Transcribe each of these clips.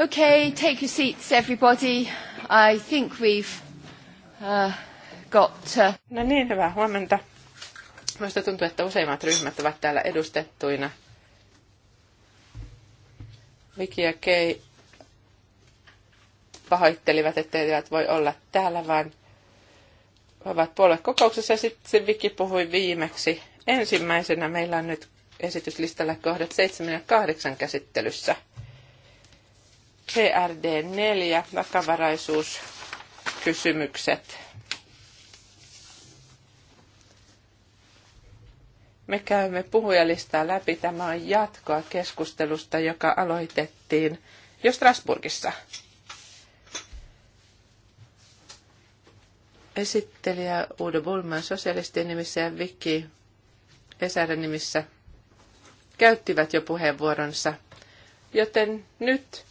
Okay. take your seats everybody. I think we've uh, got... Uh... No niin, hyvää huomenta. Minusta tuntuu, että useimmat ryhmät ovat täällä edustettuina. Viki ja Kei pahoittelivat, etteivät voi olla täällä, vaan ovat puoluekokouksessa. Sitten Viki puhui viimeksi. Ensimmäisenä meillä on nyt esityslistalla kohdat 7 ja 8 käsittelyssä. CRD4, vakavaraisuuskysymykset. Me käymme puhujalistaa läpi. Tämä on jatkoa keskustelusta, joka aloitettiin jo Strasburgissa. Esittelijä Udo Bulman sosialistien nimissä ja Vicky Esären nimissä käyttivät jo puheenvuoronsa, joten nyt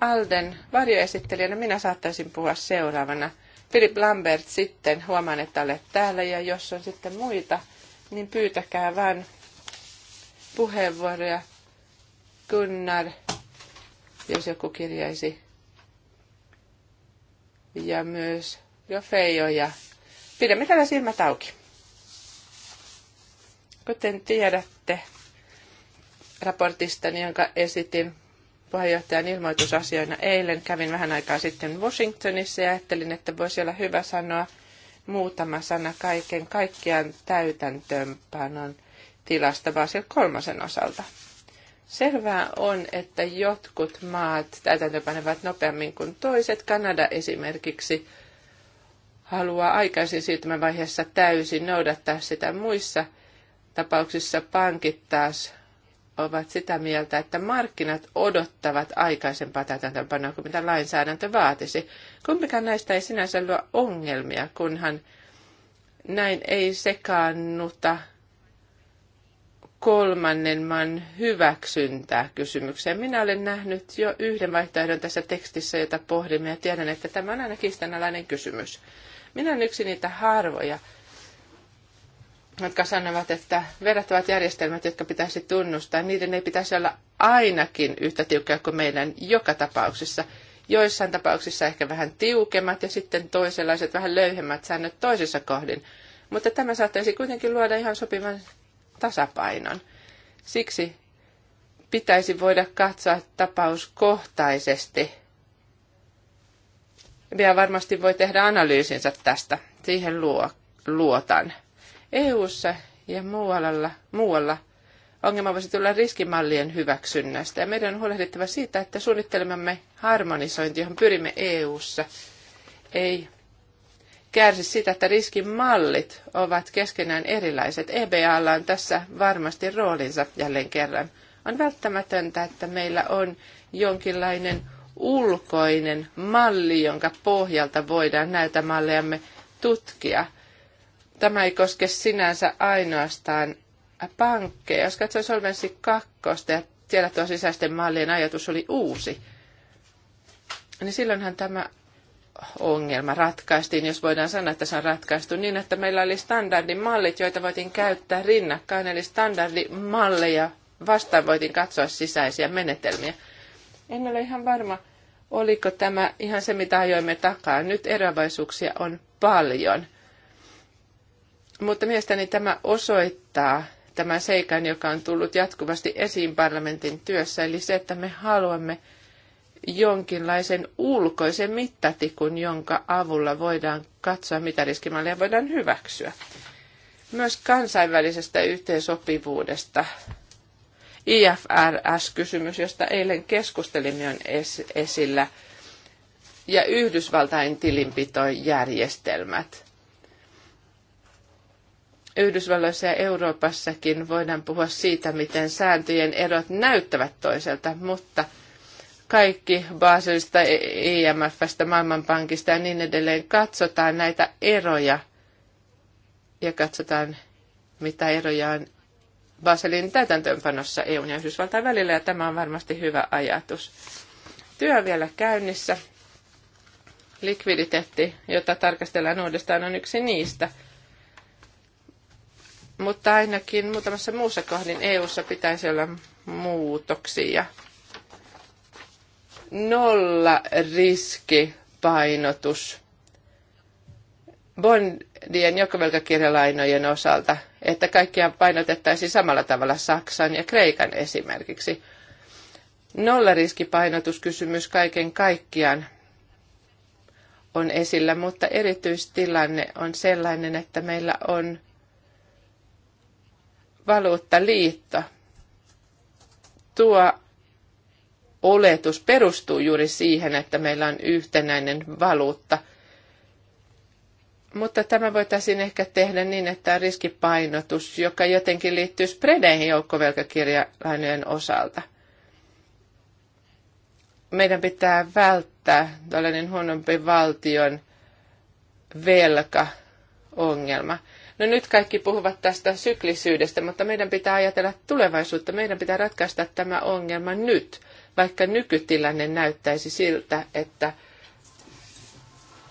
Alden varjoesittelijänä minä saattaisin puhua seuraavana. Philip Lambert sitten, huomaan, että olet täällä ja jos on sitten muita, niin pyytäkää vain puheenvuoroja. Gunnar, jos joku kirjaisi. Ja myös jo Feijo ja pidämme tällä silmät auki. Kuten tiedätte, raportistani, niin jonka esitin puheenjohtajan ilmoitusasioina eilen. Kävin vähän aikaa sitten Washingtonissa ja ajattelin, että voisi olla hyvä sanoa muutama sana kaiken kaikkiaan täytäntöönpanon tilasta Basel kolmasen osalta. Selvää on, että jotkut maat täytäntöönpanevat nopeammin kuin toiset. Kanada esimerkiksi haluaa aikaisin siirtymävaiheessa täysin noudattaa sitä muissa tapauksissa pankit taas ovat sitä mieltä, että markkinat odottavat aikaisempaa täytäntöönpanoa kuin mitä lainsäädäntö vaatisi. Kumpikaan näistä ei sinänsä luo ongelmia, kunhan näin ei sekaannuta kolmannen maan hyväksyntää kysymykseen. Minä olen nähnyt jo yhden vaihtoehdon tässä tekstissä, jota pohdimme ja tiedän, että tämä on aina kiistanalainen kysymys. Minä olen yksi niitä harvoja, jotka sanovat, että verrattavat järjestelmät, jotka pitäisi tunnustaa, niiden ei pitäisi olla ainakin yhtä tiukkoja kuin meidän joka tapauksessa. Joissain tapauksissa ehkä vähän tiukemmat ja sitten toisenlaiset vähän löyhemmät säännöt toisessa kohdin. Mutta tämä saattaisi kuitenkin luoda ihan sopivan tasapainon. Siksi pitäisi voida katsoa tapauskohtaisesti. Vielä varmasti voi tehdä analyysinsä tästä. Siihen luo, luotan. EU:ssa ja muualla, muualla ongelma voisi tulla riskimallien hyväksynnästä. Ja meidän on huolehdittava siitä, että suunnittelemamme harmonisointi, johon pyrimme EU:ssa, ei kärsi siitä, että riskimallit ovat keskenään erilaiset. EBAlla on tässä varmasti roolinsa jälleen kerran. On välttämätöntä, että meillä on jonkinlainen ulkoinen malli, jonka pohjalta voidaan näitä mallejamme tutkia – tämä ei koske sinänsä ainoastaan pankkeja. Jos katsoo Solvenssi 2 ja siellä tuo sisäisten mallien ajatus oli uusi, niin silloinhan tämä ongelma ratkaistiin, jos voidaan sanoa, että se on ratkaistu niin, että meillä oli standardimallit, joita voitiin käyttää rinnakkain, eli standardimalleja vastaan voitiin katsoa sisäisiä menetelmiä. En ole ihan varma, oliko tämä ihan se, mitä ajoimme takaa. Nyt eroavaisuuksia on paljon mutta mielestäni tämä osoittaa tämän seikan, joka on tullut jatkuvasti esiin parlamentin työssä, eli se, että me haluamme jonkinlaisen ulkoisen mittatikun, jonka avulla voidaan katsoa, mitä riskimalleja voidaan hyväksyä. Myös kansainvälisestä yhteensopivuudesta. IFRS-kysymys, josta eilen keskustelimme, on esillä. Ja Yhdysvaltain tilinpitojärjestelmät. Yhdysvalloissa ja Euroopassakin voidaan puhua siitä, miten sääntöjen erot näyttävät toiselta, mutta kaikki Baselista, IMFstä, e Maailmanpankista ja niin edelleen katsotaan näitä eroja ja katsotaan, mitä eroja on Baselin täytäntöönpanossa EUn ja Yhdysvaltain välillä, ja tämä on varmasti hyvä ajatus. Työ on vielä käynnissä. Likviditeetti, jota tarkastellaan uudestaan, on yksi niistä – mutta ainakin muutamassa muussa kohdin EU:ssa pitäisi olla muutoksia. Nolla riskipainotus bondien jokavelkakirjalainojen osalta, että kaikkia painotettaisiin samalla tavalla Saksan ja Kreikan esimerkiksi. Nollariskipainotuskysymys kaiken kaikkiaan on esillä, mutta erityistilanne on sellainen, että meillä on valuuttaliitto. Tuo oletus perustuu juuri siihen, että meillä on yhtenäinen valuutta. Mutta tämä voitaisiin ehkä tehdä niin, että riskipainotus, joka jotenkin liittyy spredeihin joukkovelkakirjalainojen osalta. Meidän pitää välttää tällainen huonompi valtion velkaongelma. No nyt kaikki puhuvat tästä syklisyydestä, mutta meidän pitää ajatella tulevaisuutta. Meidän pitää ratkaista tämä ongelma nyt, vaikka nykytilanne näyttäisi siltä, että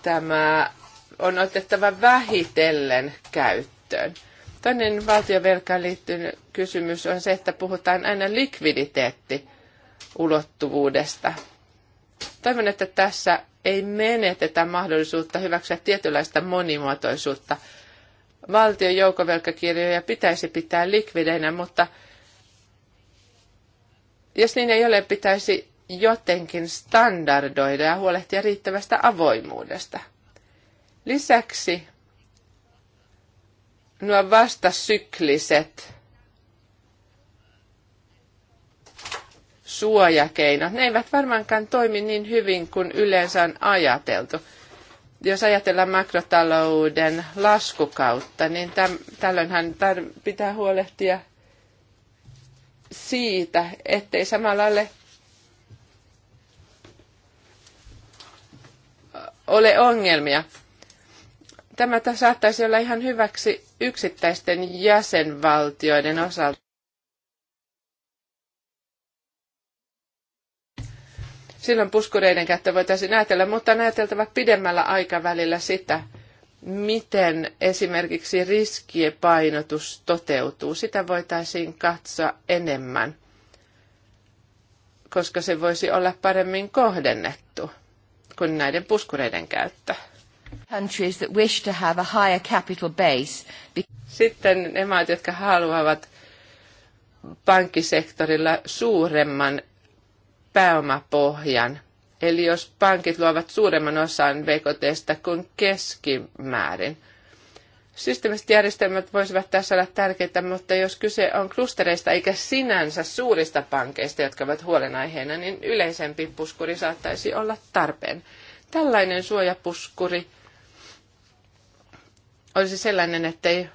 tämä on otettava vähitellen käyttöön. Toinen valtiovelkaan liittynyt kysymys on se, että puhutaan aina likviditeettiulottuvuudesta. Toivon, että tässä ei menetetä mahdollisuutta hyväksyä tietynlaista monimuotoisuutta valtion joukovelkakirjoja pitäisi pitää likvideinä, mutta jos niin ei ole, pitäisi jotenkin standardoida ja huolehtia riittävästä avoimuudesta. Lisäksi nuo vastasykliset suojakeinot, ne eivät varmaankaan toimi niin hyvin kuin yleensä on ajateltu jos ajatellaan makrotalouden laskukautta, niin täm, tällöinhän tar- pitää huolehtia siitä, ettei samalla ole, ole ongelmia. Tämä saattaisi olla ihan hyväksi yksittäisten jäsenvaltioiden osalta. Silloin puskureiden käyttö voitaisiin ajatella, mutta on ajateltava pidemmällä aikavälillä sitä, miten esimerkiksi painotus toteutuu. Sitä voitaisiin katsoa enemmän, koska se voisi olla paremmin kohdennettu kuin näiden puskureiden käyttö. Sitten ne maat, jotka haluavat pankkisektorilla suuremman pääomapohjan. Eli jos pankit luovat suuremman osan BKTstä kuin keskimäärin. Systeemiset järjestelmät voisivat tässä olla tärkeitä, mutta jos kyse on klustereista eikä sinänsä suurista pankeista, jotka ovat huolenaiheena, niin yleisempi puskuri saattaisi olla tarpeen. Tällainen suojapuskuri olisi sellainen, ettei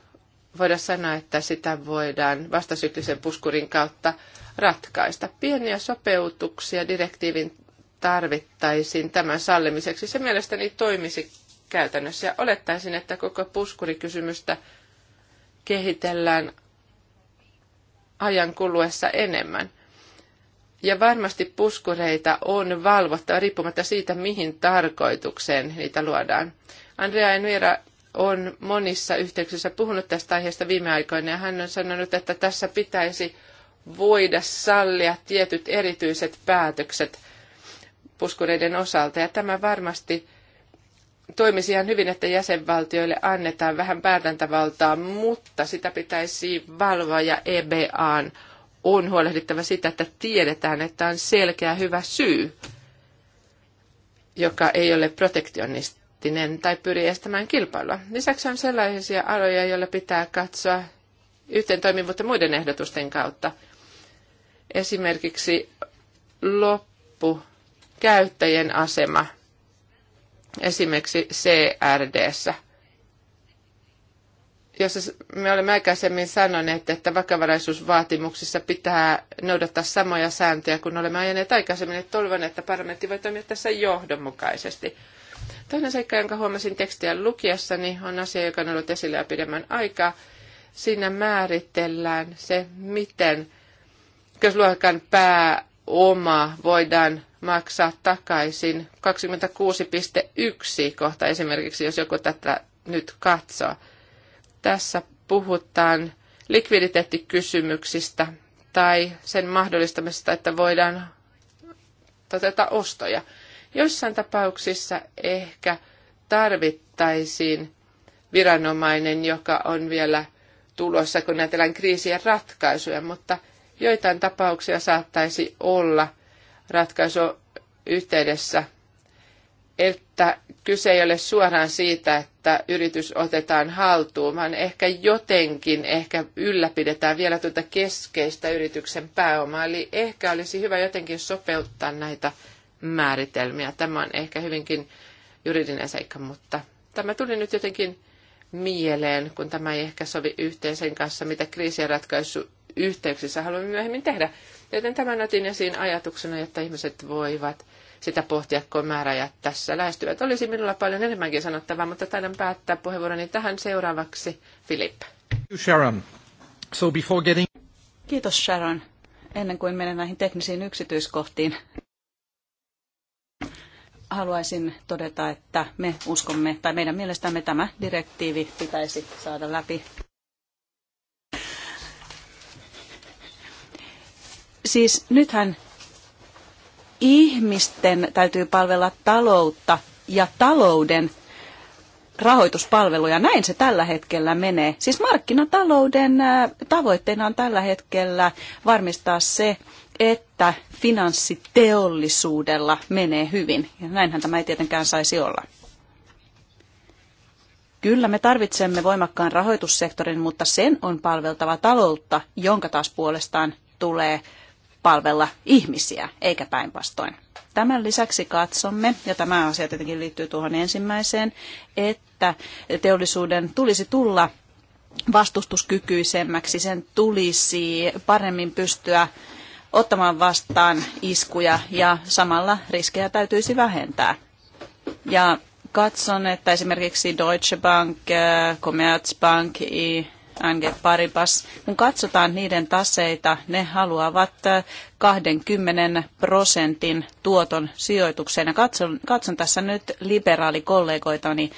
voida sanoa, että sitä voidaan vastasyklisen puskurin kautta ratkaista. Pieniä sopeutuksia direktiivin tarvittaisiin tämän sallimiseksi. Se mielestäni toimisi käytännössä ja olettaisin, että koko puskurikysymystä kehitellään ajan kuluessa enemmän. Ja varmasti puskureita on valvottava riippumatta siitä, mihin tarkoitukseen niitä luodaan. Andrea Envira on monissa yhteyksissä puhunut tästä aiheesta viime aikoina ja hän on sanonut, että tässä pitäisi voida sallia tietyt erityiset päätökset puskureiden osalta. Ja tämä varmasti toimisi ihan hyvin, että jäsenvaltioille annetaan vähän päätäntävaltaa, mutta sitä pitäisi valvoa ja EBAn on huolehdittava sitä, että tiedetään, että on selkeä hyvä syy, joka ei ole protektionista kriittinen tai pyri estämään kilpailua. Lisäksi on sellaisia aloja, joilla pitää katsoa yhteen toimivuutta muiden ehdotusten kautta. Esimerkiksi loppu käyttäjien asema esimerkiksi crd jossa me olemme aikaisemmin sanoneet, että vakavaraisuusvaatimuksissa pitää noudattaa samoja sääntöjä kuin olemme ajaneet aikaisemmin. Toivon, että parlamentti voi toimia tässä johdonmukaisesti. Toinen seikka, jonka huomasin tekstiä lukiessani, on asia, joka on ollut esillä jo pidemmän aikaa. Siinä määritellään se, miten keskusluokan pääoma voidaan maksaa takaisin. 26.1 kohta esimerkiksi, jos joku tätä nyt katsoo. Tässä puhutaan likviditeettikysymyksistä tai sen mahdollistamisesta, että voidaan toteuttaa ostoja – Joissain tapauksissa ehkä tarvittaisiin viranomainen, joka on vielä tulossa, kun ajatellaan kriisien ratkaisuja, mutta joitain tapauksia saattaisi olla ratkaisu yhteydessä, että kyse ei ole suoraan siitä, että yritys otetaan haltuun, vaan ehkä jotenkin ehkä ylläpidetään vielä tuota keskeistä yrityksen pääomaa. Eli ehkä olisi hyvä jotenkin sopeuttaa näitä määritelmiä. Tämä on ehkä hyvinkin juridinen seikka, mutta tämä tuli nyt jotenkin mieleen, kun tämä ei ehkä sovi yhteen sen kanssa, mitä kriisienratkaisu ratkaisu yhteyksissä haluamme myöhemmin tehdä. Joten tämän otin esiin ajatuksena, että ihmiset voivat sitä pohtia, kun määräjät tässä lähestyvät. Olisi minulla paljon enemmänkin sanottavaa, mutta taidan päättää puheenvuoroni tähän seuraavaksi. Filippa. Sharon. So before getting... Kiitos Sharon. Ennen kuin menen näihin teknisiin yksityiskohtiin, haluaisin todeta, että me uskomme, tai meidän mielestämme tämä direktiivi pitäisi saada läpi. Siis nythän ihmisten täytyy palvella taloutta ja talouden rahoituspalveluja. Näin se tällä hetkellä menee. Siis markkinatalouden äh, tavoitteena on tällä hetkellä varmistaa se, että finanssiteollisuudella menee hyvin. Ja näinhän tämä ei tietenkään saisi olla. Kyllä me tarvitsemme voimakkaan rahoitussektorin, mutta sen on palveltava taloutta, jonka taas puolestaan tulee palvella ihmisiä, eikä päinvastoin. Tämän lisäksi katsomme, ja tämä asia tietenkin liittyy tuohon ensimmäiseen, että teollisuuden tulisi tulla vastustuskykyisemmäksi, sen tulisi paremmin pystyä ottamaan vastaan iskuja ja samalla riskejä täytyisi vähentää. Ja katson, että esimerkiksi Deutsche Bank, äh, Commerzbank, ING Paribas, kun katsotaan niiden taseita, ne haluavat 20 äh, prosentin tuoton sijoitukseen. Ja katson, katson tässä nyt liberaalikollegoitani,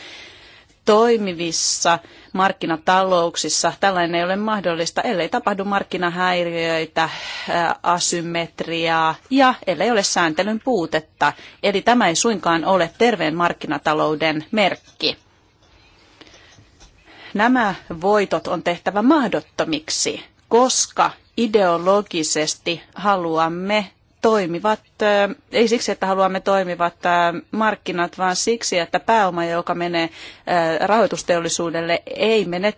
toimivissa markkinatalouksissa tällainen ei ole mahdollista, ellei tapahdu markkinahäiriöitä, asymmetriaa ja ellei ole sääntelyn puutetta. Eli tämä ei suinkaan ole terveen markkinatalouden merkki. Nämä voitot on tehtävä mahdottomiksi, koska ideologisesti haluamme toimivat, äh, ei siksi, että haluamme toimivat äh, markkinat, vaan siksi, että pääoma, joka menee äh, rahoitusteollisuudelle, ei mene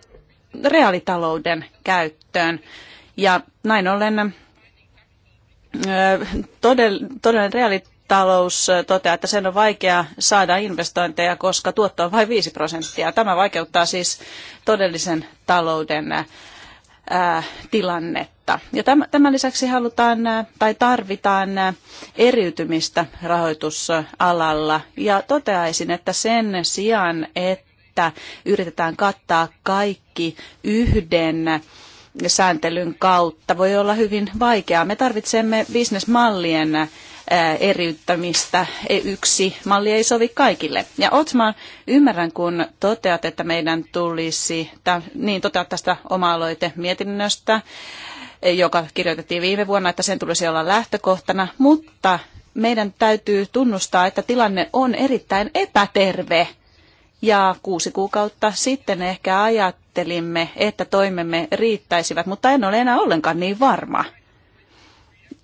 reaalitalouden käyttöön. Ja näin ollen todellinen reaalitalous toteaa, että sen on vaikea saada investointeja, koska tuotto on vain 5 prosenttia. Tämä vaikeuttaa siis todellisen talouden tilannetta. Ja tämän lisäksi halutaan tai tarvitaan eriytymistä rahoitusalalla ja toteaisin, että sen sijaan, että yritetään kattaa kaikki yhden sääntelyn kautta voi olla hyvin vaikeaa. Me tarvitsemme bisnesmallien Äh, eriyttämistä. E, yksi malli ei sovi kaikille. Ja Otsman, ymmärrän kun toteat, että meidän tulisi, niin toteat tästä oma-aloite mietinnöstä, e, joka kirjoitettiin viime vuonna, että sen tulisi olla lähtökohtana, mutta meidän täytyy tunnustaa, että tilanne on erittäin epäterve. Ja kuusi kuukautta sitten ehkä ajattelimme, että toimemme riittäisivät, mutta en ole enää ollenkaan niin varma.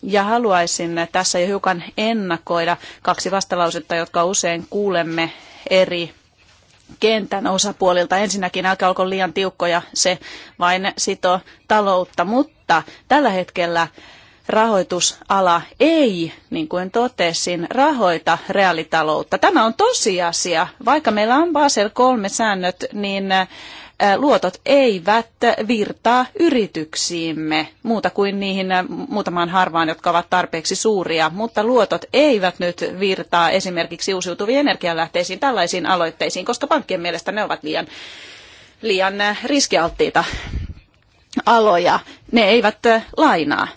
Ja haluaisin tässä jo hiukan ennakoida kaksi vastalausetta, jotka usein kuulemme eri kentän osapuolilta. Ensinnäkin älkää olko liian tiukkoja, se vain sitoo taloutta, mutta tällä hetkellä rahoitusala ei, niin kuin totesin, rahoita reaalitaloutta. Tämä on tosiasia. Vaikka meillä on Basel kolme säännöt, niin luotot eivät virtaa yrityksiimme muuta kuin niihin muutamaan harvaan, jotka ovat tarpeeksi suuria, mutta luotot eivät nyt virtaa esimerkiksi uusiutuviin energialähteisiin tällaisiin aloitteisiin, koska pankkien mielestä ne ovat liian, liian riskialttiita aloja. Ne eivät lainaa.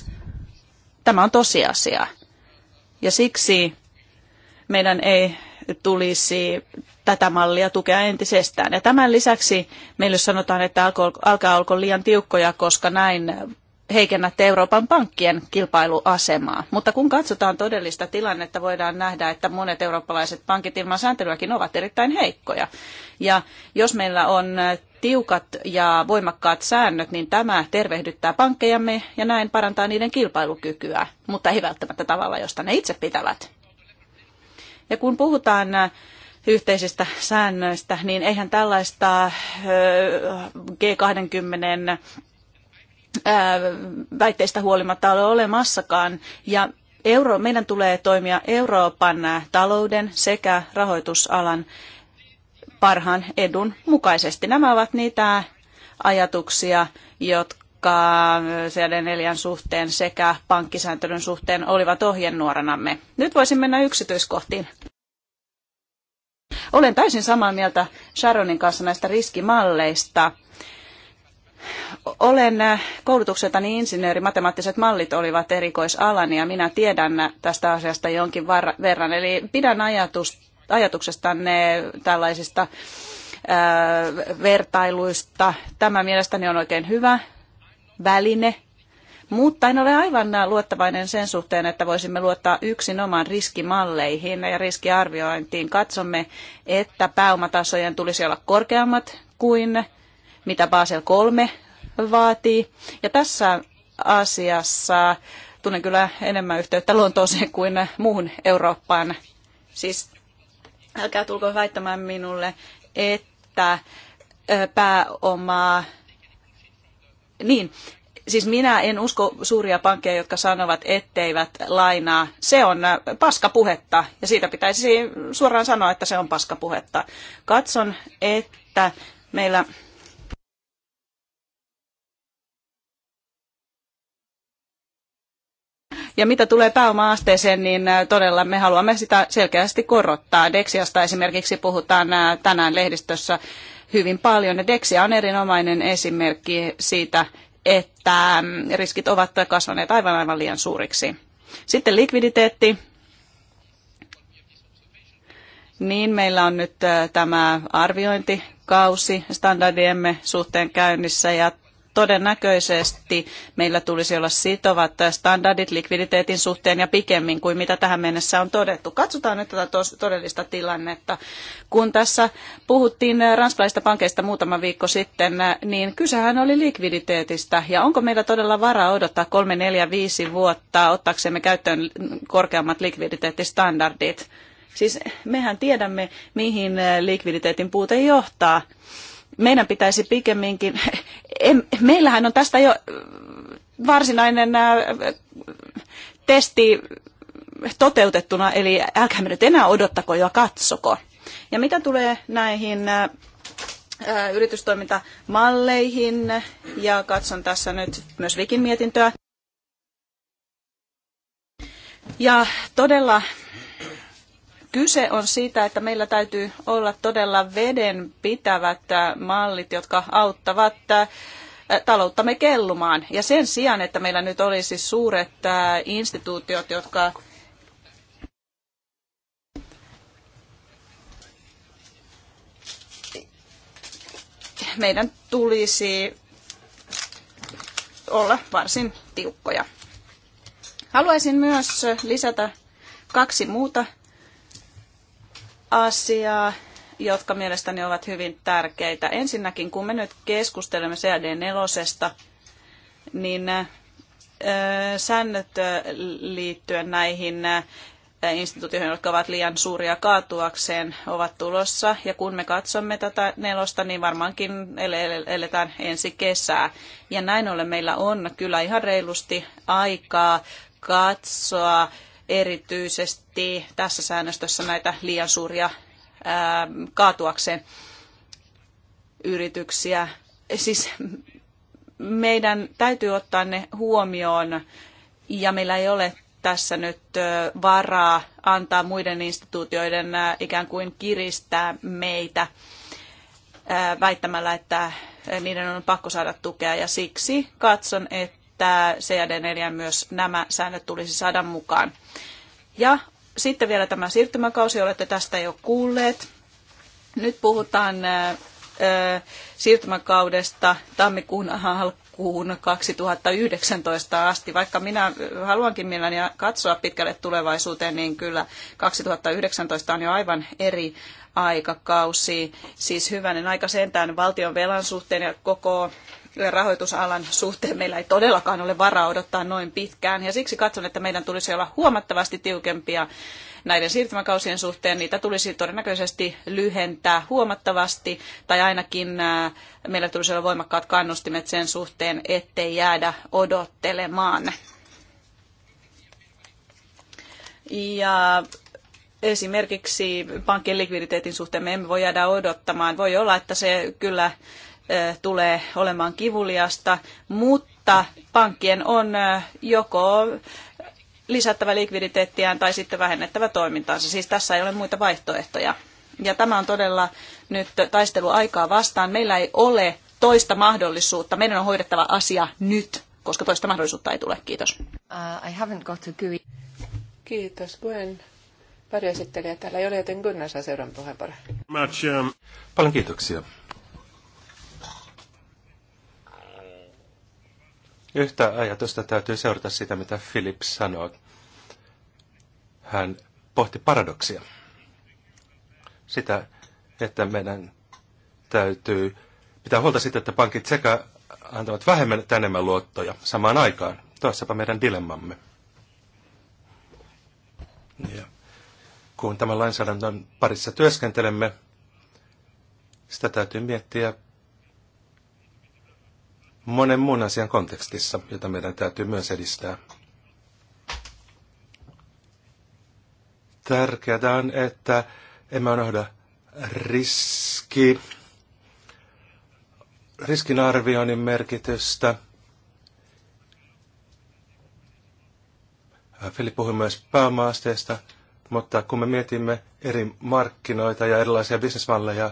Tämä on tosiasia. Ja siksi meidän ei tulisi tätä mallia tukea entisestään. Ja tämän lisäksi meille sanotaan, että alkaa olko liian tiukkoja, koska näin heikennätte Euroopan pankkien kilpailuasemaa. Mutta kun katsotaan todellista tilannetta, voidaan nähdä, että monet eurooppalaiset pankit ilman sääntelyäkin ovat erittäin heikkoja. Ja jos meillä on tiukat ja voimakkaat säännöt, niin tämä tervehdyttää pankkejamme ja näin parantaa niiden kilpailukykyä, mutta ei välttämättä tavalla, josta ne itse pitävät. Ja kun puhutaan yhteisistä säännöistä, niin eihän tällaista G20 väitteistä huolimatta ole olemassakaan. Ja euro, meidän tulee toimia Euroopan talouden sekä rahoitusalan parhaan edun mukaisesti. Nämä ovat niitä ajatuksia, jotka cd neljän suhteen sekä pankkisääntelyn suhteen olivat ohjenuoranamme. Nyt voisin mennä yksityiskohtiin. Olen täysin samaa mieltä Sharonin kanssa näistä riskimalleista. Olen äh, koulutukseltani insinööri, matemaattiset mallit olivat erikoisalani ja minä tiedän tästä asiasta jonkin verran. Eli pidän ajatus, ajatuksestanne tällaisista äh, vertailuista. Tämä mielestäni on oikein hyvä väline mutta en ole aivan luottavainen sen suhteen, että voisimme luottaa yksinomaan riskimalleihin ja riskiarviointiin. Katsomme, että pääomatasojen tulisi olla korkeammat kuin mitä Basel 3 vaatii. Ja tässä asiassa tunnen kyllä enemmän yhteyttä Lontooseen kuin muuhun Eurooppaan. Siis älkää tulko väittämään minulle, että pääomaa... Niin, Siis minä en usko suuria pankkeja, jotka sanovat, etteivät lainaa. Se on äh, paskapuhetta ja siitä pitäisi suoraan sanoa, että se on paskapuhetta. Katson, että meillä Ja mitä tulee pääoma-asteeseen, niin äh, todella me haluamme sitä selkeästi korottaa. Dexiasta esimerkiksi puhutaan äh, tänään lehdistössä hyvin paljon. Dexia on erinomainen esimerkki siitä, että riskit ovat kasvaneet aivan aivan liian suuriksi. Sitten likviditeetti. Niin meillä on nyt tämä arviointikausi standardiemme suhteen käynnissä ja todennäköisesti meillä tulisi olla sitovat standardit likviditeetin suhteen ja pikemmin kuin mitä tähän mennessä on todettu. Katsotaan nyt tätä todellista tilannetta. Kun tässä puhuttiin ranskalaisista pankeista muutama viikko sitten, niin kysehän oli likviditeetistä. Ja onko meillä todella varaa odottaa 3, 4, 5 vuotta ottaaksemme käyttöön korkeammat likviditeettistandardit? Siis mehän tiedämme, mihin likviditeetin puute johtaa meidän pitäisi pikemminkin, meillähän on tästä jo äh, varsinainen äh, testi toteutettuna, eli älkää me nyt enää odottako ja katsoko. Ja mitä tulee näihin äh, yritystoimintamalleihin, ja katson tässä nyt myös Vikin mietintöä. Ja todella Kyse on siitä, että meillä täytyy olla todella vedenpitävät äh, mallit, jotka auttavat äh, talouttamme kellumaan. Ja sen sijaan, että meillä nyt olisi suuret äh, instituutiot, jotka meidän tulisi olla varsin tiukkoja. Haluaisin myös lisätä kaksi muuta asiaa, jotka mielestäni ovat hyvin tärkeitä. Ensinnäkin, kun me nyt keskustelemme CAD4, niin äh, säännöt äh, liittyen näihin äh, instituutioihin, jotka ovat liian suuria kaatuakseen, ovat tulossa. Ja kun me katsomme tätä nelosta, niin varmaankin eletään ensi kesää. Ja näin ollen meillä on kyllä ihan reilusti aikaa katsoa erityisesti tässä säännöstössä näitä liian suuria kaatuakseen yrityksiä. Siis meidän täytyy ottaa ne huomioon ja meillä ei ole tässä nyt varaa antaa muiden instituutioiden ikään kuin kiristää meitä väittämällä, että niiden on pakko saada tukea ja siksi katson, että että CAD4 myös nämä säännöt tulisi saada mukaan. Ja sitten vielä tämä siirtymäkausi, olette tästä jo kuulleet. Nyt puhutaan äh, äh, siirtymäkaudesta tammikuun alkuun 2019 asti. Vaikka minä äh, haluankin mielelläni katsoa pitkälle tulevaisuuteen, niin kyllä 2019 on jo aivan eri aikakausi. Siis hyvänen aika sentään valtion velan suhteen ja koko rahoitusalan suhteen meillä ei todellakaan ole varaa odottaa noin pitkään. Ja siksi katson, että meidän tulisi olla huomattavasti tiukempia näiden siirtymäkausien suhteen. Niitä tulisi todennäköisesti lyhentää huomattavasti tai ainakin äh, meillä tulisi olla voimakkaat kannustimet sen suhteen, ettei jäädä odottelemaan. Ja esimerkiksi pankin likviditeetin suhteen me emme voi jäädä odottamaan. Voi olla, että se kyllä tulee olemaan kivuliasta, mutta pankkien on joko lisättävä likviditeettiään tai sitten vähennettävä toimintaansa. Siis tässä ei ole muita vaihtoehtoja. Ja tämä on todella nyt taisteluaikaa vastaan. Meillä ei ole toista mahdollisuutta. Meidän on hoidettava asia nyt, koska toista mahdollisuutta ei tule. Kiitos. Uh, I haven't got to give... Kiitos. Gwen esittelijä täällä ei ole, joten Gunnar saa seuraavan puheenvuoron. Um, Paljon kiitoksia Yhtä ajatusta täytyy seurata sitä, mitä Philip sanoi. Hän pohti paradoksia. Sitä, että meidän täytyy pitää huolta siitä, että pankit sekä antavat vähemmän että enemmän luottoja samaan aikaan. Toissapa meidän dilemmamme. Ja kun tämän lainsäädännön parissa työskentelemme, sitä täytyy miettiä monen muun asian kontekstissa, jota meidän täytyy myös edistää. Tärkeää on, että emme unohda riski, arvioinnin merkitystä. Filip puhui myös pääomaasteesta, mutta kun me mietimme eri markkinoita ja erilaisia bisnesmalleja,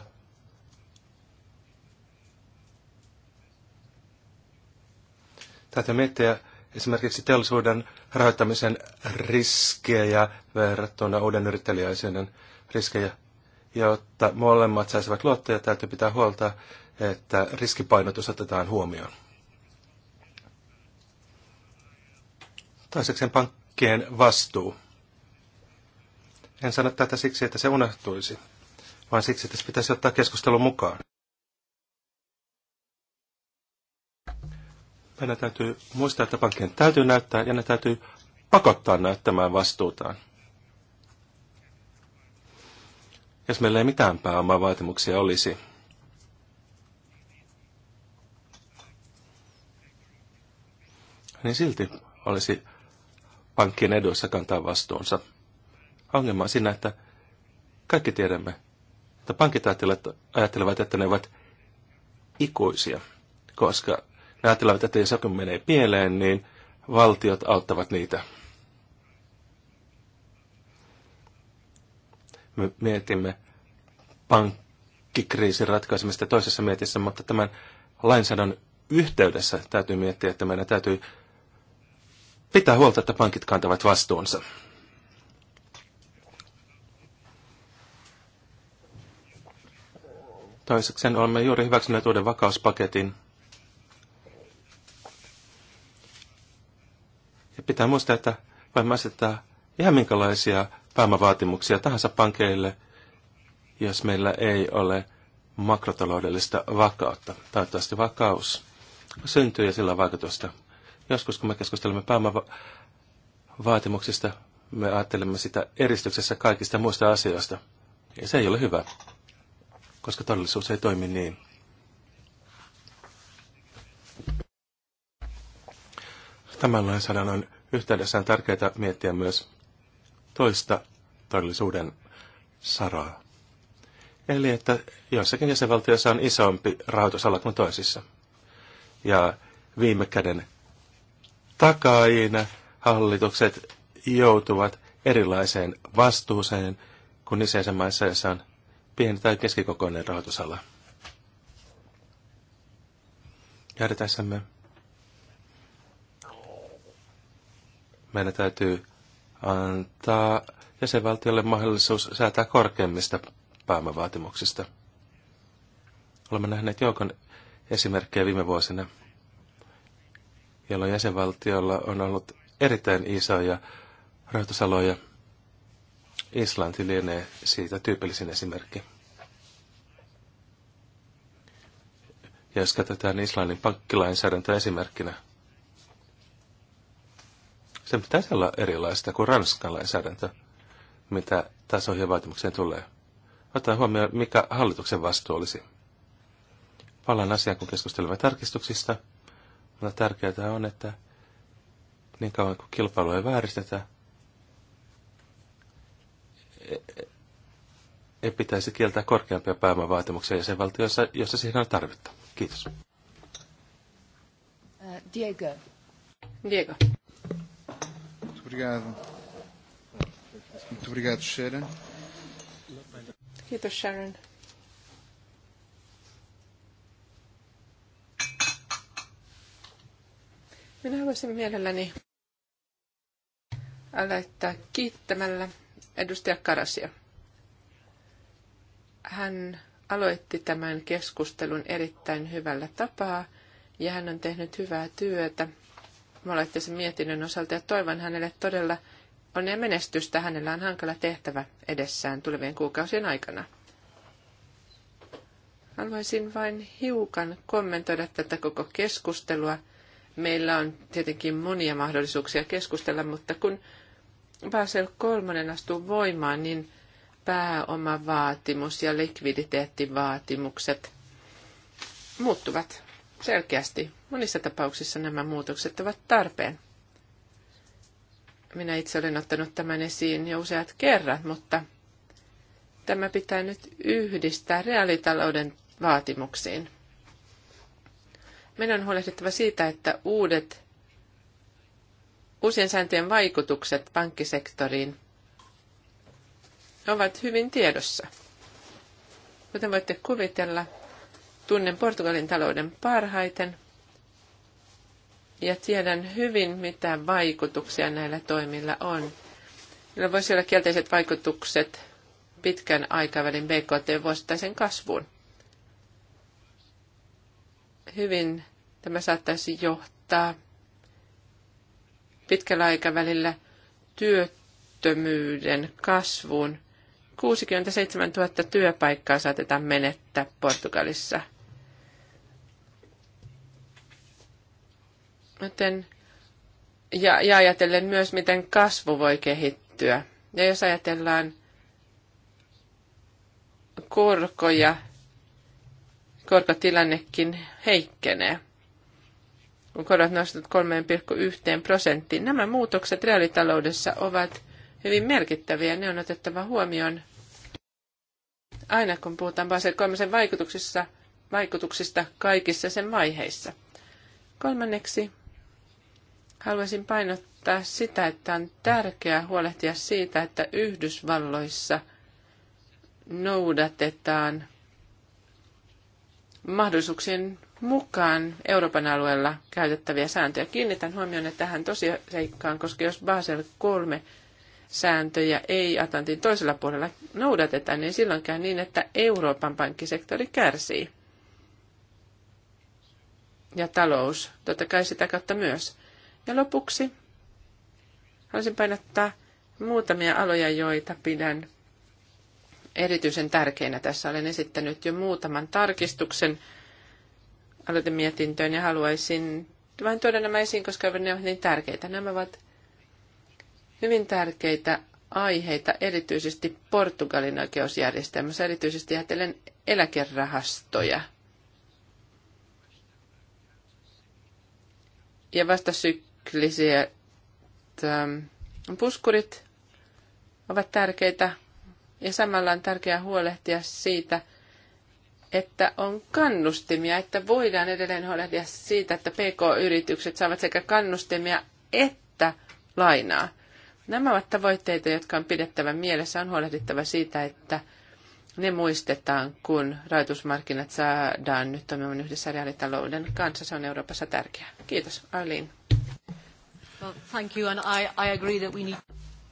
Täytyy miettiä esimerkiksi teollisuuden rahoittamisen riskejä verrattuna uuden yritteliäisyyden riskejä, jotta molemmat saisivat luottoja. Täytyy pitää huolta, että riskipainotus otetaan huomioon. Toisekseen pankkien vastuu. En sano tätä siksi, että se unohtuisi, vaan siksi, että se pitäisi ottaa keskustelun mukaan. meidän täytyy muistaa, että pankkien täytyy näyttää ja ne täytyy pakottaa näyttämään vastuutaan. Jos meillä ei mitään pääomavaatimuksia olisi, niin silti olisi pankkien eduissa kantaa vastuunsa. Ongelma on siinä, että kaikki tiedämme, että pankit ajattelevat, että ne ovat ikuisia, koska ne ajattelevat, että jos joku menee pieleen, niin valtiot auttavat niitä. Me mietimme pankkikriisin ratkaisemista toisessa mietissä, mutta tämän lainsäädännön yhteydessä täytyy miettiä, että meidän täytyy pitää huolta, että pankit kantavat vastuunsa. Toisekseen olemme juuri hyväksyneet uuden vakauspaketin – Pitää muistaa, että voimme asettaa ihan minkälaisia pääomavaatimuksia tahansa pankeille, jos meillä ei ole makrotaloudellista vakautta. Toivottavasti vakaus syntyy ja sillä on vaikutusta. Joskus kun me keskustelemme pääomavaatimuksista, me ajattelemme sitä eristyksessä kaikista muista asioista. Ja se ei ole hyvä, koska todellisuus ei toimi niin. Tämän lainsäädännön yhteydessä on tärkeää miettiä myös toista todellisuuden saraa. Eli että joissakin jäsenvaltioissa on isompi rahoitusala kuin toisissa. Ja viime käden takaajina hallitukset joutuvat erilaiseen vastuuseen kuin niissä jäsenmaissa, joissa on pieni tai keskikokoinen rahoitusala. Järjestelmämme meidän täytyy antaa jäsenvaltiolle mahdollisuus säätää korkeimmista pääomavaatimuksista. Olemme nähneet joukon esimerkkejä viime vuosina, jolloin jäsenvaltiolla on ollut erittäin isoja rahoitusaloja. Islanti lienee siitä tyypillisin esimerkki. Ja jos katsotaan Islannin pankkilainsäädäntö esimerkkinä, sen pitäisi olla erilaista kuin Ranskan lainsäädäntö, mitä tasoihin ja vaatimukseen tulee. Otetaan huomioon, mikä hallituksen vastuu olisi. Palaan asiaan, kun keskustelemme tarkistuksista, mutta no, tärkeää on, että niin kauan kuin kilpailua ei vääristetä, e- e- ei pitäisi kieltää korkeampia pääomavaatimuksia jäsenvaltioissa, joissa siihen on tarvetta. Kiitos. Äh, Diego. Diego obrigado. Muito obrigado, Sharon. Kiitos, Sharon. Minä haluaisin mielelläni aloittaa kiittämällä edustaja Karasia. Hän aloitti tämän keskustelun erittäin hyvällä tapaa ja hän on tehnyt hyvää työtä Molaitteisen mietinnön osalta ja toivon hänelle todella onnea menestystä. Hänellä on hankala tehtävä edessään tulevien kuukausien aikana. Haluaisin vain hiukan kommentoida tätä koko keskustelua. Meillä on tietenkin monia mahdollisuuksia keskustella, mutta kun Basel III astuu voimaan, niin pääomavaatimus ja likviditeettivaatimukset muuttuvat. Selkeästi monissa tapauksissa nämä muutokset ovat tarpeen. Minä itse olen ottanut tämän esiin jo useat kerrat, mutta tämä pitää nyt yhdistää reaalitalouden vaatimuksiin. Meidän on huolehdittava siitä, että uudet uusien sääntöjen vaikutukset pankkisektoriin ovat hyvin tiedossa. Kuten voitte kuvitella, Tunnen Portugalin talouden parhaiten ja tiedän hyvin, mitä vaikutuksia näillä toimilla on. Niillä voisi olla kielteiset vaikutukset pitkän aikavälin BKT-vuosittaisen kasvuun. Hyvin tämä saattaisi johtaa pitkällä aikavälillä työttömyyden kasvuun. 67 000 työpaikkaa saatetaan menettää Portugalissa – Joten, ja, ja ajatellen myös, miten kasvu voi kehittyä. Ja jos ajatellaan korkoja, korkotilannekin heikkenee kun korot nostat 3,1 prosenttiin. Nämä muutokset reaalitaloudessa ovat hyvin merkittäviä. Ne on otettava huomioon aina, kun puhutaan Basel kolmosen vaikutuksista, vaikutuksista kaikissa sen vaiheissa. Kolmanneksi Haluaisin painottaa sitä, että on tärkeää huolehtia siitä, että Yhdysvalloissa noudatetaan mahdollisuuksien mukaan Euroopan alueella käytettäviä sääntöjä. Kiinnitän huomioon tähän tosiseikkaan, koska jos Basel 3 sääntöjä ei Atlantin toisella puolella noudateta, niin silloin käy niin, että Euroopan pankkisektori kärsii. Ja talous, totta kai sitä kautta myös. Ja lopuksi haluaisin painottaa muutamia aloja, joita pidän erityisen tärkeinä. Tässä olen esittänyt jo muutaman tarkistuksen aloitemietintöön ja haluaisin vain tuoda nämä esiin, koska ne ovat niin tärkeitä. Nämä ovat hyvin tärkeitä aiheita, erityisesti Portugalin oikeusjärjestelmässä, erityisesti ajatellen eläkerahastoja. Ja vasta että ähm, puskurit ovat tärkeitä ja samalla on tärkeää huolehtia siitä, että on kannustimia, että voidaan edelleen huolehtia siitä, että PK-yritykset saavat sekä kannustimia että lainaa. Nämä ovat tavoitteita, jotka on pidettävä mielessä. On huolehdittava siitä, että ne muistetaan, kun rahoitusmarkkinat saadaan nyt toimimaan yhdessä reaalitalouden kanssa. Se on Euroopassa tärkeää. Kiitos, Arlene thank you, and I, I agree that we need...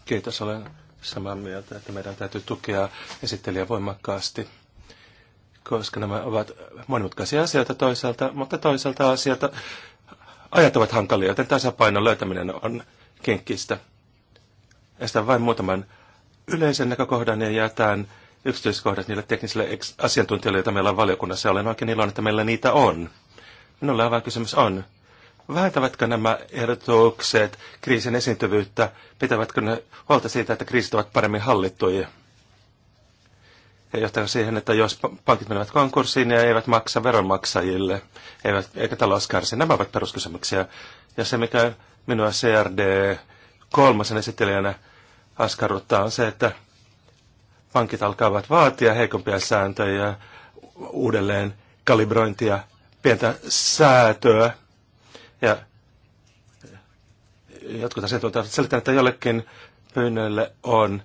Kiitos, olen samaa mieltä, että meidän täytyy tukea esittelijä voimakkaasti, koska nämä ovat monimutkaisia asioita toisaalta, mutta toisaalta asioita ajat ovat hankalia, joten tasapainon löytäminen on kenkkistä. Estän vain muutaman yleisen näkökohdan ja jätän yksityiskohdat niille teknisille asiantuntijoille, joita meillä on valiokunnassa. olen oikein iloinen, että meillä niitä on. minulla Minulle kysymys on, Vähentävätkö nämä ehdotukset kriisin esiintyvyyttä? Pitävätkö ne huolta siitä, että kriisit ovat paremmin hallittuja? Ja johtaa siihen, että jos pankit menevät konkurssiin ja eivät maksa veronmaksajille, eivät, eikä talous kärsi. Nämä ovat peruskysymyksiä. Ja se, mikä minua CRD kolmasen esittelijänä askarruttaa, on se, että pankit alkavat vaatia heikompia sääntöjä, uudelleen kalibrointia, pientä säätöä, ja jotkut voivat selittää, että jollekin pyynnöille on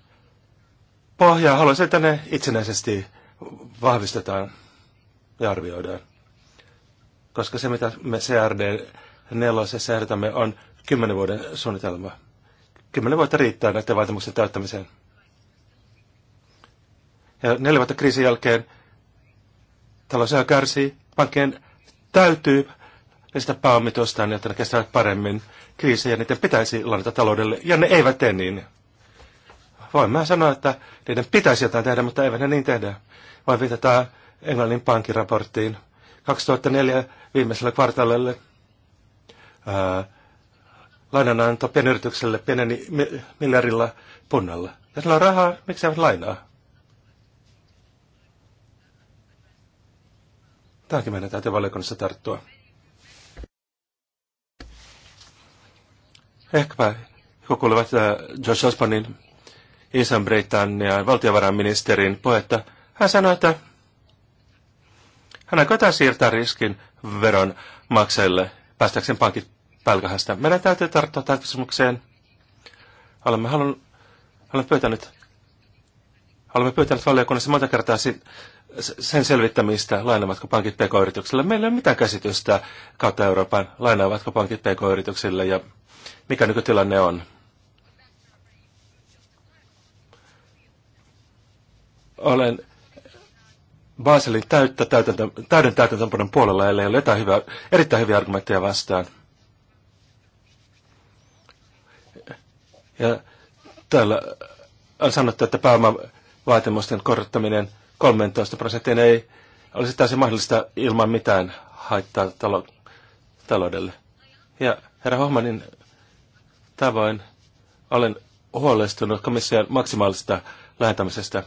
pohjaa. Haluaisin, että ne itsenäisesti vahvistetaan ja arvioidaan. Koska se, mitä me CRD 4 ehdotamme, on 10 vuoden suunnitelma. 10 vuotta riittää näiden vaatimuksen täyttämiseen. Ja neljä vuotta kriisin jälkeen talous kärsii, pankkien täytyy ja sitä pääomitustaan, jotta ne kestävät paremmin kriisejä. Niiden pitäisi lannata taloudelle, ja ne eivät tee niin. Voin mä sanoa, että niiden pitäisi jotain tehdä, mutta eivät ne niin tehdä. Voin viitataan Englannin pankkiraporttiin 2004 viimeisellä kvartaalille. lainananto pienyritykselle pieneni miljardilla punnalla. Ja sillä on rahaa, miksi eivät lainaa? Tämäkin meidän täytyy valiokunnassa tarttua. Ehkäpä kuulevat äh, Josh Osbornin Isan britannian valtiovarainministerin puhetta. Hän sanoi, että hän aikoo siirtää riskin veron makselle päästäkseen pankit pälkähästä. Meidän täytyy tarttua tähän kysymykseen. Olemme, halunneet olemme pyytänyt, olemme pyytänyt valiokunnassa monta kertaa sen selvittämistä, lainaavatko pankit pk-yrityksille. Meillä ei ole mitään käsitystä kautta Euroopan, lainaavatko pankit pk-yrityksille ja mikä nykytilanne on. Olen Baselin täyttä, täytäntö, täyden täytäntöönpanon puolella, ellei ole jotain hyvää, erittäin hyviä argumentteja vastaan. Ja täällä on sanottu, että pääomavaatimusten korottaminen 13 prosenttiin ei olisi täysin mahdollista ilman mitään haittaa talo- taloudelle. Ja herra Hohmanin tavoin olen huolestunut komission maksimaalista lähentämisestä.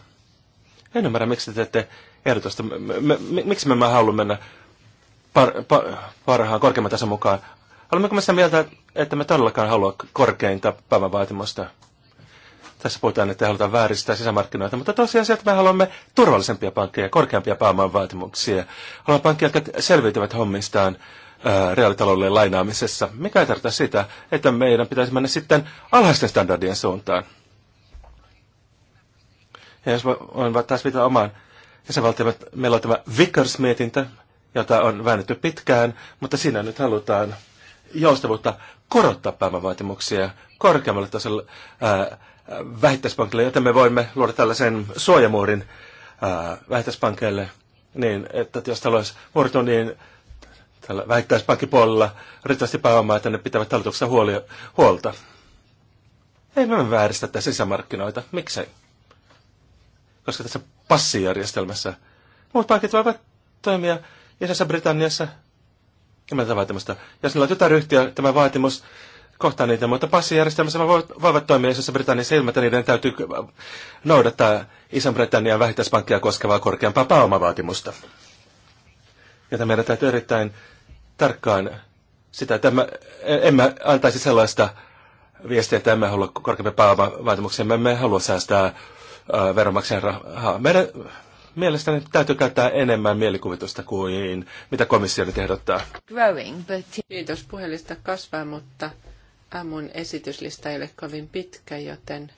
En ymmärrä, miksi te teette ehdotusta. Miksi me, emme halua mennä par, par, parhaan korkeimman tason mukaan? Olemmeko me sitä mieltä, että me todellakaan halua korkeinta päivän vaatimusta? Tässä puhutaan, että halutaan vääristää sisämarkkinoita, mutta tosiasia, että me haluamme turvallisempia pankkeja, korkeampia pääoman vaatimuksia. Haluamme pankkeja, jotka selviytyvät hommistaan reaalitaloudelle lainaamisessa, mikä ei tarkoita sitä, että meidän pitäisi mennä sitten alhaisten standardien suuntaan. Ja jos voin taas pitää omaan jäsenvaltioon, meillä on tämä Vickers-mietintö, jota on väännetty pitkään, mutta siinä nyt halutaan joustavuutta korottaa pääomavaatimuksia korkeammalle tasolle vähittäispankille, joten me voimme luoda tällaisen suojamuurin vähittäispankeille, niin että jos talous murtuu, niin tällä vähittäispankkipuolella riittävästi pääomaa, että ne pitävät hallituksessa huoli, huolta. Ei me vääristä tässä sisämarkkinoita. Miksei? Koska tässä passijärjestelmässä muut pankit voivat toimia isässä Britanniassa. Emme tämä tämmöistä. Jos niillä on jotain ryhtiä, tämä vaatimus kohtaa niitä, mutta passijärjestelmässä voivat, voivat toimia isossa Britanniassa ilman, että niiden täytyy noudattaa Ison-Britannian vähittäispankkia koskevaa korkeampaa pääomavaatimusta. Ja meidän täytyy erittäin tarkkaan sitä, että mä, emme antaisi sellaista viestiä, että emme halua korkeampia pääomavaatimuksia, me emme halua säästää veronmaksajan rahaa. Meidän mielestäni täytyy käyttää enemmän mielikuvitusta kuin mitä komissio nyt ehdottaa. Growing, but... Kiitos puhelista kasvaa, mutta aamun esityslista ei ole kovin pitkä, joten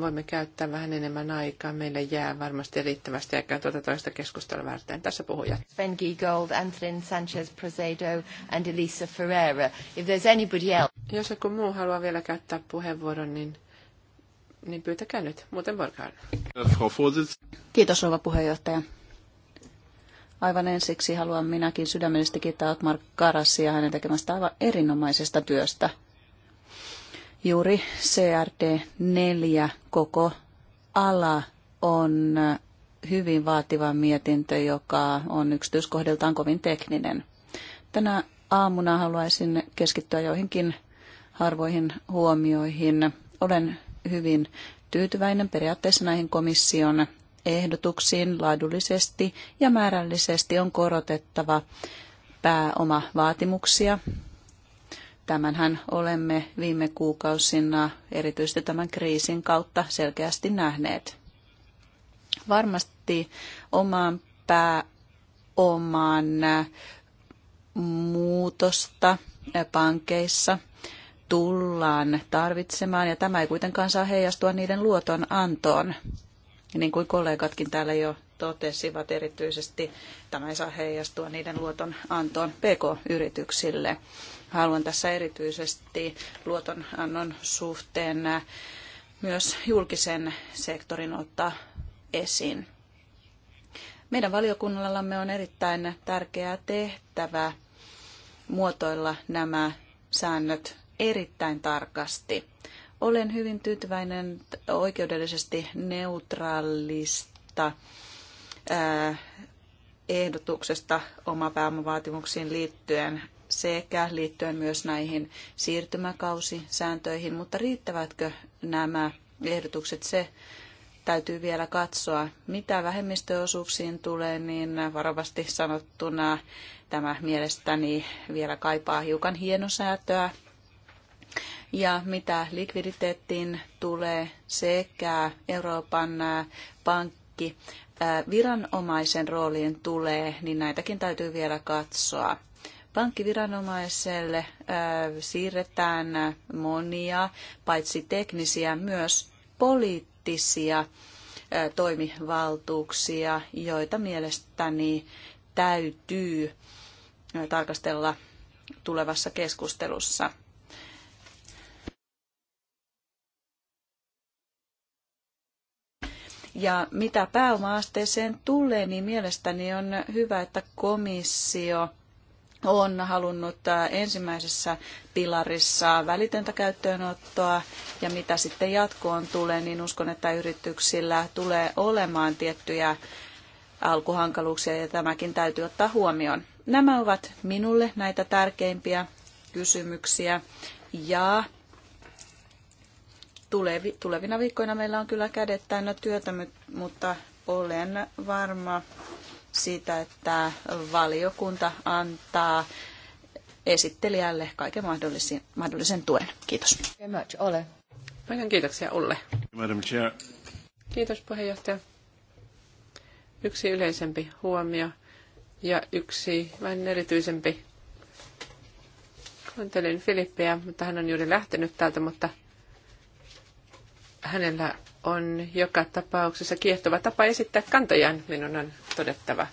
voimme käyttää vähän enemmän aikaa. Meille jää varmasti riittävästi aikaa tuota toista keskustelua varten. Tässä puhuja. Sven Gold, Anthony Sanchez Prezedo and Elisa Ferreira. If there's anybody else... Jos joku muu haluaa vielä käyttää puheenvuoron, niin, niin pyytäkää nyt. Muuten Borghardt. Kiitos rouva puheenjohtaja. Aivan ensiksi haluan minäkin sydämellisesti kiittää Otmar Karassia hänen tekemästä aivan erinomaisesta työstä – juuri CRD4 koko ala on hyvin vaativa mietintö, joka on yksityiskohdiltaan kovin tekninen. Tänä aamuna haluaisin keskittyä joihinkin harvoihin huomioihin. Olen hyvin tyytyväinen periaatteessa näihin komission ehdotuksiin laadullisesti ja määrällisesti on korotettava pääomavaatimuksia Tämänhän olemme viime kuukausina, erityisesti tämän kriisin kautta, selkeästi nähneet. Varmasti omaan pääomaan muutosta pankeissa tullaan tarvitsemaan, ja tämä ei kuitenkaan saa heijastua niiden luoton antoon, niin kuin kollegatkin täällä jo totesivat erityisesti, tämä ei saa heijastua niiden luoton antoon PK-yrityksille. Haluan tässä erityisesti luotonannon suhteen myös julkisen sektorin ottaa esiin. Meidän valiokunnallamme on erittäin tärkeä tehtävä muotoilla nämä säännöt erittäin tarkasti. Olen hyvin tyytyväinen oikeudellisesti neutraalista ehdotuksesta oma pääomavaatimuksiin liittyen sekä liittyen myös näihin siirtymäkausisääntöihin, mutta riittävätkö nämä ehdotukset se täytyy vielä katsoa. Mitä vähemmistöosuuksiin tulee, niin varovasti sanottuna tämä mielestäni vielä kaipaa hiukan hienosäätöä. Ja mitä likviditeettiin tulee sekä Euroopan pank- kaikki viranomaisen rooliin tulee, niin näitäkin täytyy vielä katsoa. Pankkiviranomaiselle siirretään monia, paitsi teknisiä, myös poliittisia toimivaltuuksia, joita mielestäni täytyy tarkastella tulevassa keskustelussa. Ja mitä pääomaasteeseen tulee, niin mielestäni on hyvä, että komissio on halunnut äh, ensimmäisessä pilarissa välitöntä käyttöönottoa ja mitä sitten jatkoon tulee, niin uskon, että yrityksillä tulee olemaan tiettyjä alkuhankaluuksia ja tämäkin täytyy ottaa huomioon. Nämä ovat minulle näitä tärkeimpiä kysymyksiä ja tulevi, tulevina viikkoina meillä on kyllä kädet täynnä työtä, mutta olen varma siitä, että valiokunta antaa esittelijälle kaiken mahdollisen, mahdollisen tuen. Kiitos. Ole. Paljon kiitoksia Ulle. Madam Chair. Kiitos puheenjohtaja. Yksi yleisempi huomio ja yksi vähän erityisempi. Kuuntelin Filippiä, mutta hän on juuri lähtenyt täältä, mutta – Hänellä on joka tapauksessa kiehtova tapa esittää kantojaan, minun on todettava.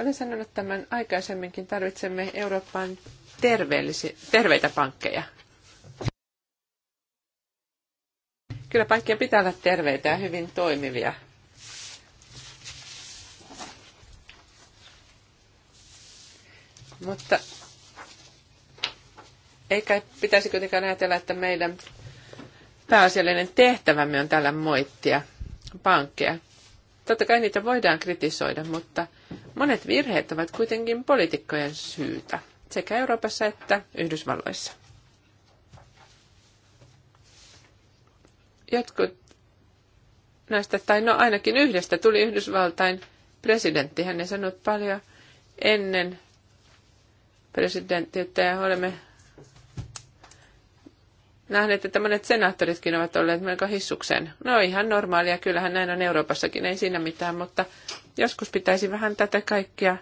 Olen sanonut tämän aikaisemminkin, tarvitsemme Eurooppaan terveitä pankkeja. Kyllä pankkien pitää olla terveitä ja hyvin toimivia. Mutta ei kai pitäisi kuitenkaan ajatella, että meidän pääasiallinen tehtävämme on tällä moittia pankkeja. Totta kai niitä voidaan kritisoida, mutta monet virheet ovat kuitenkin poliitikkojen syytä, sekä Euroopassa että Yhdysvalloissa. Jotkut näistä, tai no ainakin yhdestä, tuli Yhdysvaltain presidentti. Hän ei sanonut paljon ennen presidenttiyttä ja olemme nähneet, että monet senaattoritkin ovat olleet melko hissuksen. No ihan normaalia, kyllähän näin on Euroopassakin, ei siinä mitään, mutta joskus pitäisi vähän tätä kaikkea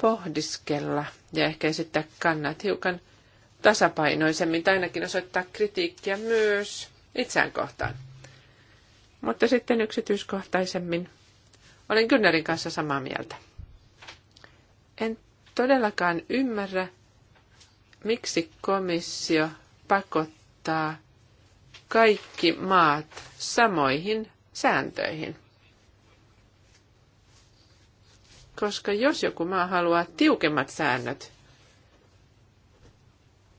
pohdiskella ja ehkä esittää kannat hiukan tasapainoisemmin, tai ainakin osoittaa kritiikkiä myös itseään kohtaan. Mutta sitten yksityiskohtaisemmin olen Kynnerin kanssa samaa mieltä. En todellakaan ymmärrä, miksi komissio pakottaa asettaa kaikki maat samoihin sääntöihin. Koska jos joku maa haluaa tiukemmat säännöt,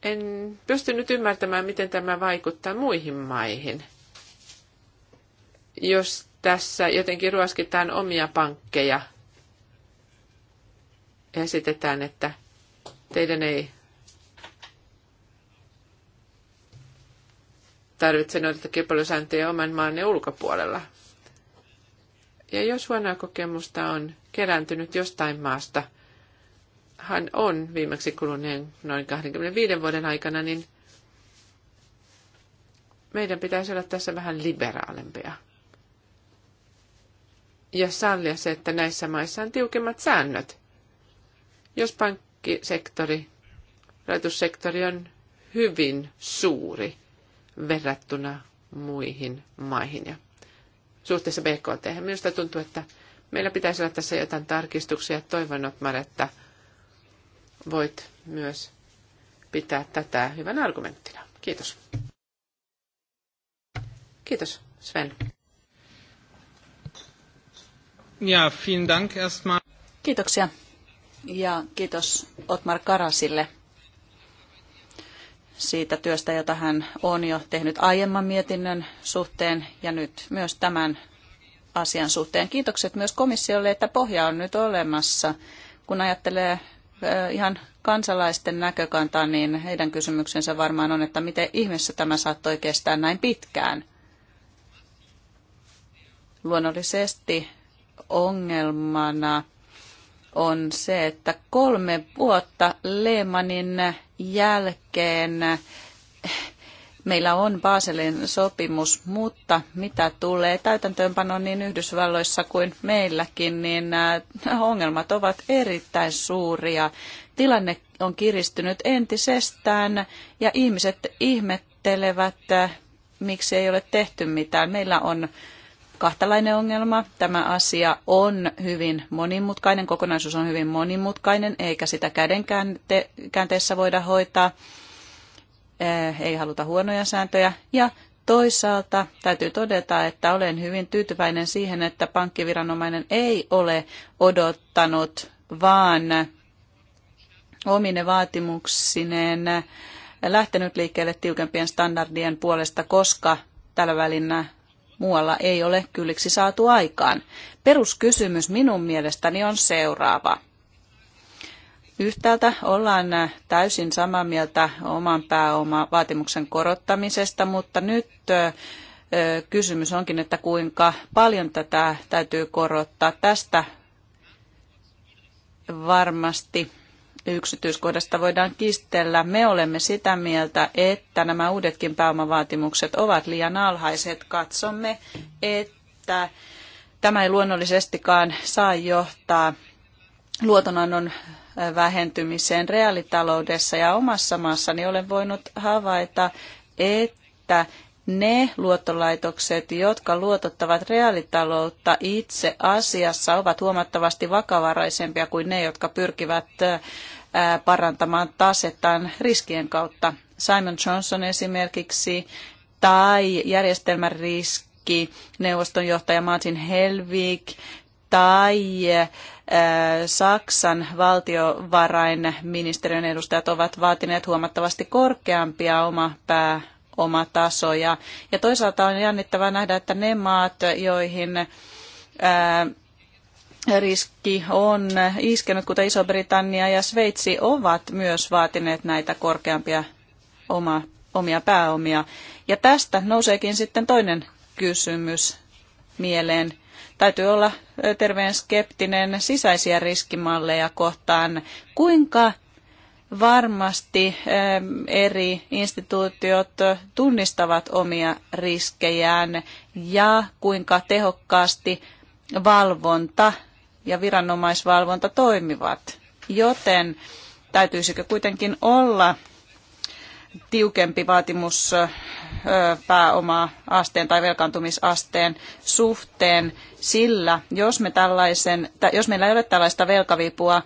en pysty nyt ymmärtämään, miten tämä vaikuttaa muihin maihin. Jos tässä jotenkin ruoskitaan omia pankkeja, esitetään, että teidän ei tarvitse noita kilpailusääntöjä oman maanne ulkopuolella. Ja jos huonoa kokemusta on kerääntynyt jostain maasta, hän on viimeksi kuluneen noin 25 vuoden aikana, niin meidän pitäisi olla tässä vähän liberaalempia. Ja sallia se, että näissä maissa on tiukemmat säännöt. Jos pankkisektori, rahoitussektori on hyvin suuri, verrattuna muihin maihin ja suhteessa BKT. Minusta tuntuu, että meillä pitäisi olla tässä jotain tarkistuksia. Toivon, Otmar, että voit myös pitää tätä hyvän argumenttina. Kiitos. Kiitos, Sven. Ja, vielen Dank erstmal. Kiitoksia ja kiitos Otmar Karasille siitä työstä, jota hän on jo tehnyt aiemman mietinnön suhteen ja nyt myös tämän asian suhteen. Kiitokset myös komissiolle, että pohja on nyt olemassa. Kun ajattelee ihan kansalaisten näkökantaa, niin heidän kysymyksensä varmaan on, että miten ihmeessä tämä saattoi kestää näin pitkään. Luonnollisesti ongelmana on se, että kolme vuotta Lehmanin jälkeen meillä on Baselin sopimus, mutta mitä tulee täytäntöönpanoon niin Yhdysvalloissa kuin meilläkin, niin nämä äh, ongelmat ovat erittäin suuria. Tilanne on kiristynyt entisestään ja ihmiset ihmettelevät, äh, miksi ei ole tehty mitään. Meillä on kahtalainen ongelma. Tämä asia on hyvin monimutkainen, kokonaisuus on hyvin monimutkainen, eikä sitä kädenkäänteessä voida hoitaa. Eh, ei haluta huonoja sääntöjä. Ja Toisaalta täytyy todeta, että olen hyvin tyytyväinen siihen, että pankkiviranomainen ei ole odottanut, vaan omine vaatimuksineen lähtenyt liikkeelle tiukempien standardien puolesta, koska tällä välin muualla ei ole kylliksi saatu aikaan. Peruskysymys minun mielestäni on seuraava. Yhtäältä ollaan täysin samaa mieltä oman pääoman vaatimuksen korottamisesta, mutta nyt kysymys onkin, että kuinka paljon tätä täytyy korottaa. Tästä varmasti yksityiskohdasta voidaan kistellä. Me olemme sitä mieltä, että nämä uudetkin pääomavaatimukset ovat liian alhaiset. Katsomme, että tämä ei luonnollisestikaan saa johtaa luotonannon vähentymiseen reaalitaloudessa ja omassa maassani olen voinut havaita, että ne luottolaitokset, jotka luotottavat reaalitaloutta itse asiassa, ovat huomattavasti vakavaraisempia kuin ne, jotka pyrkivät parantamaan tasettaan riskien kautta. Simon Johnson esimerkiksi tai järjestelmän riski, neuvoston johtaja Martin Helvig tai Saksan valtiovarainministeriön edustajat ovat vaatineet huomattavasti korkeampia oma pää omatasoja. Ja toisaalta on jännittävää nähdä, että ne maat, joihin riski on iskenyt, kuten Iso-Britannia ja Sveitsi ovat myös vaatineet näitä korkeampia oma, omia pääomia. Ja tästä nouseekin sitten toinen kysymys mieleen. Täytyy olla terveen skeptinen sisäisiä riskimalleja kohtaan. Kuinka varmasti eri instituutiot tunnistavat omia riskejään ja kuinka tehokkaasti valvonta ja viranomaisvalvonta toimivat. Joten täytyisikö kuitenkin olla tiukempi vaatimus pääoma-asteen tai velkaantumisasteen suhteen, sillä jos, me tällaisen, jos meillä ei ole tällaista velkavipua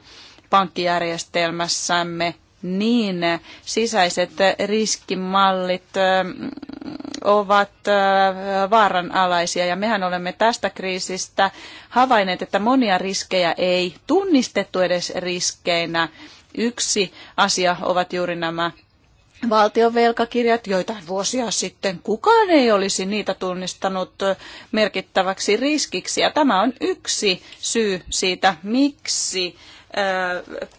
pankkijärjestelmässämme, niin sisäiset riskimallit ovat vaaranalaisia. Ja mehän olemme tästä kriisistä havainneet, että monia riskejä ei tunnistettu edes riskeinä. Yksi asia ovat juuri nämä valtion velkakirjat, joita vuosia sitten kukaan ei olisi niitä tunnistanut merkittäväksi riskiksi. Ja tämä on yksi syy siitä, miksi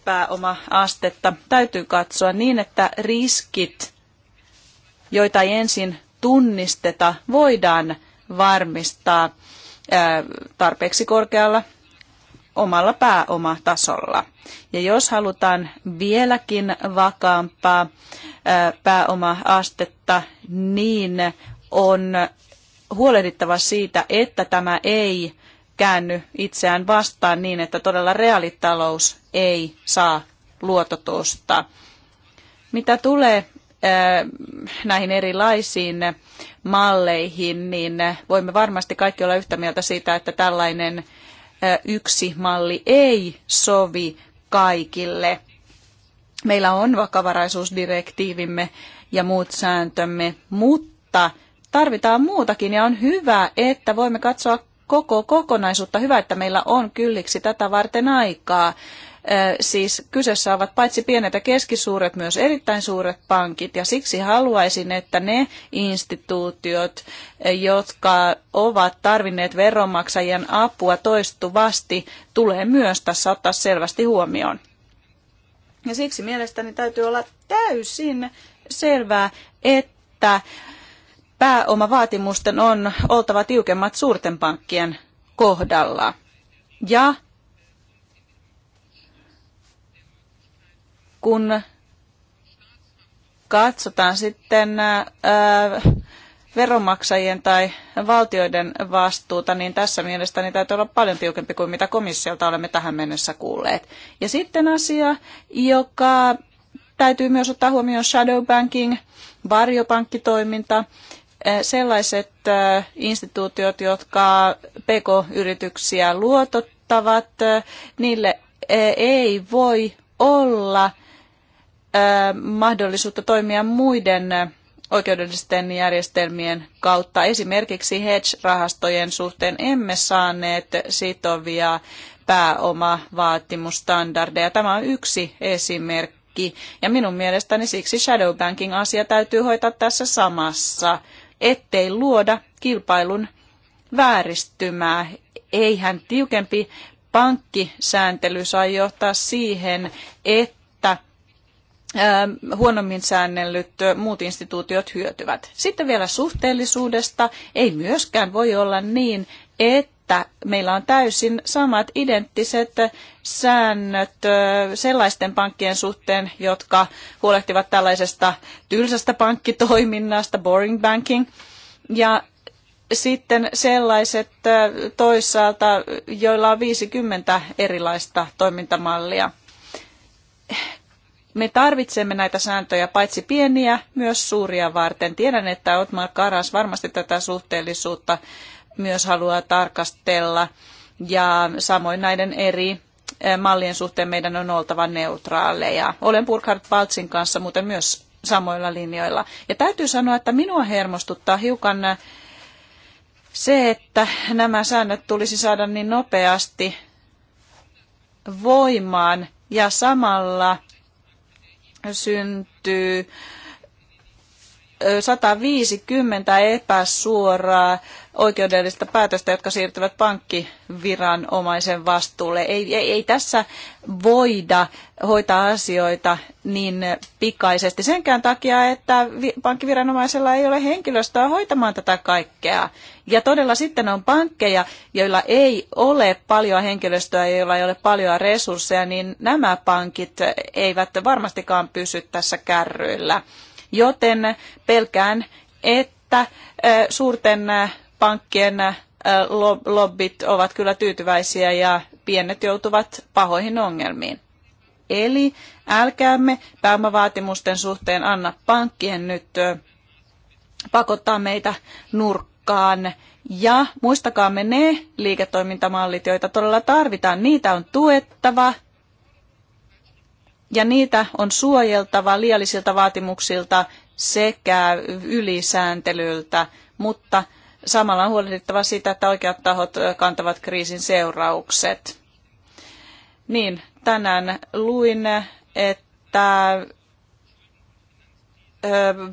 pääoma-astetta täytyy katsoa niin, että riskit, joita ei ensin tunnisteta, voidaan varmistaa tarpeeksi korkealla omalla pääomatasolla. Ja jos halutaan vieläkin vakaampaa pääoma-astetta, niin on huolehdittava siitä, että tämä ei käänny itseään vastaan niin, että todella reaalitalous ei saa luototusta. Mitä tulee äh, näihin erilaisiin malleihin, niin voimme varmasti kaikki olla yhtä mieltä siitä, että tällainen äh, yksi malli ei sovi kaikille. Meillä on vakavaraisuusdirektiivimme ja muut sääntömme, mutta tarvitaan muutakin ja on hyvä, että voimme katsoa koko kokonaisuutta. Hyvä, että meillä on kylliksi tätä varten aikaa. Siis kyseessä ovat paitsi pienet ja keskisuuret, myös erittäin suuret pankit, ja siksi haluaisin, että ne instituutiot, jotka ovat tarvinneet veronmaksajien apua toistuvasti, tulee myös tässä ottaa selvästi huomioon. Ja siksi mielestäni täytyy olla täysin selvää, että että pääomavaatimusten on oltava tiukemmat suurten pankkien kohdalla. Ja kun katsotaan sitten ää, äh, veronmaksajien tai valtioiden vastuuta, niin tässä mielestäni täytyy olla paljon tiukempi kuin mitä komissiolta olemme tähän mennessä kuulleet. Ja sitten asia, joka täytyy myös ottaa huomioon shadow banking, varjopankkitoiminta sellaiset instituutiot, jotka PK-yrityksiä luotottavat, niille ei voi olla mahdollisuutta toimia muiden oikeudellisten järjestelmien kautta. Esimerkiksi hedge-rahastojen suhteen emme saaneet sitovia pääomavaatimustandardeja. Tämä on yksi esimerkki. Ja minun mielestäni siksi shadow banking asia täytyy hoitaa tässä samassa ettei luoda kilpailun vääristymää. Eihän tiukempi pankkisääntely saa johtaa siihen, että ähm, huonommin säännellyt muut instituutiot hyötyvät. Sitten vielä suhteellisuudesta. Ei myöskään voi olla niin, että että meillä on täysin samat identtiset säännöt sellaisten pankkien suhteen, jotka huolehtivat tällaisesta tylsästä pankkitoiminnasta, boring banking, ja sitten sellaiset toisaalta, joilla on 50 erilaista toimintamallia. Me tarvitsemme näitä sääntöjä paitsi pieniä, myös suuria varten. Tiedän, että Otmar Karas varmasti tätä suhteellisuutta myös haluaa tarkastella. Ja samoin näiden eri eh, mallien suhteen meidän on oltava neutraaleja. Olen Burkhard Paltsin kanssa muuten myös samoilla linjoilla. Ja täytyy sanoa, että minua hermostuttaa hiukan eh, se, että nämä säännöt tulisi saada niin nopeasti voimaan ja samalla syntyy 150 eh, epäsuoraa oikeudellista päätöstä, jotka siirtyvät pankkiviranomaisen vastuulle. Ei, ei, ei tässä voida hoitaa asioita niin pikaisesti senkään takia, että pankkiviranomaisella ei ole henkilöstöä hoitamaan tätä kaikkea. Ja todella sitten on pankkeja, joilla ei ole paljon henkilöstöä ja joilla ei ole paljon resursseja, niin nämä pankit eivät varmastikaan pysy tässä kärryillä. Joten pelkään, että suurten pankkien äh, lobbit ovat kyllä tyytyväisiä ja pienet joutuvat pahoihin ongelmiin. Eli älkäämme pääomavaatimusten suhteen anna pankkien nyt pakottaa meitä nurkkaan. Ja muistakaamme ne liiketoimintamallit, joita todella tarvitaan. Niitä on tuettava ja niitä on suojeltava liiallisilta vaatimuksilta sekä ylisääntelyltä, mutta Samalla on huolehdittava siitä, että oikeat tahot kantavat kriisin seuraukset. Niin, tänään luin, että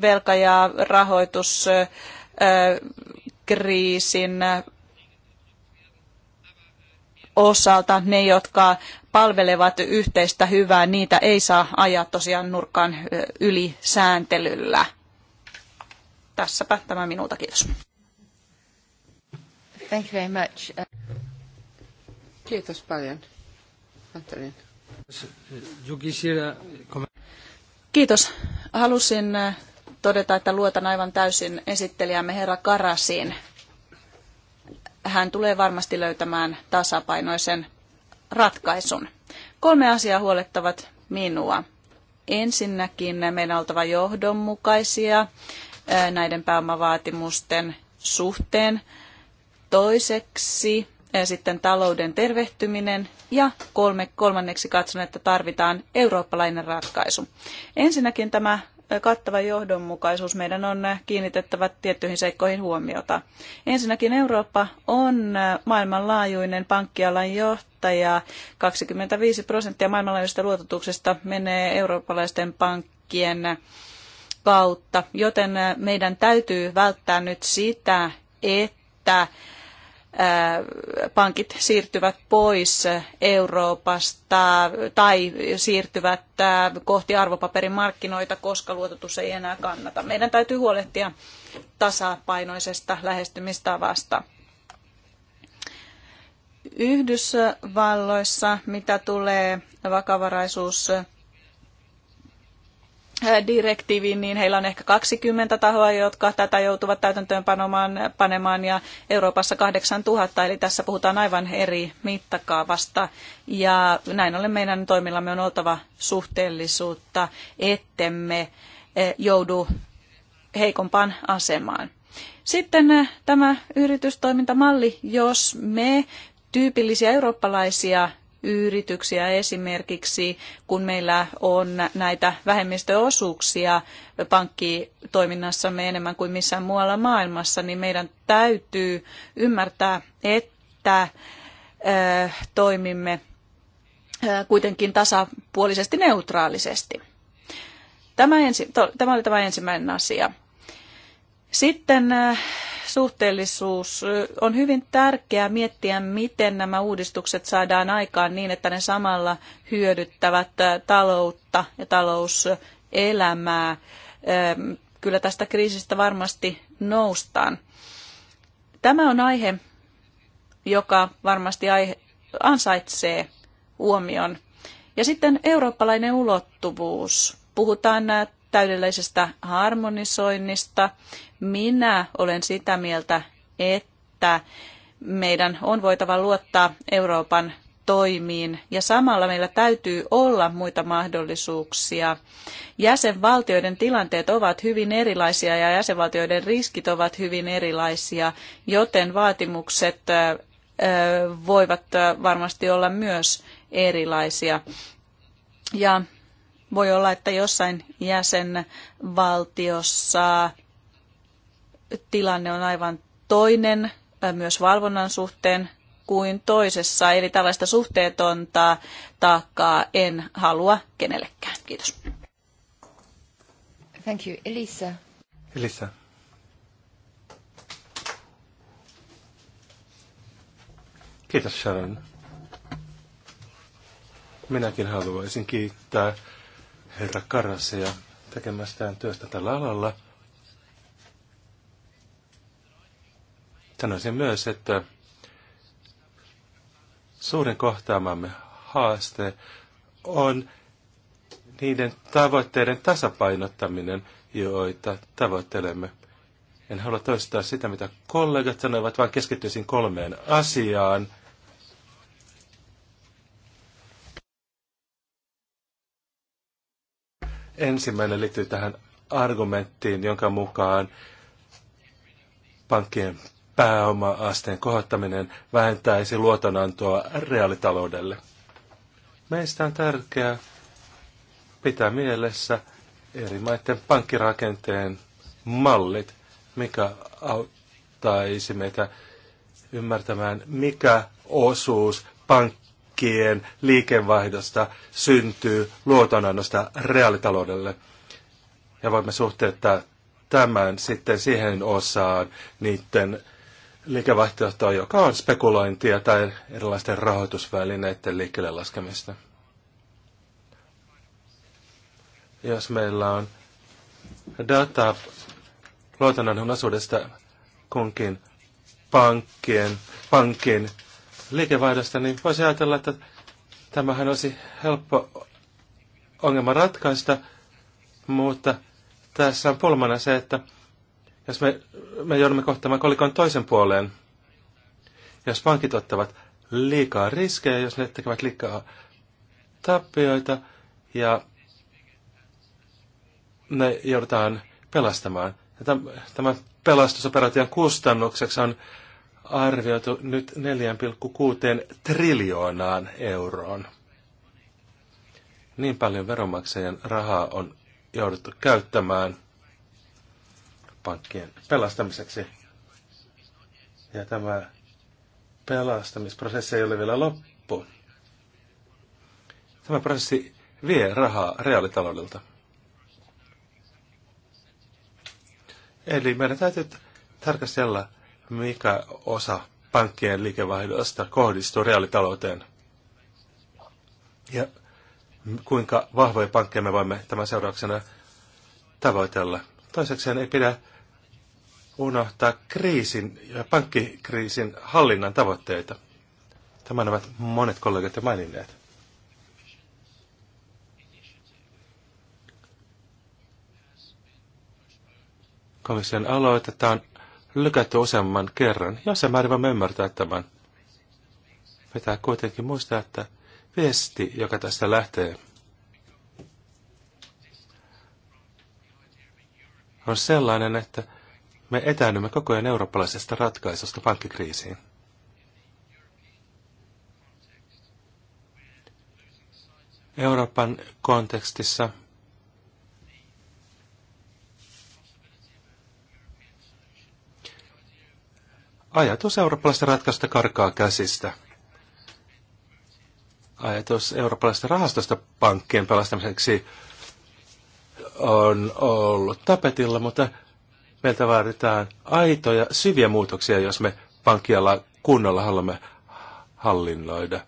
velka- ja rahoituskriisin osalta ne, jotka palvelevat yhteistä hyvää, niitä ei saa ajaa tosiaan nurkkaan yli sääntelyllä. Tässäpä tämä minulta, kiitos. Thank you very much. Uh, Kiitos paljon. Kiitos. Halusin äh, todeta, että luotan aivan täysin esittelijämme herra Karasiin. Hän tulee varmasti löytämään tasapainoisen ratkaisun. Kolme asiaa huolettavat minua. Ensinnäkin meidän on oltava johdonmukaisia äh, näiden pääomavaatimusten suhteen. Toiseksi eh, sitten talouden tervehtyminen ja kolme, kolmanneksi katson, että tarvitaan eurooppalainen ratkaisu. Ensinnäkin tämä eh, kattava johdonmukaisuus. Meidän on eh, kiinnitettävä tiettyihin seikkoihin huomiota. Ensinnäkin Eurooppa on maailmanlaajuinen pankkialan johtaja. 25 prosenttia maailmanlaajuisesta luototuksesta menee eurooppalaisten pankkien kautta, joten meidän täytyy välttää nyt sitä, että että pankit siirtyvät pois Euroopasta tai siirtyvät kohti arvopaperimarkkinoita, koska luototus ei enää kannata. Meidän täytyy huolehtia tasapainoisesta lähestymistavasta. Yhdysvalloissa, mitä tulee vakavaraisuus direktiiviin, niin heillä on ehkä 20 tahoa, jotka tätä joutuvat täytäntöön panemaan, panemaan ja Euroopassa 8000, eli tässä puhutaan aivan eri mittakaavasta. Ja näin ollen meidän toimillamme on oltava suhteellisuutta, ettemme joudu heikompaan asemaan. Sitten tämä yritystoimintamalli, jos me tyypillisiä eurooppalaisia yrityksiä esimerkiksi, kun meillä on näitä vähemmistöosuuksia pankkitoiminnassamme enemmän kuin missään muualla maailmassa, niin meidän täytyy ymmärtää, että toimimme kuitenkin tasapuolisesti neutraalisesti. Tämä, ensi, to, tämä oli tämä ensimmäinen asia. Sitten äh, suhteellisuus. On hyvin tärkeää miettiä, miten nämä uudistukset saadaan aikaan niin, että ne samalla hyödyttävät äh, taloutta ja talouselämää. Äh, kyllä tästä kriisistä varmasti noustaan. Tämä on aihe, joka varmasti aihe, ansaitsee huomion. Ja sitten eurooppalainen ulottuvuus. Puhutaan täydellisestä harmonisoinnista. Minä olen sitä mieltä, että meidän on voitava luottaa Euroopan toimiin ja samalla meillä täytyy olla muita mahdollisuuksia. Jäsenvaltioiden tilanteet ovat hyvin erilaisia ja jäsenvaltioiden riskit ovat hyvin erilaisia, joten vaatimukset voivat varmasti olla myös erilaisia. Ja voi olla, että jossain jäsenvaltiossa tilanne on aivan toinen myös valvonnan suhteen kuin toisessa. Eli tällaista suhteetonta taakkaa en halua kenellekään. Kiitos. Thank you. Elisa. Elisa. Kiitos Sharon. Minäkin haluaisin kiittää herra Karasia tekemästään työstä tällä alalla. Sanoisin myös, että suurin kohtaamamme haaste on niiden tavoitteiden tasapainottaminen, joita tavoittelemme. En halua toistaa sitä, mitä kollegat sanoivat, vaan keskittyisin kolmeen asiaan – Ensimmäinen liittyy tähän argumenttiin, jonka mukaan pankkien pääoma-asteen kohottaminen vähentäisi luotonantoa reaalitaloudelle. Meistä on tärkeää pitää mielessä eri maiden pankkirakenteen mallit, mikä auttaisi meitä ymmärtämään, mikä osuus pankki pankkien liikevaihdosta syntyy luotonannosta reaalitaloudelle. Ja voimme suhteuttaa tämän sitten siihen osaan niiden liikevaihtoehtoa, joka on spekulointia tai erilaisten rahoitusvälineiden liikkeelle laskemista. Jos meillä on data luotonannon osuudesta kunkin pankkien, pankin liikevaihdosta, niin voisi ajatella, että tämähän olisi helppo ongelma ratkaista, mutta tässä on pulmana se, että jos me, me joudumme kohtamaan kolikon toisen puoleen, jos pankit ottavat liikaa riskejä, jos ne tekevät liikaa tappioita ja ne joudutaan pelastamaan. tämä pelastusoperaation kustannukseksi on arvioitu nyt 4,6 triljoonaan euroon. Niin paljon veronmaksajien rahaa on jouduttu käyttämään pankkien pelastamiseksi. Ja tämä pelastamisprosessi ei ole vielä loppu. Tämä prosessi vie rahaa reaalitaloudelta. Eli meidän täytyy tarkastella mikä osa pankkien liikevaihdosta kohdistuu reaalitalouteen. Ja kuinka vahvoja pankkeja me voimme tämän seurauksena tavoitella. Toiseksi ei pidä unohtaa kriisin ja pankkikriisin hallinnan tavoitteita. Tämän ovat monet kollegat jo maininneet. Komission aloitetaan lykätty useamman kerran. Jossain määrin voimme ymmärtää tämän. Pitää kuitenkin muistaa, että viesti, joka tästä lähtee, on sellainen, että me etäännymme koko ajan eurooppalaisesta ratkaisusta pankkikriisiin. Euroopan kontekstissa – Ajatus eurooppalaisesta ratkaista karkaa käsistä. Ajatus eurooppalaisesta rahastosta pankkien pelastamiseksi on ollut tapetilla, mutta meiltä vaaditaan aitoja, syviä muutoksia, jos me pankkialla kunnolla haluamme hallinnoida.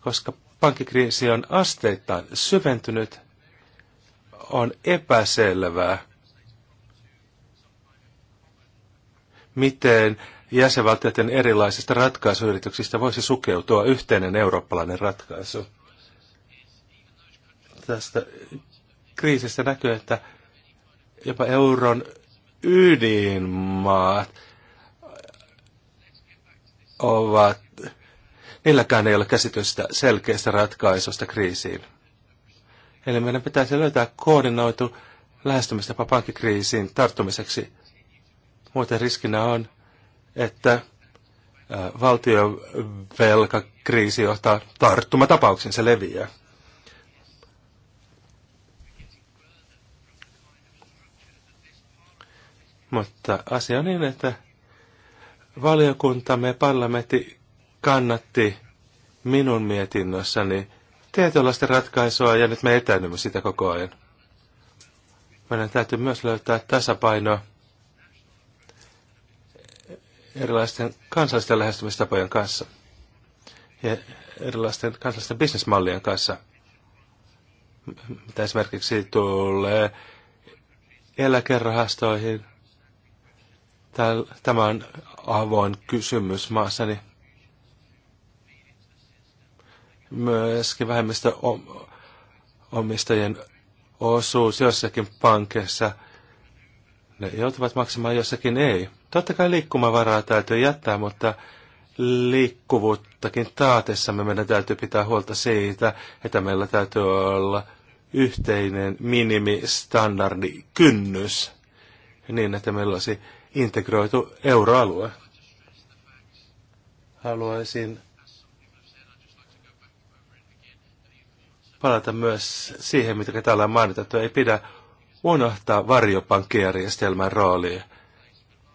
Koska pankkikriisi on asteittain syventynyt, on epäselvää, miten jäsenvaltioiden erilaisista ratkaisuyrityksistä voisi sukeutua yhteinen eurooppalainen ratkaisu. Tästä kriisistä näkyy, että jopa euron ydinmaat ovat, niilläkään ei ole käsitystä selkeästä ratkaisusta kriisiin. Eli meidän pitäisi löytää koordinoitu lähestymistapa pankkikriisiin tarttumiseksi. Muuten riskinä on, että valtiovelkakriisi johtaa tarttumatapauksen, se leviää. Mutta asia on niin, että valiokuntamme parlamentti kannatti minun mietinnössäni tietynlaista ratkaisua ja nyt me etäännymme sitä koko ajan. Meidän täytyy myös löytää tasapainoa erilaisten kansallisten lähestymistapojen kanssa ja erilaisten kansallisten bisnesmallien kanssa, mitä esimerkiksi tulee eläkerahastoihin. Tämä on avoin kysymys maassani. Myöskin vähemmistöomistajien osuus jossakin pankissa. Ne joutuvat maksamaan jossakin ei. Totta kai liikkumavaraa täytyy jättää, mutta liikkuvuuttakin taatessamme meidän täytyy pitää huolta siitä, että meillä täytyy olla yhteinen minimistandardi kynnys niin, että meillä olisi integroitu euroalue. Haluaisin palata myös siihen, mitä täällä on mainitettu. Ei pidä unohtaa varjopankkijärjestelmän roolia.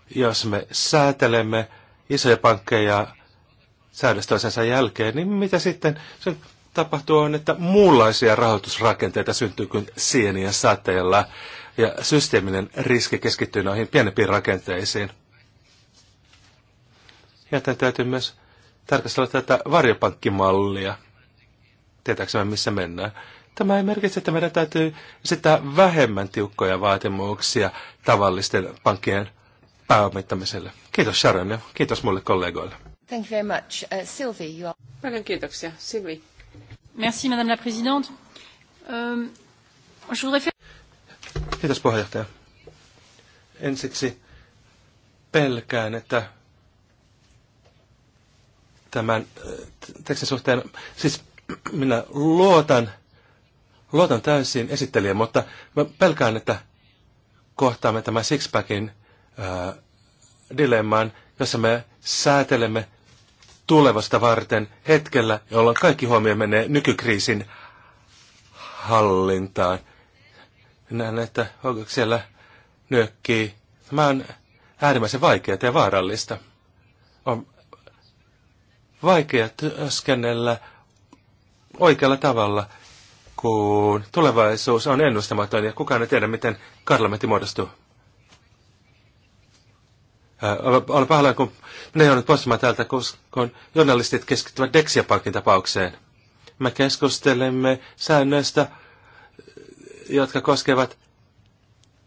Jos me säätelemme isoja pankkeja säädöstoisensa jälkeen, niin mitä sitten se tapahtuu on, että muunlaisia rahoitusrakenteita syntyy kuin sienien sateella ja systeeminen riski keskittyy noihin pienempiin rakenteisiin. Ja täytyy myös tarkastella tätä varjopankkimallia, tietääksemme missä mennään. Tämä ei merkitse, että meidän täytyy sitä vähemmän tiukkoja vaatimuksia tavallisten pankkien pääomittamiselle. Kiitos Sharon ja kiitos muille kollegoille. Thank you very much. Uh, Sylvie, you are... Paljon kiitoksia. Sylvie. Merci, Madame la Présidente. Um, je voudrais faire... Kiitos puheenjohtaja. Ensiksi pelkään, että tämän äh, tekstin suhteen, siis minä luotan, luotan täysin esittelijä, mutta mä pelkään, että kohtaamme tämän Sixpackin – dilemmaan, jossa me säätelemme tulevasta varten hetkellä, jolloin kaikki huomio menee nykykriisin hallintaan. Näen, että Hogak siellä nyökkii. Tämä on äärimmäisen vaikeaa ja vaarallista. On vaikea työskennellä oikealla tavalla, kun tulevaisuus on ennustamaton ja kukaan ei tiedä, miten parlamentti muodostuu. Olen pahoillani, kun minä joudun poistumaan täältä, kun journalistit keskittyvät Dexia pankin tapaukseen. Me keskustelemme säännöistä, jotka koskevat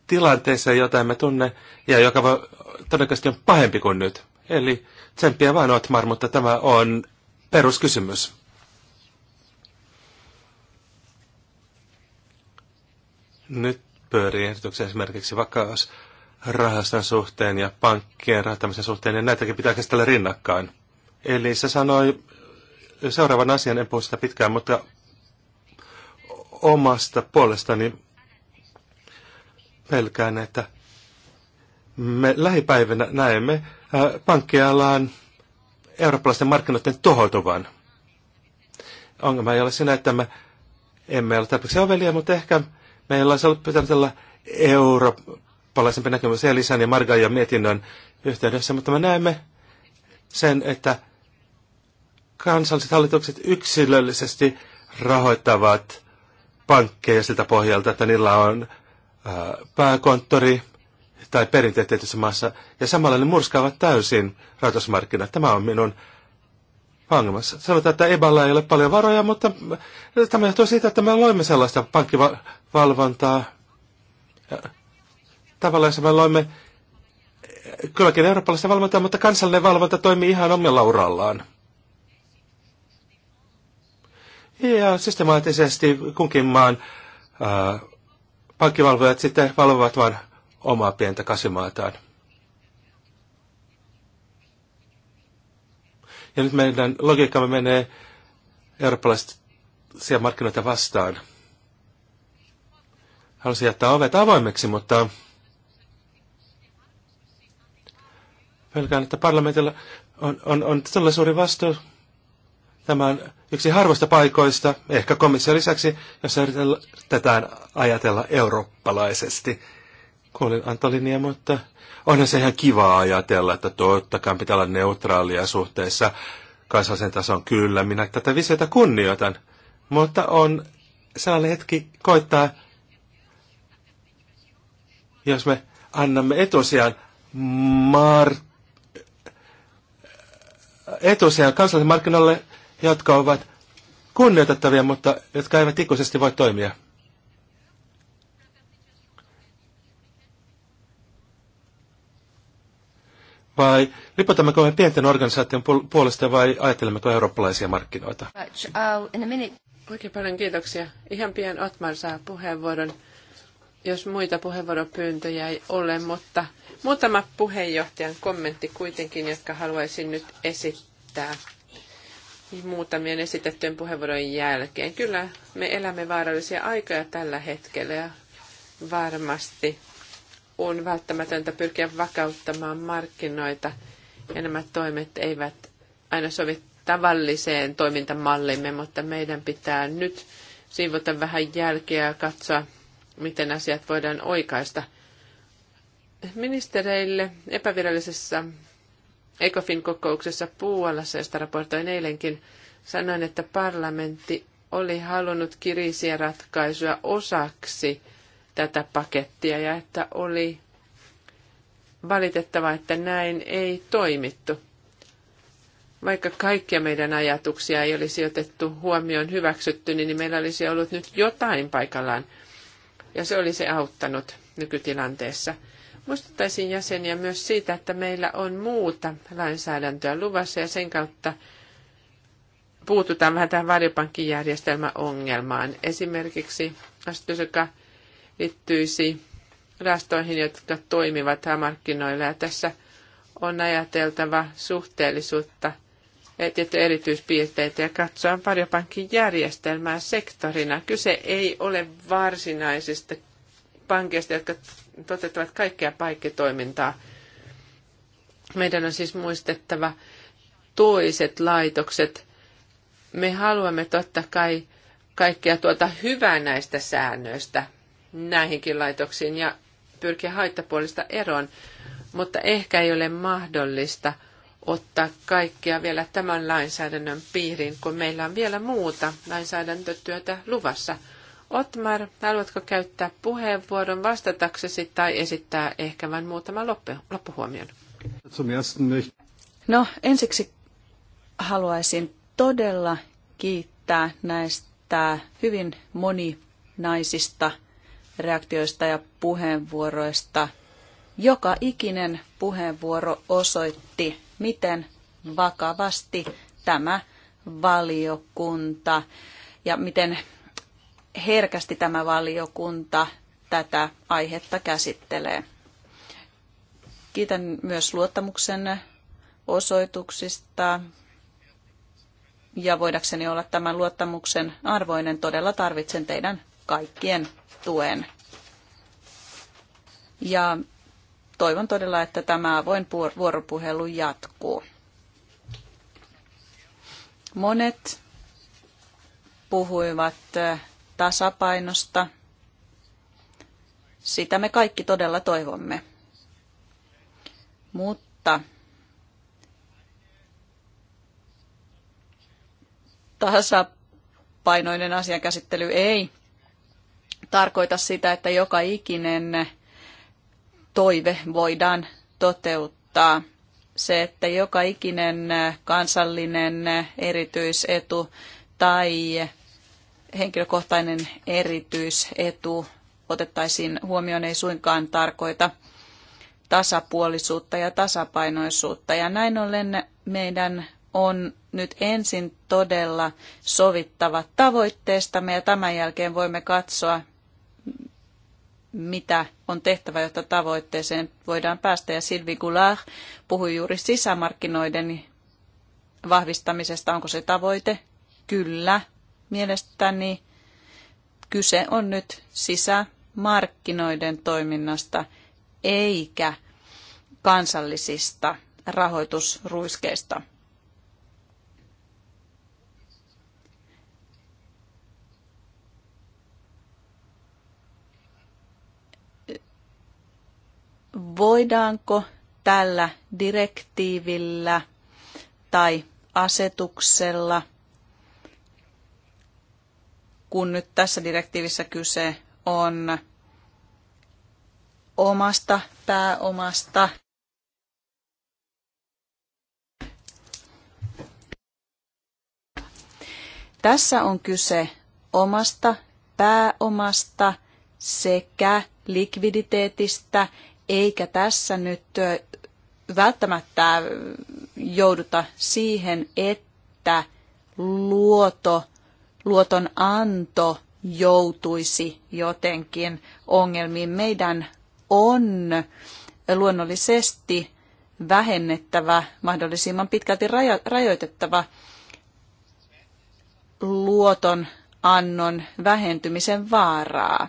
tilanteessa, jota emme tunne, ja joka voi, todennäköisesti on pahempi kuin nyt. Eli tsemppiä vaan Otmar, mutta tämä on peruskysymys. Nyt pyörii ehdotuksen esimerkiksi vakaus rahaston suhteen ja pankkien rahoittamisen suhteen, ja niin näitäkin pitää käsitellä rinnakkain. Eli se sanoi seuraavan asian, en puhu sitä pitkään, mutta omasta puolestani pelkään, että me lähipäivinä näemme äh, pankkialan eurooppalaisten markkinoiden tuhoutuvan. Ongelma ei ole siinä, että me emme ole tarpeeksi ovelia, mutta ehkä meillä olisi ollut pitänyt olla euro eurooppalaisempi näkemys niin Elisan ja Margajan mietinnön yhteydessä, mutta me näemme sen, että kansalliset hallitukset yksilöllisesti rahoittavat pankkeja siltä pohjalta, että niillä on pääkonttori tai perinteet tietyssä maassa, ja samalla ne murskaavat täysin rahoitusmarkkinat. Tämä on minun ongelmassa. Sanotaan, että Eballa ei ole paljon varoja, mutta tämä johtuu siitä, että me loimme sellaista pankkivalvontaa, tavallaan me loimme eh, kylläkin eurooppalaista valvontaa, mutta kansallinen valvonta toimii ihan omilla urallaan. Ja systemaattisesti kunkin maan ää, äh, pankkivalvojat sitten valvovat vain omaa pientä kasimaataan. Ja nyt meidän logiikkamme menee eurooppalaisia markkinoita vastaan. Haluaisin jättää ovet avoimeksi, mutta Pelkään, että parlamentilla on, on, on todella suuri vastuu. Tämä on yksi harvoista paikoista, ehkä komission lisäksi, jos yritetään ajatella eurooppalaisesti. Kuulin Antolinia, mutta onhan se ihan kiva ajatella, että totta kai pitää olla neutraalia suhteessa kansallisen tason. Kyllä, minä tätä visiota kunnioitan, mutta on sellainen hetki koittaa, jos me annamme etusijan Mart etusijan kansallisille markkinoille, jotka ovat kunnioitettavia, mutta jotka eivät ikuisesti voi toimia. Vai lipotammeko me pienten organisaation puolesta vai ajattelemmeko eurooppalaisia markkinoita? Oikein paljon kiitoksia. Ihan pian Otmar saa puheenvuoron jos muita puheenvuoropyyntöjä ei ole, mutta muutama puheenjohtajan kommentti kuitenkin, jotka haluaisin nyt esittää muutamien esitettyjen puheenvuorojen jälkeen. Kyllä me elämme vaarallisia aikoja tällä hetkellä ja varmasti on välttämätöntä pyrkiä vakauttamaan markkinoita ja nämä toimet eivät aina sovi tavalliseen toimintamallimme, mutta meidän pitää nyt siivota vähän jälkeä ja katsoa miten asiat voidaan oikaista. Ministereille epävirallisessa ECOFIN kokouksessa Puualassa, josta raportoin eilenkin, sanoin, että parlamentti oli halunnut kirisiä ratkaisuja osaksi tätä pakettia ja että oli valitettavaa, että näin ei toimittu. Vaikka kaikkia meidän ajatuksia ei olisi otettu huomioon hyväksytty, niin meillä olisi ollut nyt jotain paikallaan – ja se olisi auttanut nykytilanteessa. Muistuttaisin jäseniä myös siitä, että meillä on muuta lainsäädäntöä luvassa ja sen kautta puututaan vähän tähän varjopankkijärjestelmäongelmaan. Esimerkiksi asetus, joka liittyisi rastoihin, jotka toimivat markkinoilla. Ja tässä on ajateltava suhteellisuutta – tiettyjä erityispiirteitä ja katsoa järjestelmää sektorina. Kyse ei ole varsinaisista pankeista, jotka toteuttavat kaikkea paikkitoimintaa. Meidän on siis muistettava toiset laitokset. Me haluamme totta kai kaikkea tuota hyvää näistä säännöistä näihinkin laitoksiin ja pyrkiä haittapuolista eroon, mutta ehkä ei ole mahdollista – ottaa kaikkia vielä tämän lainsäädännön piiriin, kun meillä on vielä muuta lainsäädäntötyötä luvassa. Otmar, haluatko käyttää puheenvuoron vastataksesi tai esittää ehkä vain muutaman loppu, loppuhuomion? No ensiksi haluaisin todella kiittää näistä hyvin moninaisista reaktioista ja puheenvuoroista. Joka ikinen puheenvuoro osoitti miten vakavasti tämä valiokunta ja miten herkästi tämä valiokunta tätä aihetta käsittelee. Kiitän myös luottamuksen osoituksista ja voidakseni olla tämän luottamuksen arvoinen todella tarvitsen teidän kaikkien tuen. Ja toivon todella, että tämä avoin vuoropuhelu jatkuu. Monet puhuivat eh, tasapainosta. Sitä me kaikki todella toivomme. Mutta tasapainoinen asian käsittely ei tarkoita sitä, että joka ikinen toive voidaan toteuttaa. Se, että joka ikinen kansallinen erityisetu tai henkilökohtainen erityisetu otettaisiin huomioon, ei suinkaan tarkoita tasapuolisuutta ja tasapainoisuutta. Ja näin ollen meidän on nyt ensin todella sovittava tavoitteestamme ja tämän jälkeen voimme katsoa, mitä on tehtävä, jotta tavoitteeseen voidaan päästä. Ja Silvi Goulart puhui juuri sisämarkkinoiden vahvistamisesta. Onko se tavoite? Kyllä. Mielestäni kyse on nyt sisämarkkinoiden toiminnasta eikä kansallisista rahoitusruiskeista. voidaanko tällä direktiivillä tai asetuksella, kun nyt tässä direktiivissä kyse on omasta pääomasta, Tässä on kyse omasta pääomasta sekä likviditeetistä eikä tässä nyt välttämättä jouduta siihen, että luoto, luoton anto joutuisi jotenkin ongelmiin. Meidän on luonnollisesti vähennettävä, mahdollisimman pitkälti rajo- rajoitettava luoton annon vähentymisen vaaraa.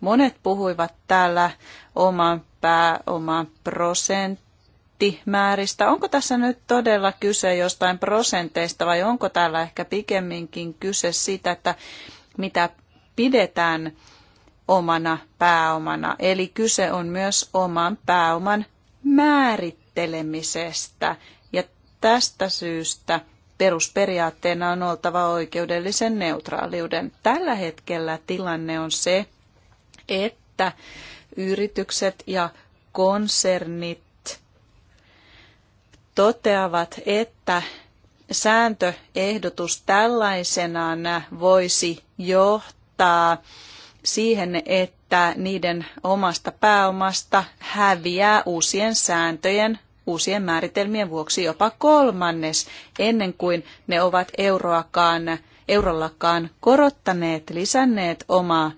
Monet puhuivat täällä oman pää, oman prosenttimääristä. Onko tässä nyt todella kyse jostain prosenteista vai onko täällä ehkä pikemminkin kyse siitä, että mitä pidetään omana pääomana? Eli kyse on myös oman pääoman määrittelemisestä. Ja tästä syystä perusperiaatteena on oltava oikeudellisen neutraaliuden. Tällä hetkellä tilanne on se, että yritykset ja konsernit toteavat, että sääntöehdotus tällaisenaan voisi johtaa siihen, että niiden omasta pääomasta häviää uusien sääntöjen, uusien määritelmien vuoksi jopa kolmannes, ennen kuin ne ovat euroakaan, eurollakaan korottaneet, lisänneet omaa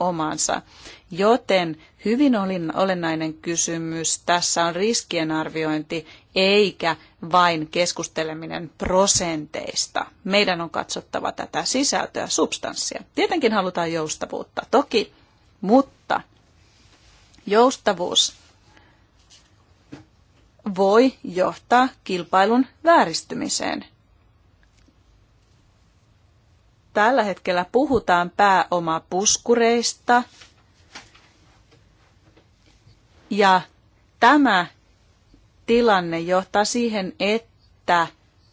omaansa, Joten hyvin olennainen kysymys tässä on riskien arviointi eikä vain keskusteleminen prosenteista. Meidän on katsottava tätä sisältöä, substanssia. Tietenkin halutaan joustavuutta, toki, mutta joustavuus voi johtaa kilpailun vääristymiseen – tällä hetkellä puhutaan pääomapuskureista. Ja tämä tilanne johtaa siihen, että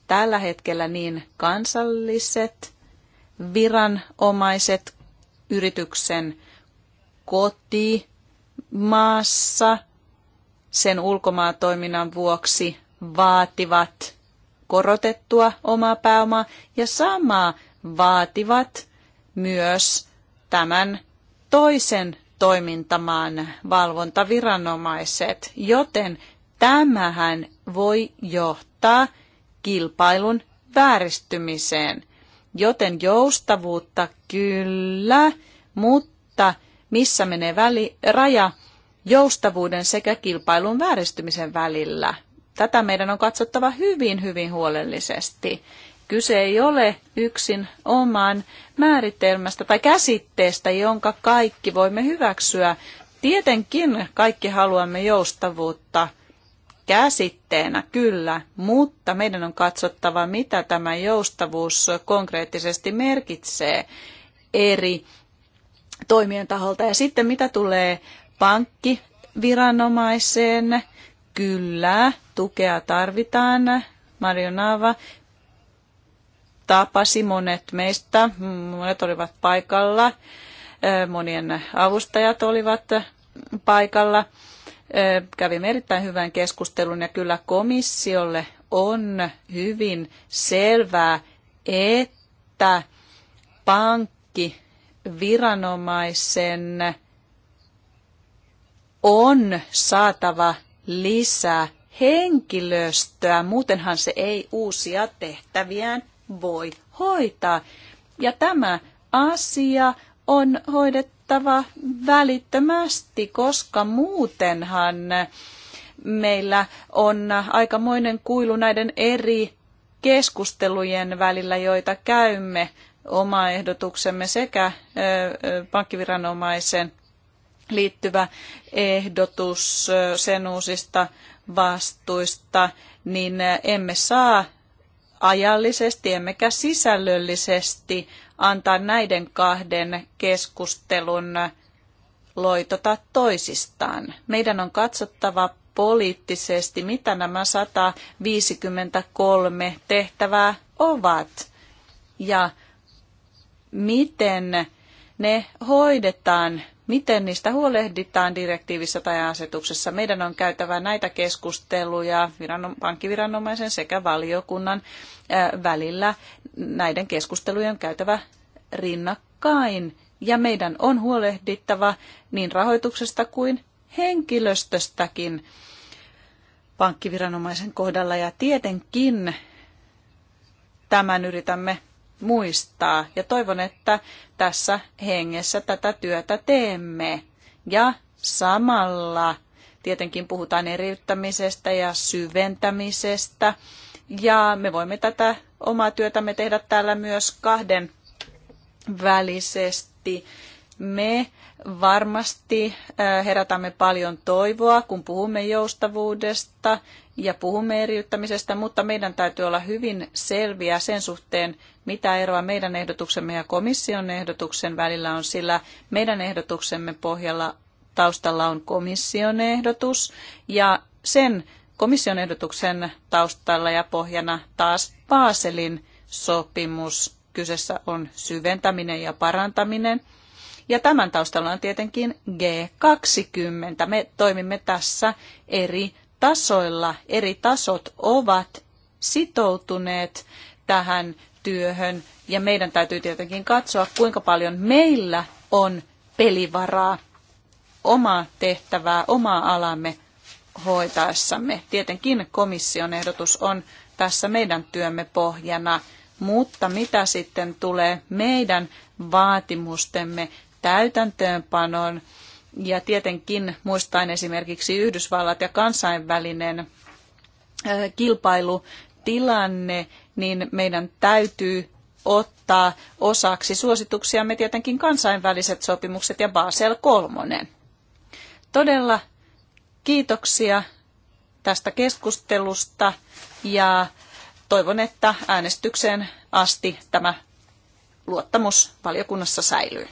tällä hetkellä niin kansalliset viranomaiset yrityksen koti maassa sen ulkomaatoiminnan vuoksi vaativat korotettua omaa pääomaa ja samaa vaativat myös tämän toisen toimintamaan valvontaviranomaiset, joten tämähän voi johtaa kilpailun vääristymiseen. Joten joustavuutta kyllä, mutta missä menee väli, raja joustavuuden sekä kilpailun vääristymisen välillä? Tätä meidän on katsottava hyvin, hyvin huolellisesti. Kyse ei ole yksin oman määritelmästä tai käsitteestä, jonka kaikki voimme hyväksyä. Tietenkin kaikki haluamme joustavuutta käsitteenä, kyllä, mutta meidän on katsottava, mitä tämä joustavuus konkreettisesti merkitsee eri toimien taholta. Ja sitten mitä tulee pankkiviranomaiseen, kyllä, tukea tarvitaan, Marjo Naava, tapasi monet meistä, monet olivat paikalla, monien avustajat olivat paikalla. Kävimme erittäin hyvän keskustelun ja kyllä komissiolle on hyvin selvää, että pankkiviranomaisen on saatava lisää henkilöstöä, muutenhan se ei uusia tehtäviään voi hoitaa. Ja tämä asia on hoidettava välittömästi, koska muutenhan meillä on aikamoinen kuilu näiden eri keskustelujen välillä, joita käymme oma ehdotuksemme sekä pankkiviranomaisen liittyvä ehdotus sen uusista vastuista, niin emme saa ajallisesti emmekä sisällöllisesti antaa näiden kahden keskustelun loitota toisistaan. Meidän on katsottava poliittisesti, mitä nämä 153 tehtävää ovat ja miten ne hoidetaan Miten niistä huolehditaan direktiivissä tai asetuksessa? Meidän on käytävä näitä keskusteluja pankkiviranomaisen sekä valiokunnan välillä. Näiden keskustelujen on käytävä rinnakkain ja meidän on huolehdittava niin rahoituksesta kuin henkilöstöstäkin pankkiviranomaisen kohdalla ja tietenkin tämän yritämme muistaa. Ja toivon, että tässä hengessä tätä työtä teemme. Ja samalla tietenkin puhutaan eriyttämisestä ja syventämisestä. Ja me voimme tätä omaa työtämme tehdä täällä myös kahden välisesti. Me varmasti äh, herätämme paljon toivoa, kun puhumme joustavuudesta ja puhumme eriyttämisestä, mutta meidän täytyy olla hyvin selviä sen suhteen, mitä eroa meidän ehdotuksemme ja komission ehdotuksen välillä on, sillä meidän ehdotuksemme pohjalla taustalla on komission ehdotus ja sen komission ehdotuksen taustalla ja pohjana taas Baselin sopimus. Kyseessä on syventäminen ja parantaminen. Ja tämän taustalla on tietenkin G20. Me toimimme tässä eri tasoilla. Eri tasot ovat sitoutuneet tähän työhön ja meidän täytyy tietenkin katsoa, kuinka paljon meillä on pelivaraa omaa tehtävää, omaa alamme hoitaessamme. Tietenkin komission ehdotus on tässä meidän työmme pohjana, mutta mitä sitten tulee meidän vaatimustemme täytäntöönpanoon ja tietenkin muistaen esimerkiksi Yhdysvallat ja kansainvälinen kilpailutilanne, niin meidän täytyy ottaa osaksi suosituksiamme tietenkin kansainväliset sopimukset ja Basel kolmonen. Todella kiitoksia tästä keskustelusta ja toivon, että äänestykseen asti tämä luottamus valiokunnassa säilyy.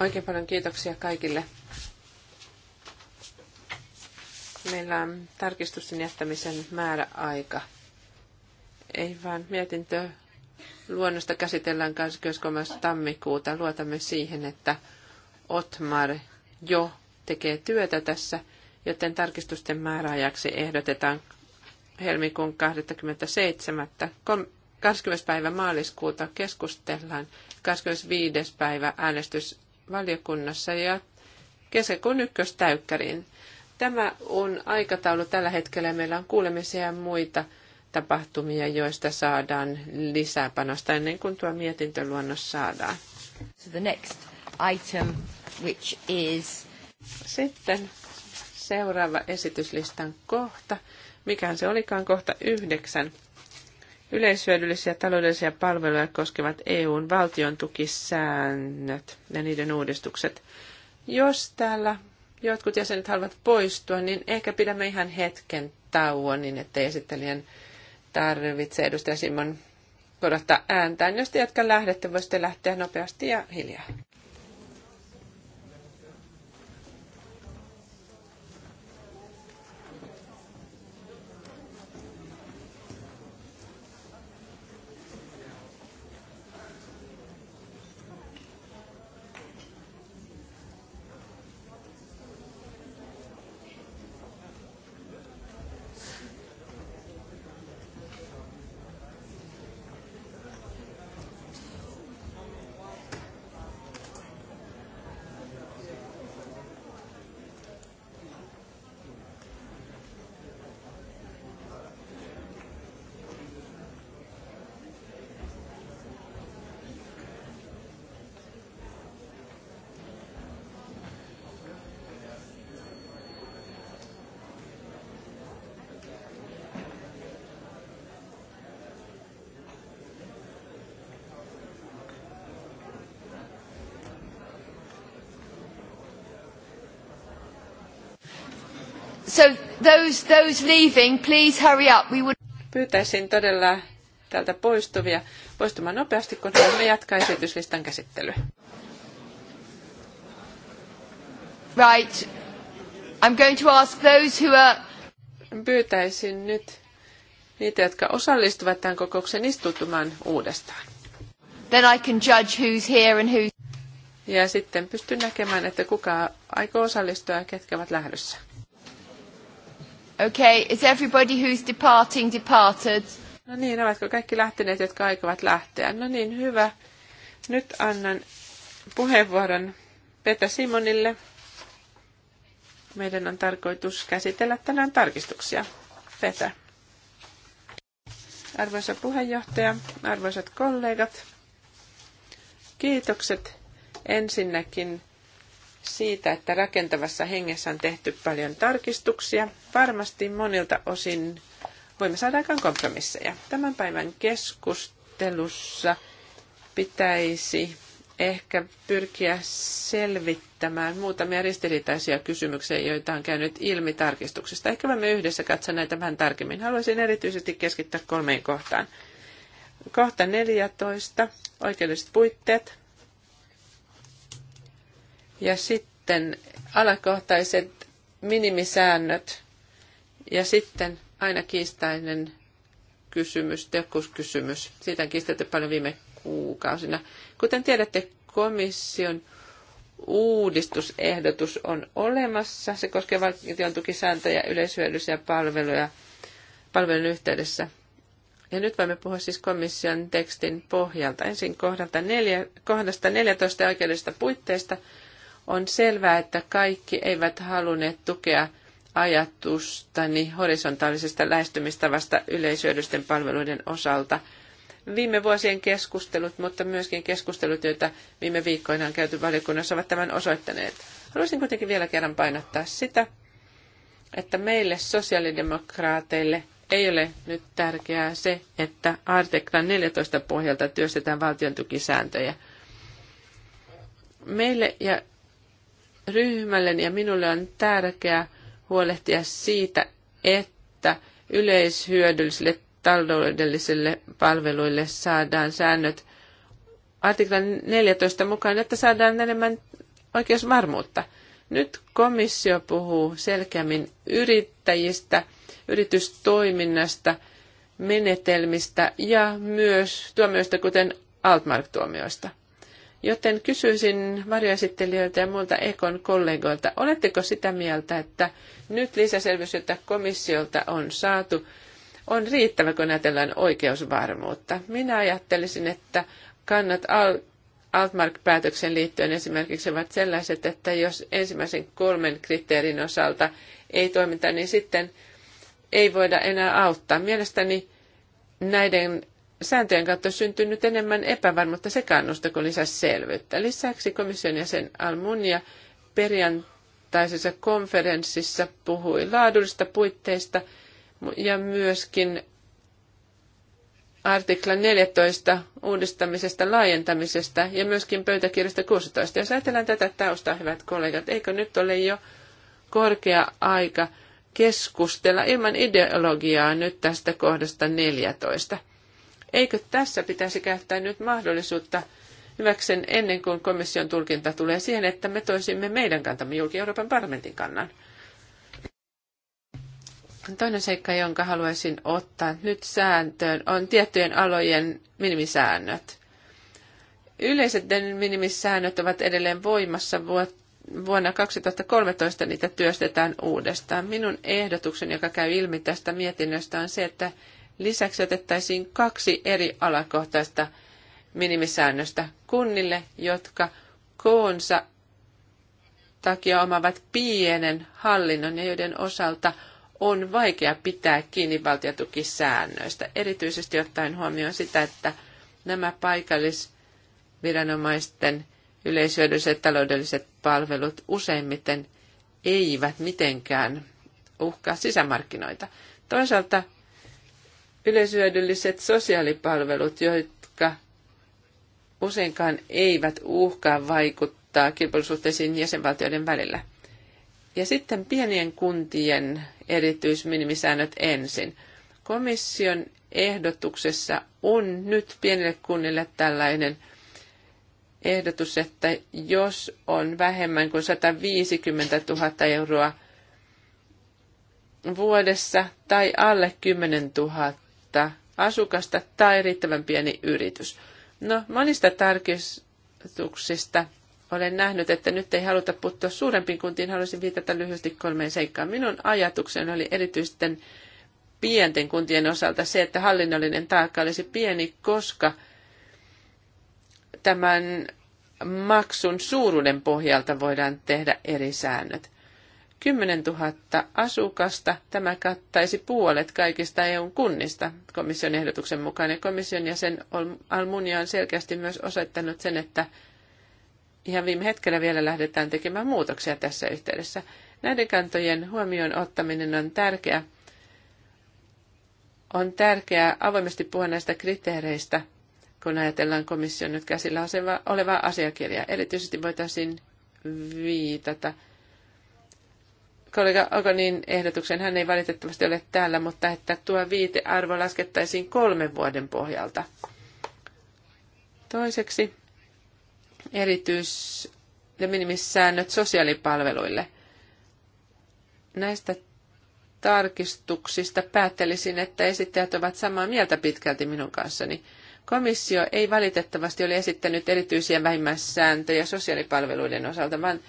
Oikein paljon kiitoksia kaikille. Meillä on tarkistusten jättämisen määräaika ei vaan mietintö luonnosta käsitellään 23. tammikuuta. Luotamme siihen, että Otmar jo tekee työtä tässä, joten tarkistusten määräajaksi ehdotetaan helmikuun 27. 20. päivä maaliskuuta keskustellaan, 25. päivä äänestys valiokunnassa ja kesäkuun ykköstäykkäriin. Tämä on aikataulu tällä hetkellä. Meillä on kuulemisia ja muita tapahtumia, joista saadaan lisäpanosta ennen kuin tuo mietintöluonnos saadaan. So the next item, which is... Sitten seuraava esityslistan kohta. Mikään se olikaan kohta yhdeksän. Yleishyödyllisiä taloudellisia palveluja koskevat EUn valtion tukisäännöt ja niiden uudistukset. Jos täällä jotkut jäsenet haluavat poistua, niin ehkä pidämme ihan hetken tauon, niin ettei esittelijän tarvitse edustaja Simon korottaa ääntään. Jos te, jotka lähdette, voisitte lähteä nopeasti ja hiljaa. So those, those leaving, please hurry up. We would... Pyytäisin todella täältä poistuvia poistumaan nopeasti, kun haluamme jatkaa esityslistan käsittelyä. Right. I'm going to ask those who are... Pyytäisin nyt niitä, jotka osallistuvat tämän kokouksen istutumaan uudestaan. Then I can judge who's here and who's... Ja sitten pystyn näkemään, että kuka aikoo osallistua ja ketkä ovat lähdössä. Okay, is everybody who's departing departed? No niin, ovatko kaikki lähteneet, jotka aikovat lähteä? No niin, hyvä. Nyt annan puheenvuoron Petra Simonille. Meidän on tarkoitus käsitellä tänään tarkistuksia. Petra. Arvoisa puheenjohtaja, arvoisat kollegat, kiitokset ensinnäkin siitä, että rakentavassa hengessä on tehty paljon tarkistuksia. Varmasti monilta osin voimme saada aikaan kompromisseja. Tämän päivän keskustelussa pitäisi ehkä pyrkiä selvittämään muutamia ristiriitaisia kysymyksiä, joita on käynyt ilmi tarkistuksesta. Ehkä voimme yhdessä katsoa näitä vähän tarkemmin. Haluaisin erityisesti keskittää kolmeen kohtaan. Kohta 14, oikeudelliset puitteet. Ja sitten alakohtaiset minimisäännöt ja sitten aina kiistainen kysymys, tehokkuuskysymys. Siitä on kiistetty paljon viime kuukausina. Kuten tiedätte, komission uudistusehdotus on olemassa. Se koskee valtion tukisääntöjä yleishyödyllisiä palveluja palvelun yhteydessä. Ja nyt voimme puhua siis komission tekstin pohjalta. Ensin kohdalta neljä, kohdasta 14 oikeudellisista puitteista – on selvää, että kaikki eivät halunneet tukea ajatustani horisontaalisesta lähestymistavasta yleisyödysten palveluiden osalta. Viime vuosien keskustelut, mutta myöskin keskustelut, joita viime viikkoina on käyty valiokunnassa, ovat tämän osoittaneet. Haluaisin kuitenkin vielä kerran painottaa sitä, että meille sosiaalidemokraateille ei ole nyt tärkeää se, että artikla 14 pohjalta työstetään valtion Meille ja ryhmälleni ja minulle on tärkeää huolehtia siitä, että yleishyödyllisille taloudellisille palveluille saadaan säännöt artiklan 14 mukaan, että saadaan enemmän oikeusvarmuutta. Nyt komissio puhuu selkeämmin yrittäjistä, yritystoiminnasta, menetelmistä ja myös tuomioista, kuten Altmark-tuomioista. Joten kysyisin varjoesittelijöiltä ja muilta Ekon kollegoilta, oletteko sitä mieltä, että nyt lisäselvitys, jota komissiolta on saatu, on riittävä, kun ajatellaan oikeusvarmuutta? Minä ajattelisin, että kannat Altmark-päätöksen liittyen esimerkiksi ovat sellaiset, että jos ensimmäisen kolmen kriteerin osalta ei toiminta, niin sitten ei voida enää auttaa. Mielestäni näiden sääntöjen kautta syntynyt enemmän epävarmuutta sekaannusta kuin lisäsi selvyyttä. Lisäksi komission jäsen Almunia perjantaisessa konferenssissa puhui laadullisista puitteista ja myöskin artikla 14 uudistamisesta, laajentamisesta ja myöskin pöytäkirjasta 16. Jos ajatellaan tätä taustaa, hyvät kollegat, eikö nyt ole jo korkea aika keskustella ilman ideologiaa nyt tästä kohdasta 14? Eikö tässä pitäisi käyttää nyt mahdollisuutta hyväksen ennen kuin komission tulkinta tulee siihen, että me toisimme meidän kantamme julki Euroopan parlamentin kannan? Toinen seikka, jonka haluaisin ottaa nyt sääntöön, on tiettyjen alojen minimisäännöt. Yleiset minimisäännöt ovat edelleen voimassa vuonna 2013 niitä työstetään uudestaan. Minun ehdotukseni, joka käy ilmi tästä mietinnöstä, on se, että Lisäksi otettaisiin kaksi eri alakohtaista minimisäännöstä kunnille, jotka koonsa takia omavat pienen hallinnon ja joiden osalta on vaikea pitää kiinni valtiotukisäännöistä, erityisesti ottaen huomioon sitä, että nämä paikallisviranomaisten yleishyödylliset taloudelliset palvelut useimmiten eivät mitenkään uhkaa sisämarkkinoita. Toisaalta Yleisyödylliset sosiaalipalvelut, jotka useinkaan eivät uhkaa vaikuttaa kilpailusuhteisiin jäsenvaltioiden välillä. Ja sitten pienien kuntien erityisminimisäännöt ensin. Komission ehdotuksessa on nyt pienille kunnille tällainen ehdotus, että jos on vähemmän kuin 150 000 euroa vuodessa tai alle 10 000 000 asukasta tai riittävän pieni yritys. No, monista tarkistuksista olen nähnyt, että nyt ei haluta puuttua suurempiin kuntiin. Haluaisin viitata lyhyesti kolmeen seikkaan. Minun ajatukseni oli erityisesti pienten kuntien osalta se, että hallinnollinen taakka olisi pieni, koska tämän maksun suuruuden pohjalta voidaan tehdä eri säännöt. 10 000 asukasta. Tämä kattaisi puolet kaikista EUn kunnista komission ehdotuksen mukaan. Ja komission jäsen Almunia on selkeästi myös osoittanut sen, että ihan viime hetkellä vielä lähdetään tekemään muutoksia tässä yhteydessä. Näiden kantojen huomioon ottaminen on tärkeää. On tärkeää avoimesti puhua näistä kriteereistä, kun ajatellaan komission nyt käsillä olevaa asiakirjaa. Erityisesti voitaisiin viitata – kollega Ogonin ehdotuksen. Hän ei valitettavasti ole täällä, mutta että tuo viitearvo laskettaisiin kolmen vuoden pohjalta. Toiseksi erityis- ja minimissäännöt sosiaalipalveluille. Näistä tarkistuksista päättelisin, että esittäjät ovat samaa mieltä pitkälti minun kanssani. Komissio ei valitettavasti ole esittänyt erityisiä vähimmäissääntöjä sosiaalipalveluiden osalta, vaan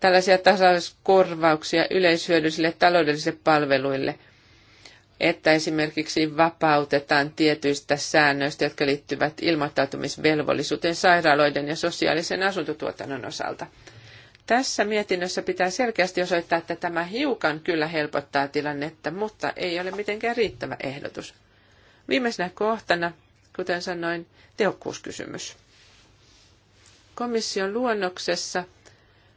tällaisia tasauskorvauksia yleishyödyllisille taloudellisille palveluille, että esimerkiksi vapautetaan tietyistä säännöistä, jotka liittyvät ilmoittautumisvelvollisuuteen sairaaloiden ja sosiaalisen asuntotuotannon osalta. Tässä mietinnössä pitää selkeästi osoittaa, että tämä hiukan kyllä helpottaa tilannetta, mutta ei ole mitenkään riittävä ehdotus. Viimeisenä kohtana, kuten sanoin, tehokkuuskysymys. Komission luonnoksessa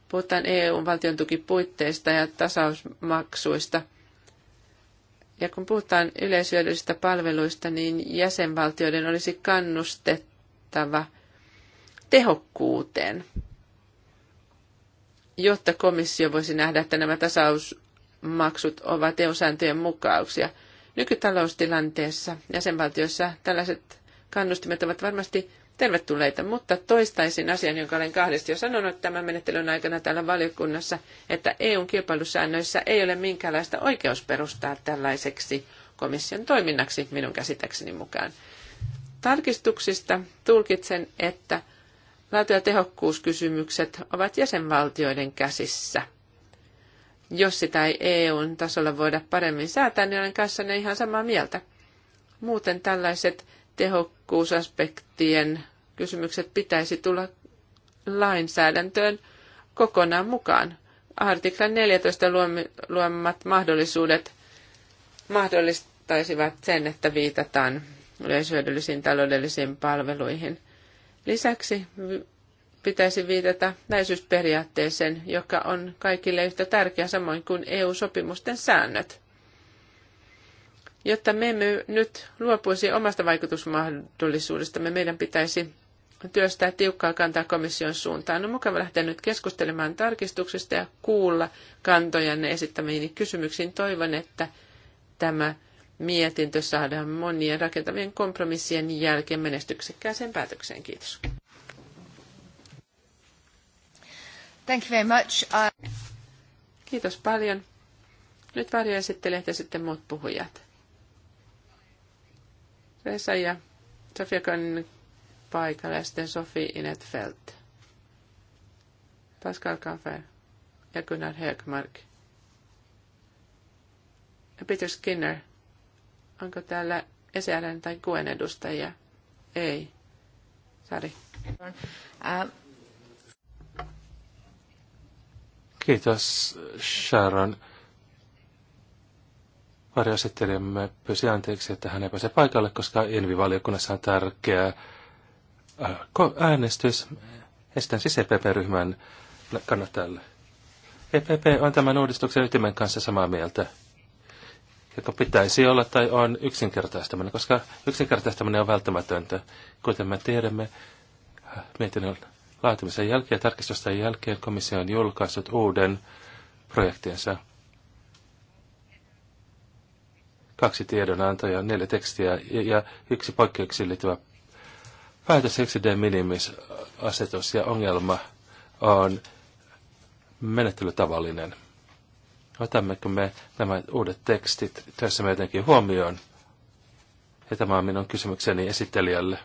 Puhutaan eu valtion tukipuitteista ja tasausmaksuista. Ja kun puhutaan yleishyödyllisistä palveluista, niin jäsenvaltioiden olisi kannustettava tehokkuuteen, jotta komissio voisi nähdä, että nämä tasausmaksut ovat EU-sääntöjen mukauksia. Nykytaloustilanteessa jäsenvaltioissa tällaiset kannustimet ovat varmasti tervetulleita, mutta toistaisin asian, jonka olen kahdesti jo sanonut tämän menettelyn aikana täällä valiokunnassa, että EUn kilpailusäännöissä ei ole minkäänlaista oikeusperustaa tällaiseksi komission toiminnaksi minun käsitäkseni mukaan. Tarkistuksista tulkitsen, että laatu- ja tehokkuuskysymykset ovat jäsenvaltioiden käsissä. Jos sitä ei EUn tasolla voida paremmin säätää, niin olen kanssanne ihan samaa mieltä. Muuten tällaiset tehokkuusaspektien kysymykset pitäisi tulla lainsäädäntöön kokonaan mukaan. Artiklan 14 luomat mahdollisuudet mahdollistaisivat sen, että viitataan yleishyödyllisiin taloudellisiin palveluihin. Lisäksi pitäisi viitata näisyysperiaatteeseen, joka on kaikille yhtä tärkeä samoin kuin EU-sopimusten säännöt. Jotta me emme nyt luopuisi omasta vaikutusmahdollisuudestamme, meidän pitäisi työstää tiukkaa kantaa komission suuntaan. On mukava lähteä nyt keskustelemaan tarkistuksista ja kuulla kantojanne esittämiin kysymyksiin. Toivon, että tämä mietintö saadaan monien rakentavien kompromissien jälkeen menestyksekkääseen päätökseen. Kiitos. Thank you very much. Kiitos paljon. Nyt varjoesittelijät ja sitten muut puhujat. Vesa ja Sofia Kanin paikalla ja sitten Sofi Inetfeldt. Pascal Kaffer ja Gunnar Högmark. Ja Peter Skinner. Onko täällä ESRn tai Kuen edustajia? Ei. Sari. Kiitos Sharon varjoesittelijämme pyysi anteeksi, että hän ei pääse paikalle, koska Envi-valiokunnassa on tärkeä äh, äänestys. Esitän siis EPP-ryhmän kannattajalle. EPP on tämän uudistuksen ytimen kanssa samaa mieltä, joka pitäisi olla tai on yksinkertaistaminen, koska yksinkertaistaminen on välttämätöntä. Kuten me tiedämme, äh, mietinnön laatimisen jälkeen ja tarkistusten jälkeen komissio on julkaissut uuden projektinsa – kaksi tiedonantoja, neljä tekstiä ja, ja yksi poikkeuksiin liittyvä päätös siksi de minimis asetus ja ongelma on menettelytavallinen. Otammeko me nämä uudet tekstit me jotenkin huomioon? Ja tämä on minun kysymykseni esittelijälle.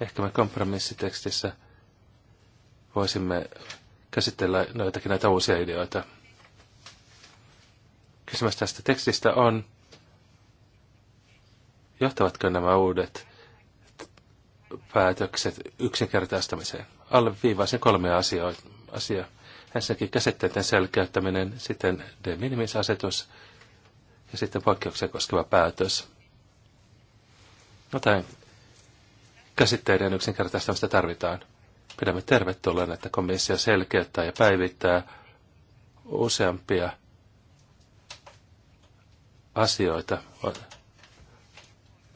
Ehkä me kompromissitekstissä voisimme käsitellä noitakin näitä uusia ideoita. Kysymys tästä tekstistä on, johtavatko nämä uudet päätökset yksinkertaistamiseen? viivaisen kolme asiaa. Asia. Ensinnäkin käsitteiden selkeyttäminen, sitten de minimis asetus ja sitten poikkeuksia koskeva päätös. Jotain käsitteiden yksinkertaistamista tarvitaan. Pidämme tervetulleen, että komissio selkeyttää ja päivittää useampia asioita,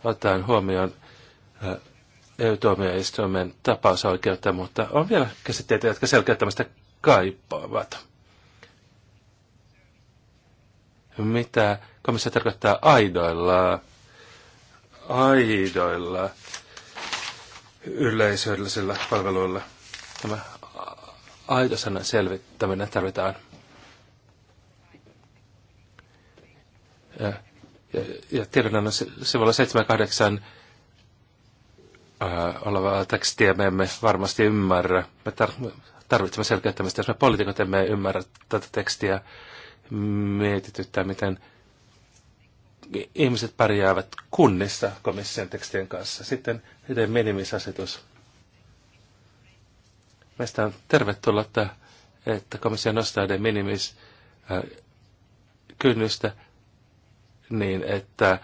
Otetaan huomioon EU-tuomioistuimen tapausoikeutta, mutta on vielä käsitteitä, jotka selkeyttämistä kaipaavat. Mitä komissio tarkoittaa aidoilla, aidoilla yleisöllisillä palveluilla. Tämä aitosanan selvittäminen tarvitaan. Ja, ja, ja tiedonannon sivulla 78 äh, olevaa tekstiä me emme varmasti ymmärrä. Me tarvitsemme selkeyttämistä, jos me poliitikot emme ymmärrä tätä tekstiä mietityttää, miten ihmiset pärjäävät kunnissa komission tekstien kanssa. Sitten miten minimisasetus. Meistä on tervetullutta, että komissio nostaa de minimis kynnystä niin, että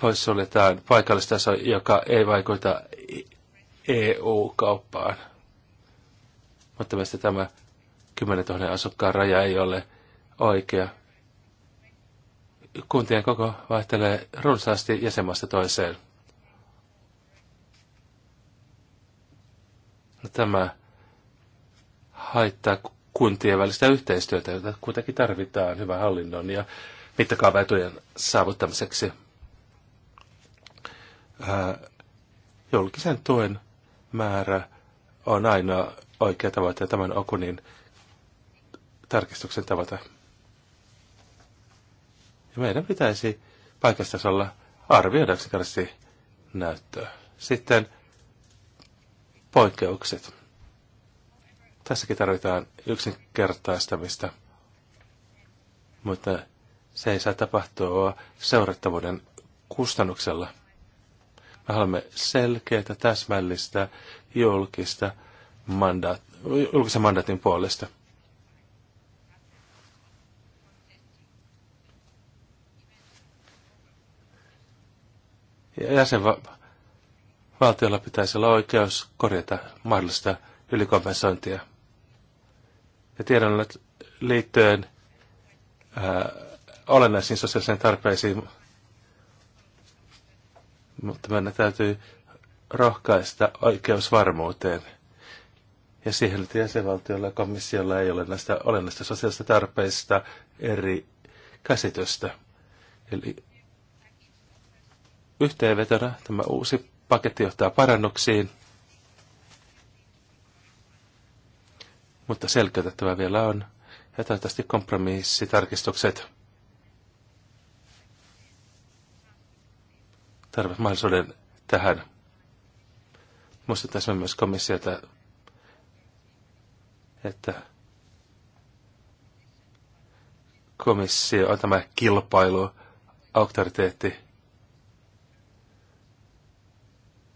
poissuljetaan paikallistaso, joka ei vaikuta EU-kauppaan. Mutta meistä tämä 10 000 asukkaan raja ei ole oikea kuntien koko vaihtelee runsaasti jäsenmaasta toiseen. No, tämä haittaa kuntien välistä yhteistyötä, jota kuitenkin tarvitaan hyvän hallinnon ja mittakaavaetujen saavuttamiseksi. Ää, julkisen tuen määrä on aina oikea tavoite ja tämän Okunin tarkistuksen tavoite. Ja meidän pitäisi paikastasolla arvioida yksinkertaisesti näyttöä. Sitten poikkeukset. Tässäkin tarvitaan yksinkertaistamista, mutta se ei saa tapahtua seurattavuuden kustannuksella. Me haluamme selkeää, täsmällistä, julkista mandaat, julkisen mandaatin puolesta – jäsenvaltiolla pitäisi olla oikeus korjata mahdollista ylikompensointia. Ja tiedon liittyen ää, olennaisiin sosiaalisiin tarpeisiin, mutta meidän täytyy rohkaista oikeusvarmuuteen. Ja siihen, että jäsenvaltiolla ja komissiolla ei ole näistä olennaisista sosiaalista tarpeista eri käsitystä. Eli Yhteenvetona tämä uusi paketti johtaa parannuksiin, mutta selkeytettävä vielä on. Ja toivottavasti kompromissitarkistukset Tarvitset mahdollisuuden tähän. Muistuttaisimme myös komissiota, että komissio on tämä kilpailu, auktoriteetti,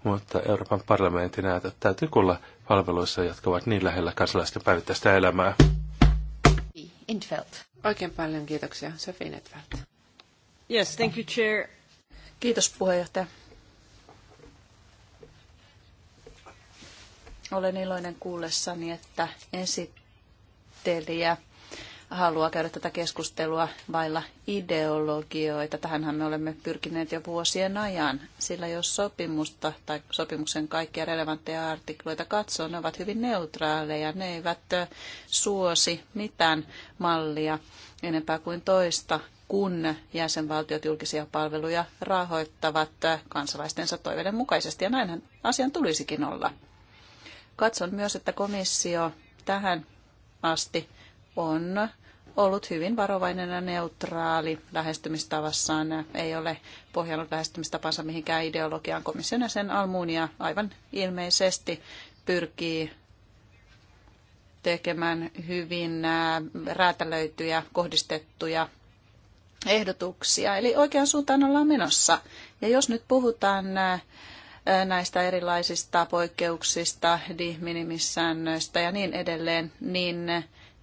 mutta Euroopan parlamentin että täytyy kuulla palveluissa, jotka ovat niin lähellä kansalaisten päivittäistä elämää. Intfeld. Oikein paljon kiitoksia, Sofi Netfeld. Yes, thank you, Chair. Kiitos puheenjohtaja. Olen iloinen kuullessani, että esittelijä haluaa käydä tätä keskustelua vailla ideologioita. Tähänhän me olemme pyrkineet jo vuosien ajan, sillä jos sopimusta tai sopimuksen kaikkia relevantteja artikloita katsoo, ne ovat hyvin neutraaleja. Ne eivät suosi mitään mallia enempää kuin toista, kun jäsenvaltiot julkisia palveluja rahoittavat kansalaistensa toiveiden mukaisesti. Ja näinhän asian tulisikin olla. Katson myös, että komissio tähän asti on ollut hyvin varovainen ja neutraali lähestymistavassaan. Ei ole pohjannut lähestymistapansa mihinkään ideologiaan. Komission sen Almunia aivan ilmeisesti pyrkii tekemään hyvin räätälöityjä, kohdistettuja ehdotuksia. Eli oikean suuntaan ollaan menossa. Ja jos nyt puhutaan näistä erilaisista poikkeuksista, de minimissäännöistä ja niin edelleen, niin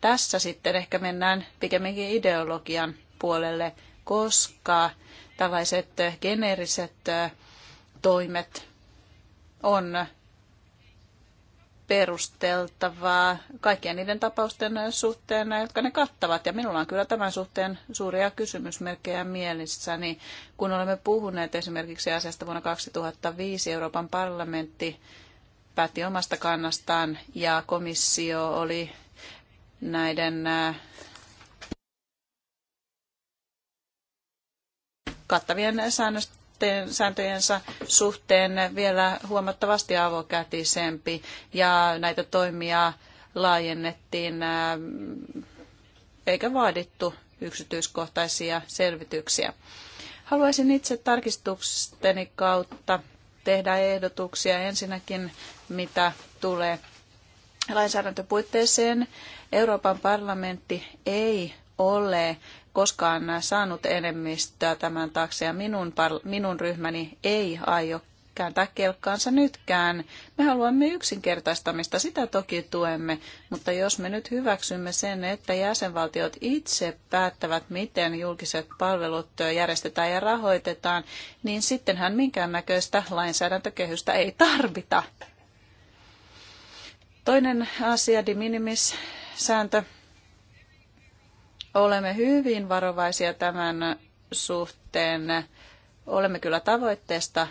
tässä sitten ehkä mennään pikemminkin ideologian puolelle, koska tällaiset geneeriset toimet on perusteltavaa kaikkien niiden tapausten suhteen, jotka ne kattavat. Ja minulla on kyllä tämän suhteen suuria kysymysmerkkejä mielessäni. Kun olemme puhuneet esimerkiksi asiasta vuonna 2005, Euroopan parlamentti päätti omasta kannastaan ja komissio oli näiden äh, kattavien säännösten, sääntöjensä suhteen vielä huomattavasti avokätisempi ja näitä toimia laajennettiin äh, eikä vaadittu yksityiskohtaisia selvityksiä. Haluaisin itse tarkistusteni kautta tehdä ehdotuksia ensinnäkin, mitä tulee lainsäädäntöpuitteeseen Euroopan parlamentti ei ole koskaan saanut enemmistöä tämän taakse ja minun, minun ryhmäni ei aio kääntää kelkkaansa nytkään. Me haluamme yksinkertaistamista, sitä toki tuemme, mutta jos me nyt hyväksymme sen, että jäsenvaltiot itse päättävät, miten julkiset palvelut järjestetään ja rahoitetaan, niin sittenhän minkäännäköistä lainsäädäntökehystä ei tarvita. Toinen asia, de minimis sääntö. Olemme hyvin varovaisia tämän suhteen. Olemme kyllä tavoitteesta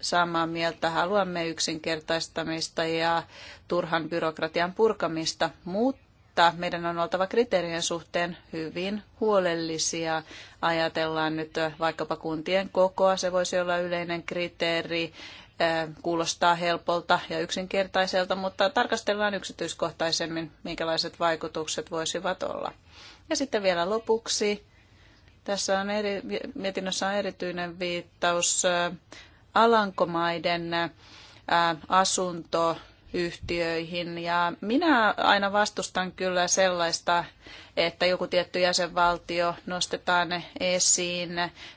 samaa mieltä. Haluamme yksinkertaistamista ja turhan byrokratian purkamista, mutta meidän on oltava kriteerien suhteen hyvin huolellisia. Ajatellaan nyt vaikkapa kuntien kokoa, se voisi olla yleinen kriteeri, kuulostaa helpolta ja yksinkertaiselta, mutta tarkastellaan yksityiskohtaisemmin, minkälaiset vaikutukset voisivat olla. Ja sitten vielä lopuksi. Tässä on eri, mietinnössä on erityinen viittaus Alankomaiden asuntoyhtiöihin. Ja minä aina vastustan kyllä sellaista, että joku tietty jäsenvaltio nostetaan esiin.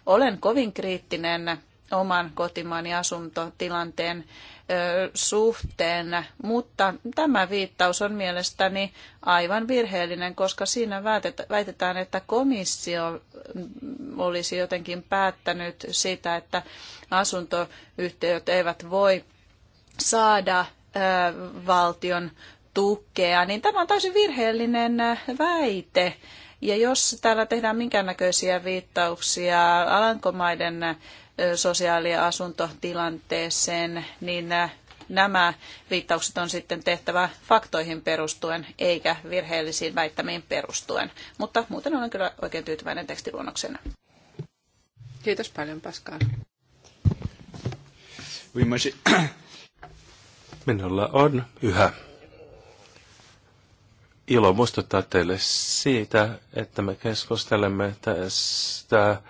Olen kovin kriittinen oman kotimaani asuntotilanteen suhteen, mutta tämä viittaus on mielestäni aivan virheellinen, koska siinä väitetään, että komissio olisi jotenkin päättänyt sitä, että asuntoyhtiöt eivät voi saada valtion tukea, niin tämä on täysin virheellinen väite. Ja jos täällä tehdään minkäännäköisiä viittauksia Alankomaiden sosiaali- ja asuntotilanteeseen, niin nämä viittaukset on sitten tehtävä faktoihin perustuen eikä virheellisiin väittämiin perustuen. Mutta muuten olen kyllä oikein tyytyväinen tekstiluonnoksen. Kiitos paljon, Pascal. Minulla on yhä ilo muistuttaa teille siitä, että me keskustelemme tästä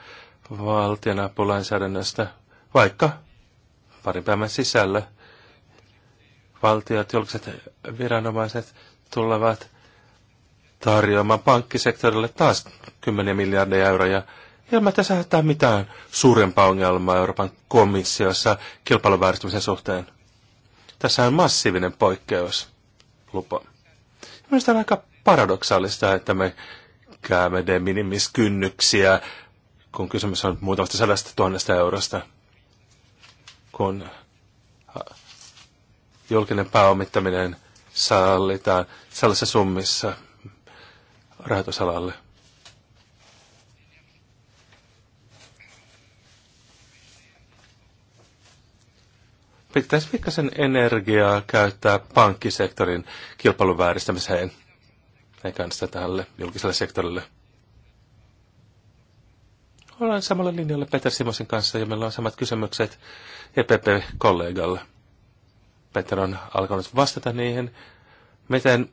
valtionapulainsäädännöstä, vaikka parin päivän sisällä valtiot, julkiset viranomaiset tulevat tarjoamaan pankkisektorille taas 10 miljardia euroja ilmatta saattaa mitään suurempaa ongelmaa Euroopan komissiossa kilpailuvääristymisen suhteen. Tässä on massiivinen poikkeus lupa. Minusta on aika paradoksaalista, että me käymme de minimis kynnyksiä kun kysymys on muutamasta sadasta tuhannesta eurosta, kun julkinen pääomittaminen sallitaan sellaisessa summissa rahoitusalalle. Pitäisi pikkasen energiaa käyttää pankkisektorin kilpailun vääristämiseen, eikä sitä tälle julkiselle sektorille. Ollaan samalla linjalla Peter Simosen kanssa ja meillä on samat kysymykset EPP-kollegalle. Peter on alkanut vastata niihin. Miten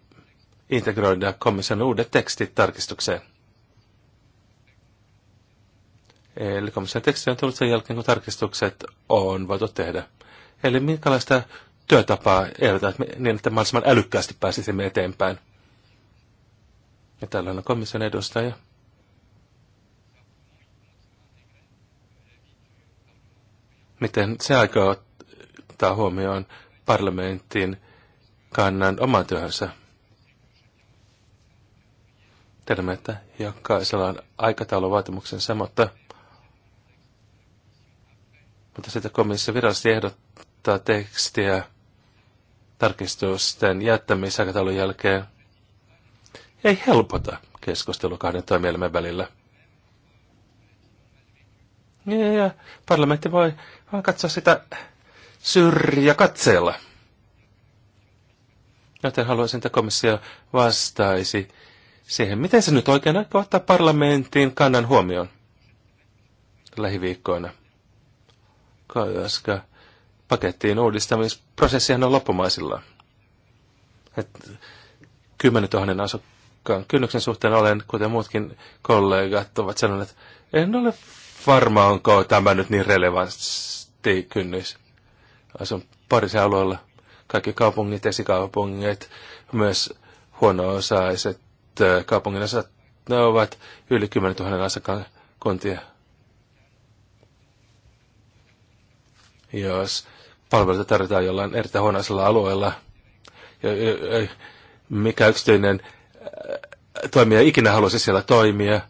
integroida komission uudet tekstit tarkistukseen? Eli komission teksti on tullut sen jälkeen, kun tarkistukset on voitu tehdä. Eli minkälaista työtapaa ehdotat niin, että mahdollisimman älykkäästi pääsisimme eteenpäin? Ja tällainen komission edustaja. miten se aikoo ottaa huomioon parlamentin kannan oman työhönsä. Tiedämme, että jokaisella on aikatauluvaatimuksensa, mutta, mutta sitä komissio virallisesti ehdottaa tekstiä tarkistusten jättämisaikataulun jälkeen. Ei helpota keskustelu kahden toimielimen välillä. Ja, ja parlamentti voi vaan katsoa sitä syrjä katseella. Joten haluaisin, että komissio vastaisi siihen, miten se nyt oikein aikoo ottaa parlamentin kannan huomioon lähiviikkoina. Koska pakettiin uudistamisprosessihan on loppumaisilla. Et 10 000 asukkaan kynnyksen suhteen olen, kuten muutkin kollegat ovat sanoneet, en ole varma, onko tämä nyt niin relevantti kynnys. Asun parisen alueella kaikki kaupungit, esikaupungit, myös huono-osaiset kaupungin osat, ne ovat yli 10 000 asiakkaan kuntia. Jos palveluita tarvitaan jollain erittäin huonoisella alueella, ja, ja, mikä yksityinen toimija ikinä haluaisi siellä toimia,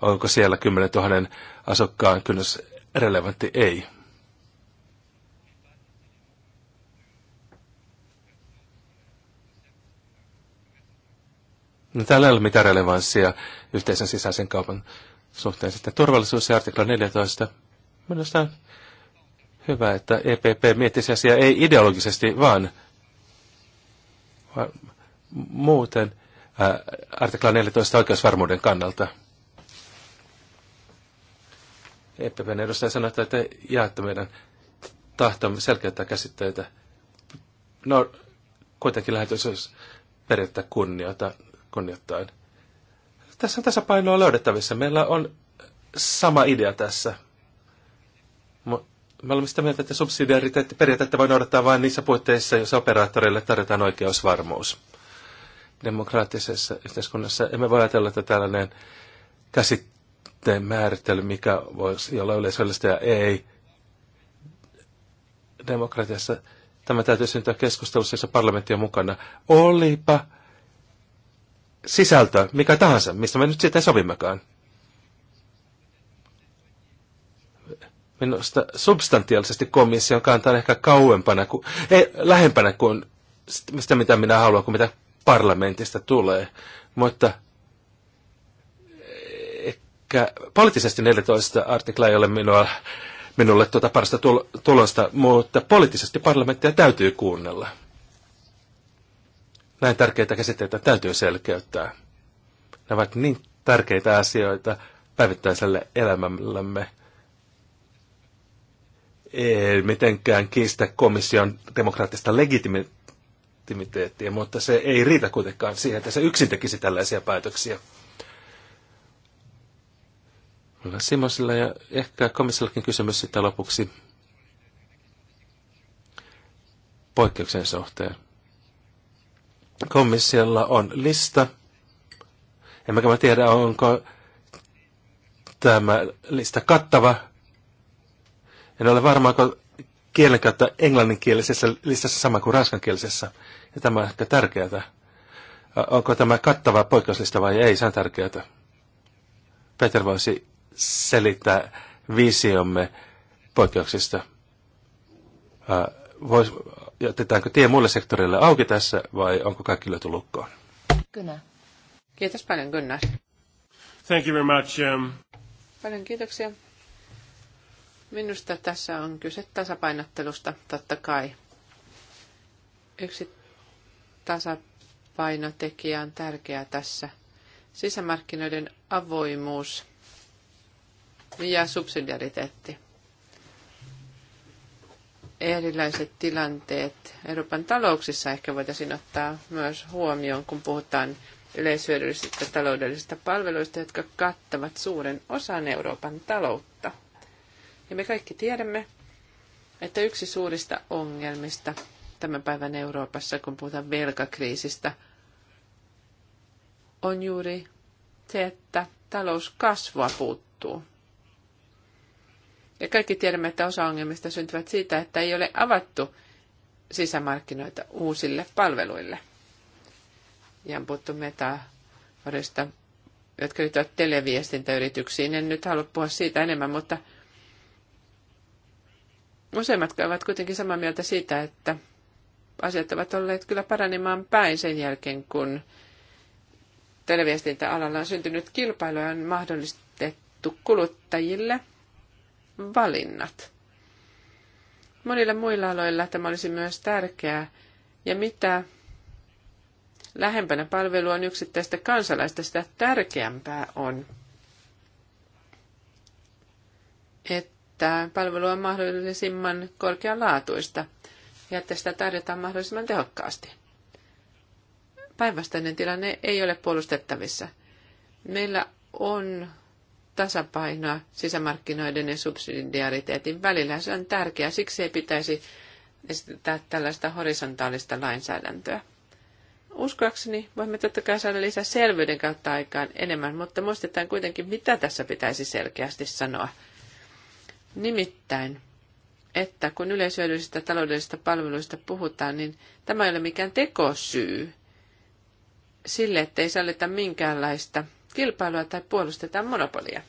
onko siellä 10 000 asukkaan kynnys relevantti ei. No, täällä ei ole mitään relevanssia yhteisen sisäisen kaupan suhteen. Sitten turvallisuus ja artikla 14. Minusta on hyvä, että EPP miettisi asiaa ei ideologisesti, vaan, vaan muuten ää, artikla 14 oikeusvarmuuden kannalta. EPPn edustaja sanoi, että te jaatte meidän tahtomme selkeyttää käsitteitä. No, kuitenkin lähetys periaatteessa kunnioita, kunnioittain. Tässä on tasapainoa löydettävissä. Meillä on sama idea tässä. Me olemme sitä mieltä, että subsidiariteettiperiaatetta voi noudattaa vain niissä puitteissa, jos operaattoreille tarjotaan oikeusvarmuus. Demokraattisessa yhteiskunnassa emme voi ajatella, että tällainen käsite te määrittely, mikä voisi olla yleisöllistä ja ei demokratiassa. Tämä täytyy syntyä keskustelussa, jossa parlamentti on mukana. Olipa sisältö, mikä tahansa, mistä me nyt sitten sovimmekaan. Minusta substantiaalisesti komission kanta on ehkä kauempana, kuin, ei, lähempänä kuin sitä, mitä minä haluan, kuin mitä parlamentista tulee. Mutta poliittisesti 14 artikla ei ole minua, minulle tuota parasta tulosta, mutta poliittisesti parlamenttia täytyy kuunnella. Näin tärkeitä käsitteitä täytyy selkeyttää. Nämä ovat niin tärkeitä asioita päivittäiselle elämällemme. Ei mitenkään kiistä komission demokraattista legitimiteettiä, mutta se ei riitä kuitenkaan siihen, että se yksin tekisi tällaisia päätöksiä. Simosilla ja ehkä komissillakin kysymys sitten lopuksi poikkeuksen suhteen. Komissiolla on lista. Emmekä mä tiedä, onko tämä lista kattava. En ole varma, onko kielenkäyttö englanninkielisessä listassa sama kuin ranskankielisessä. Ja tämä on ehkä tärkeää. Onko tämä kattava poikkeuslista vai ei, se on tärkeää. Peter voisi selittää visiomme poikkeuksista. Vois, jätetäänkö tie muille sektoreille auki tässä vai onko kaikki löyty lukkoon? Kyllä. Kiitos paljon Gunnar. Thank you very much. Um... Paljon kiitoksia. Minusta tässä on kyse tasapainottelusta, totta kai. Yksi tasapainotekijä on tärkeä tässä. Sisämarkkinoiden avoimuus ja subsidiariteetti. Erilaiset tilanteet Euroopan talouksissa ehkä voitaisiin ottaa myös huomioon, kun puhutaan yleishyödyllisistä taloudellisista palveluista, jotka kattavat suuren osan Euroopan taloutta. Ja me kaikki tiedämme, että yksi suurista ongelmista tämän päivän Euroopassa, kun puhutaan velkakriisistä, on juuri se, että talouskasvua puuttuu. Ja kaikki tiedämme, että osa ongelmista syntyvät siitä, että ei ole avattu sisämarkkinoita uusille palveluille. Ja on puhuttu metaforista, jotka liittyvät televiestintäyrityksiin. En nyt halua puhua siitä enemmän, mutta useimmat ovat kuitenkin samaa mieltä siitä, että asiat ovat olleet kyllä paranemaan päin sen jälkeen, kun televiestintäalalla on syntynyt kilpailu ja on mahdollistettu kuluttajille – valinnat. Monilla muilla aloilla tämä olisi myös tärkeää, ja mitä lähempänä palvelu on yksittäistä kansalaista, sitä tärkeämpää on, että palvelu on mahdollisimman korkealaatuista ja että sitä tarjotaan mahdollisimman tehokkaasti. Päinvastainen tilanne ei ole puolustettavissa. Meillä on tasapainoa sisämarkkinoiden ja subsidiariteetin välillä. Se on tärkeää, siksi ei pitäisi esittää tällaista horisontaalista lainsäädäntöä. Uskoakseni voimme totta kai saada lisää selvyyden kautta aikaan enemmän, mutta muistetaan kuitenkin, mitä tässä pitäisi selkeästi sanoa. Nimittäin, että kun yleisyödyllisistä taloudellisista palveluista puhutaan, niin tämä ei ole mikään tekosyy sille, ettei sallita minkäänlaista kilpailua tai puolustetaan monopolia.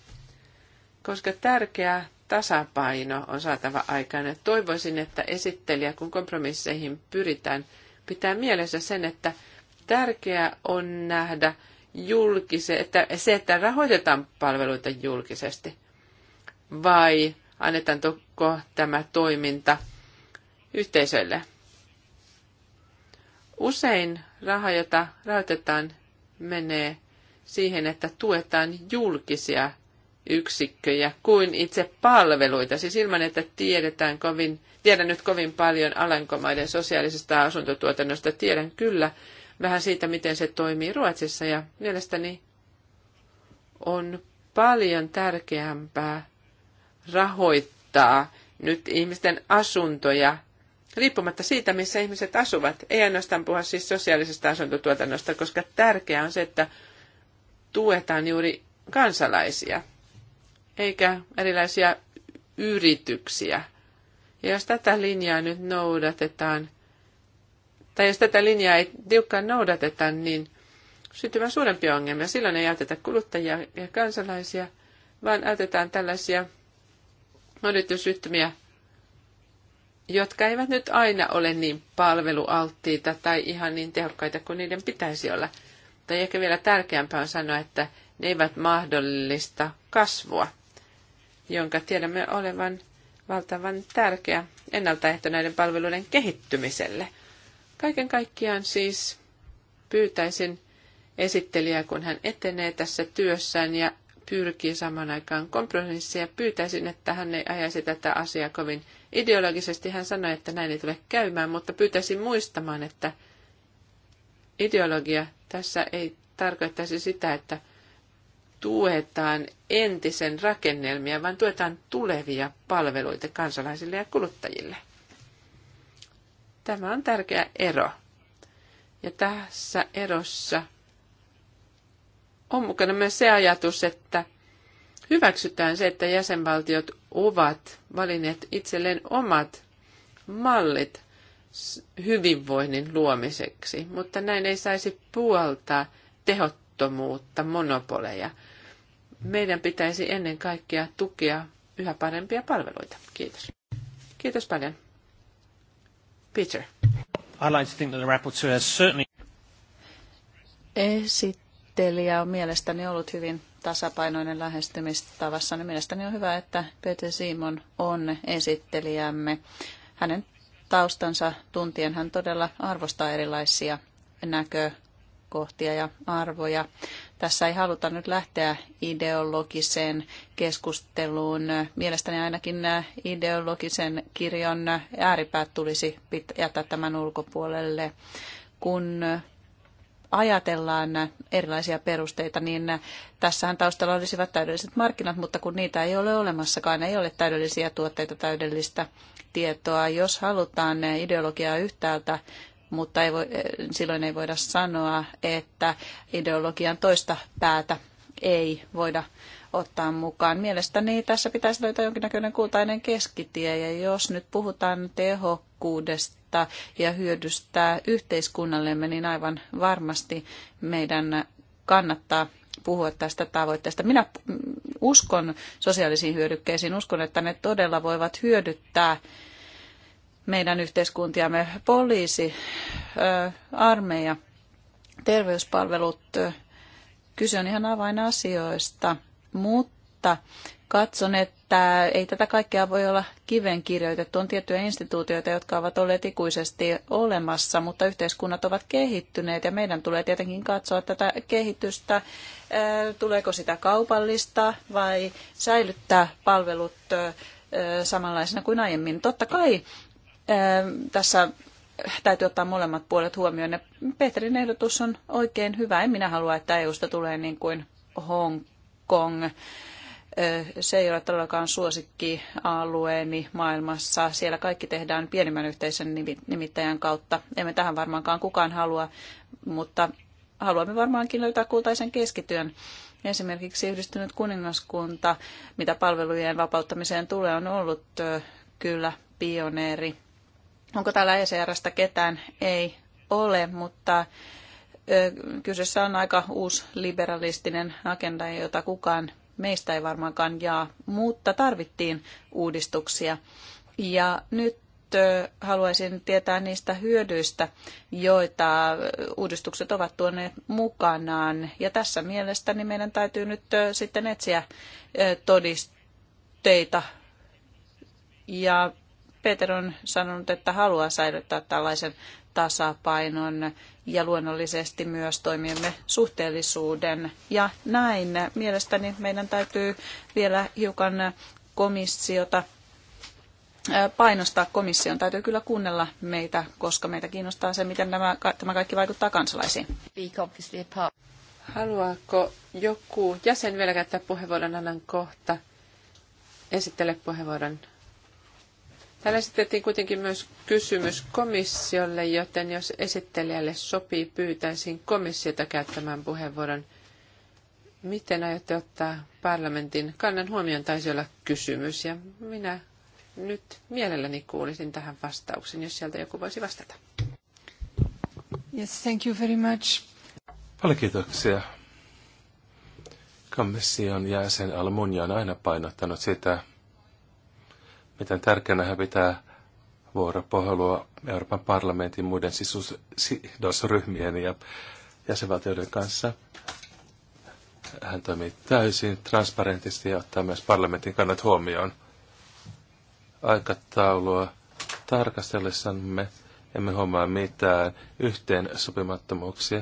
Koska tärkeä tasapaino on saatava aikaan. Ja toivoisin, että esittelijä, kun kompromisseihin pyritään, pitää mielessä sen, että tärkeää on nähdä julkise, että se, että rahoitetaan palveluita julkisesti, vai annetaan toko tämä toiminta yhteisölle. Usein raha, jota rahoitetaan, menee siihen, että tuetaan julkisia yksikköjä kuin itse palveluita. Siis ilman, että tiedetään kovin, tiedän nyt kovin paljon Alankomaiden sosiaalisesta asuntotuotannosta, tiedän kyllä vähän siitä, miten se toimii Ruotsissa ja mielestäni on paljon tärkeämpää rahoittaa nyt ihmisten asuntoja riippumatta siitä, missä ihmiset asuvat. Ei ainoastaan puhua siis sosiaalisesta asuntotuotannosta, koska tärkeää on se, että tuetaan juuri kansalaisia, eikä erilaisia yrityksiä. Ja jos tätä linjaa nyt noudatetaan, tai jos tätä linjaa ei tiukkaan noudateta, niin vain suurempia ongelmia. Silloin ei ajateta kuluttajia ja kansalaisia, vaan ajatetaan tällaisia yritysryhmiä, jotka eivät nyt aina ole niin palvelualttiita tai ihan niin tehokkaita kuin niiden pitäisi olla. Tai ehkä vielä tärkeämpää on sanoa, että ne eivät mahdollista kasvua, jonka tiedämme olevan valtavan tärkeä ennaltaehto näiden palveluiden kehittymiselle. Kaiken kaikkiaan siis pyytäisin esittelijää, kun hän etenee tässä työssään ja pyrkii saman aikaan kompromissia. Pyytäisin, että hän ei ajaisi tätä asiaa kovin ideologisesti. Hän sanoi, että näin ei tule käymään, mutta pyytäisin muistamaan, että Ideologia tässä ei tarkoittaisi sitä, että tuetaan entisen rakennelmia, vaan tuetaan tulevia palveluita kansalaisille ja kuluttajille. Tämä on tärkeä ero. Ja tässä erossa on mukana myös se ajatus, että hyväksytään se, että jäsenvaltiot ovat valinneet itselleen omat mallit hyvinvoinnin luomiseksi, mutta näin ei saisi puoltaa tehottomuutta, monopoleja. Meidän pitäisi ennen kaikkea tukea yhä parempia palveluita. Kiitos. Kiitos paljon. Peter. I like to think that the rapporteur has certainly... Esittelijä on mielestäni ollut hyvin tasapainoinen lähestymistavassa. Niin mielestäni on hyvä, että Peter Simon on esittelijämme. Hänen taustansa tuntien hän todella arvostaa erilaisia näkökohtia ja arvoja. Tässä ei haluta nyt lähteä ideologiseen keskusteluun. Mielestäni ainakin ideologisen kirjon ääripäät tulisi jättää tämän ulkopuolelle, kun ajatellaan erilaisia perusteita, niin tässähän taustalla olisivat täydelliset markkinat, mutta kun niitä ei ole olemassakaan, ei ole täydellisiä tuotteita, täydellistä tietoa. Jos halutaan ideologiaa yhtäältä, mutta ei voi, silloin ei voida sanoa, että ideologian toista päätä ei voida ottaa mukaan. Mielestäni tässä pitäisi löytää jonkinnäköinen kultainen keskitie, ja jos nyt puhutaan tehokkuudesta, tuottaa ja hyödystää yhteiskunnallemme, niin aivan varmasti meidän kannattaa puhua tästä tavoitteesta. Minä uskon sosiaalisiin hyödykkeisiin, uskon, että ne todella voivat hyödyttää meidän yhteiskuntiamme, poliisi, armeija, terveyspalvelut. Kyse on ihan avainasioista, mutta katson, että että ei tätä kaikkea voi olla kiven kirjoitettu. On tiettyjä instituutioita, jotka ovat olleet ikuisesti olemassa, mutta yhteiskunnat ovat kehittyneet ja meidän tulee tietenkin katsoa tätä kehitystä. Tuleeko sitä kaupallista vai säilyttää palvelut samanlaisena kuin aiemmin? Totta kai tässä täytyy ottaa molemmat puolet huomioon. Ja Petrin ehdotus on oikein hyvä. En minä halua, että EUsta tulee niin kuin Hong Kong se ei ole todellakaan suosikkialueeni maailmassa. Siellä kaikki tehdään pienimmän yhteisen nimittäjän kautta. Emme tähän varmaankaan kukaan halua, mutta haluamme varmaankin löytää kultaisen keskityön. Esimerkiksi yhdistynyt kuningaskunta, mitä palvelujen vapauttamiseen tulee, on ollut kyllä pioneeri. Onko täällä ECRstä ketään? Ei ole, mutta kyseessä on aika uusi liberalistinen agenda, jota kukaan meistä ei varmaankaan jaa, mutta tarvittiin uudistuksia. Ja nyt haluaisin tietää niistä hyödyistä, joita uudistukset ovat tuoneet mukanaan. Ja tässä mielestäni meidän täytyy nyt sitten etsiä todisteita. Ja Peter on sanonut, että haluaa säilyttää tällaisen tasapainon ja luonnollisesti myös toimiemme suhteellisuuden. Ja näin mielestäni meidän täytyy vielä hiukan komissiota painostaa komission. Täytyy kyllä kuunnella meitä, koska meitä kiinnostaa se, miten nämä, tämä kaikki vaikuttaa kansalaisiin. Haluaako joku jäsen vielä käyttää puheenvuoron annan kohta? Esittele puheenvuoron Täällä esitettiin kuitenkin myös kysymys komissiolle, joten jos esittelijälle sopii, pyytäisin komissiota käyttämään puheenvuoron. Miten aiotte ottaa parlamentin kannan huomioon, taisi olla kysymys, ja minä nyt mielelläni kuulisin tähän vastauksen, jos sieltä joku voisi vastata. Yes, thank you very much. Paljon kiitoksia. Komission jäsen Almunia on aina painottanut sitä, miten tärkeänä hän pitää vuoropuhelua Euroopan parlamentin muiden sidosryhmien ja jäsenvaltioiden kanssa. Hän toimii täysin transparentisti ja ottaa myös parlamentin kannat huomioon. Aikataulua tarkastellessamme emme huomaa mitään yhteen sopimattomuuksia.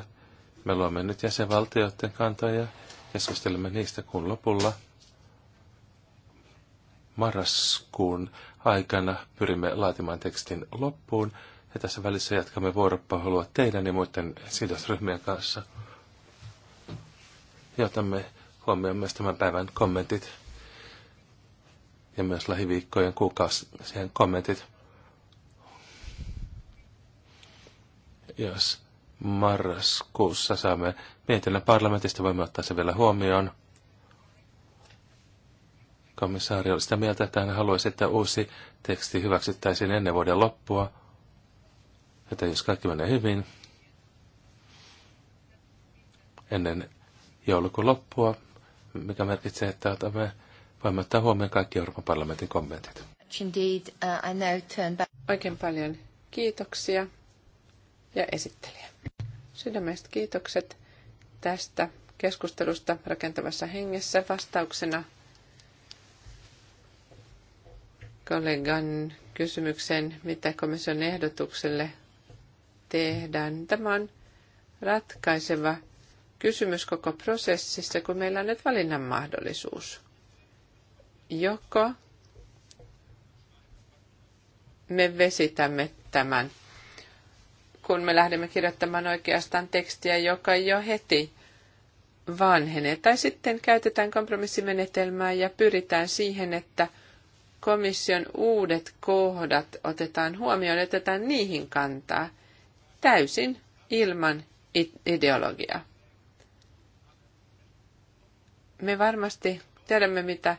Me luomme nyt jäsenvaltioiden kantoja, keskustelemme niistä kun lopulla – marraskuun aikana pyrimme laatimaan tekstin loppuun ja tässä välissä jatkamme vuoropuhelua teidän ja muiden sidosryhmien kanssa. Ja otamme huomioon myös tämän päivän kommentit ja myös lähiviikkojen kuukausien kommentit. Jos marraskuussa saamme mietinnän parlamentista, voimme ottaa se vielä huomioon komissaari oli sitä mieltä, että hän haluaisi, että uusi teksti hyväksyttäisiin ennen vuoden loppua, että jos kaikki menee hyvin, ennen joulukuun loppua, mikä merkitsee, että otamme, voimme ottaa huomioon kaikki Euroopan parlamentin kommentit. Uh, Oikein paljon kiitoksia ja esittelijä. Sydämestä kiitokset tästä keskustelusta rakentavassa hengessä vastauksena kollegan kysymykseen, mitä komission ehdotukselle tehdään. Tämä on ratkaiseva kysymys koko prosessissa, kun meillä on nyt valinnan mahdollisuus. Joko me vesitämme tämän, kun me lähdemme kirjoittamaan oikeastaan tekstiä, joka jo heti vanhenee. Tai sitten käytetään kompromissimenetelmää ja pyritään siihen, että – komission uudet kohdat otetaan huomioon, otetaan niihin kantaa täysin ilman ideologiaa. Me varmasti tiedämme, mitä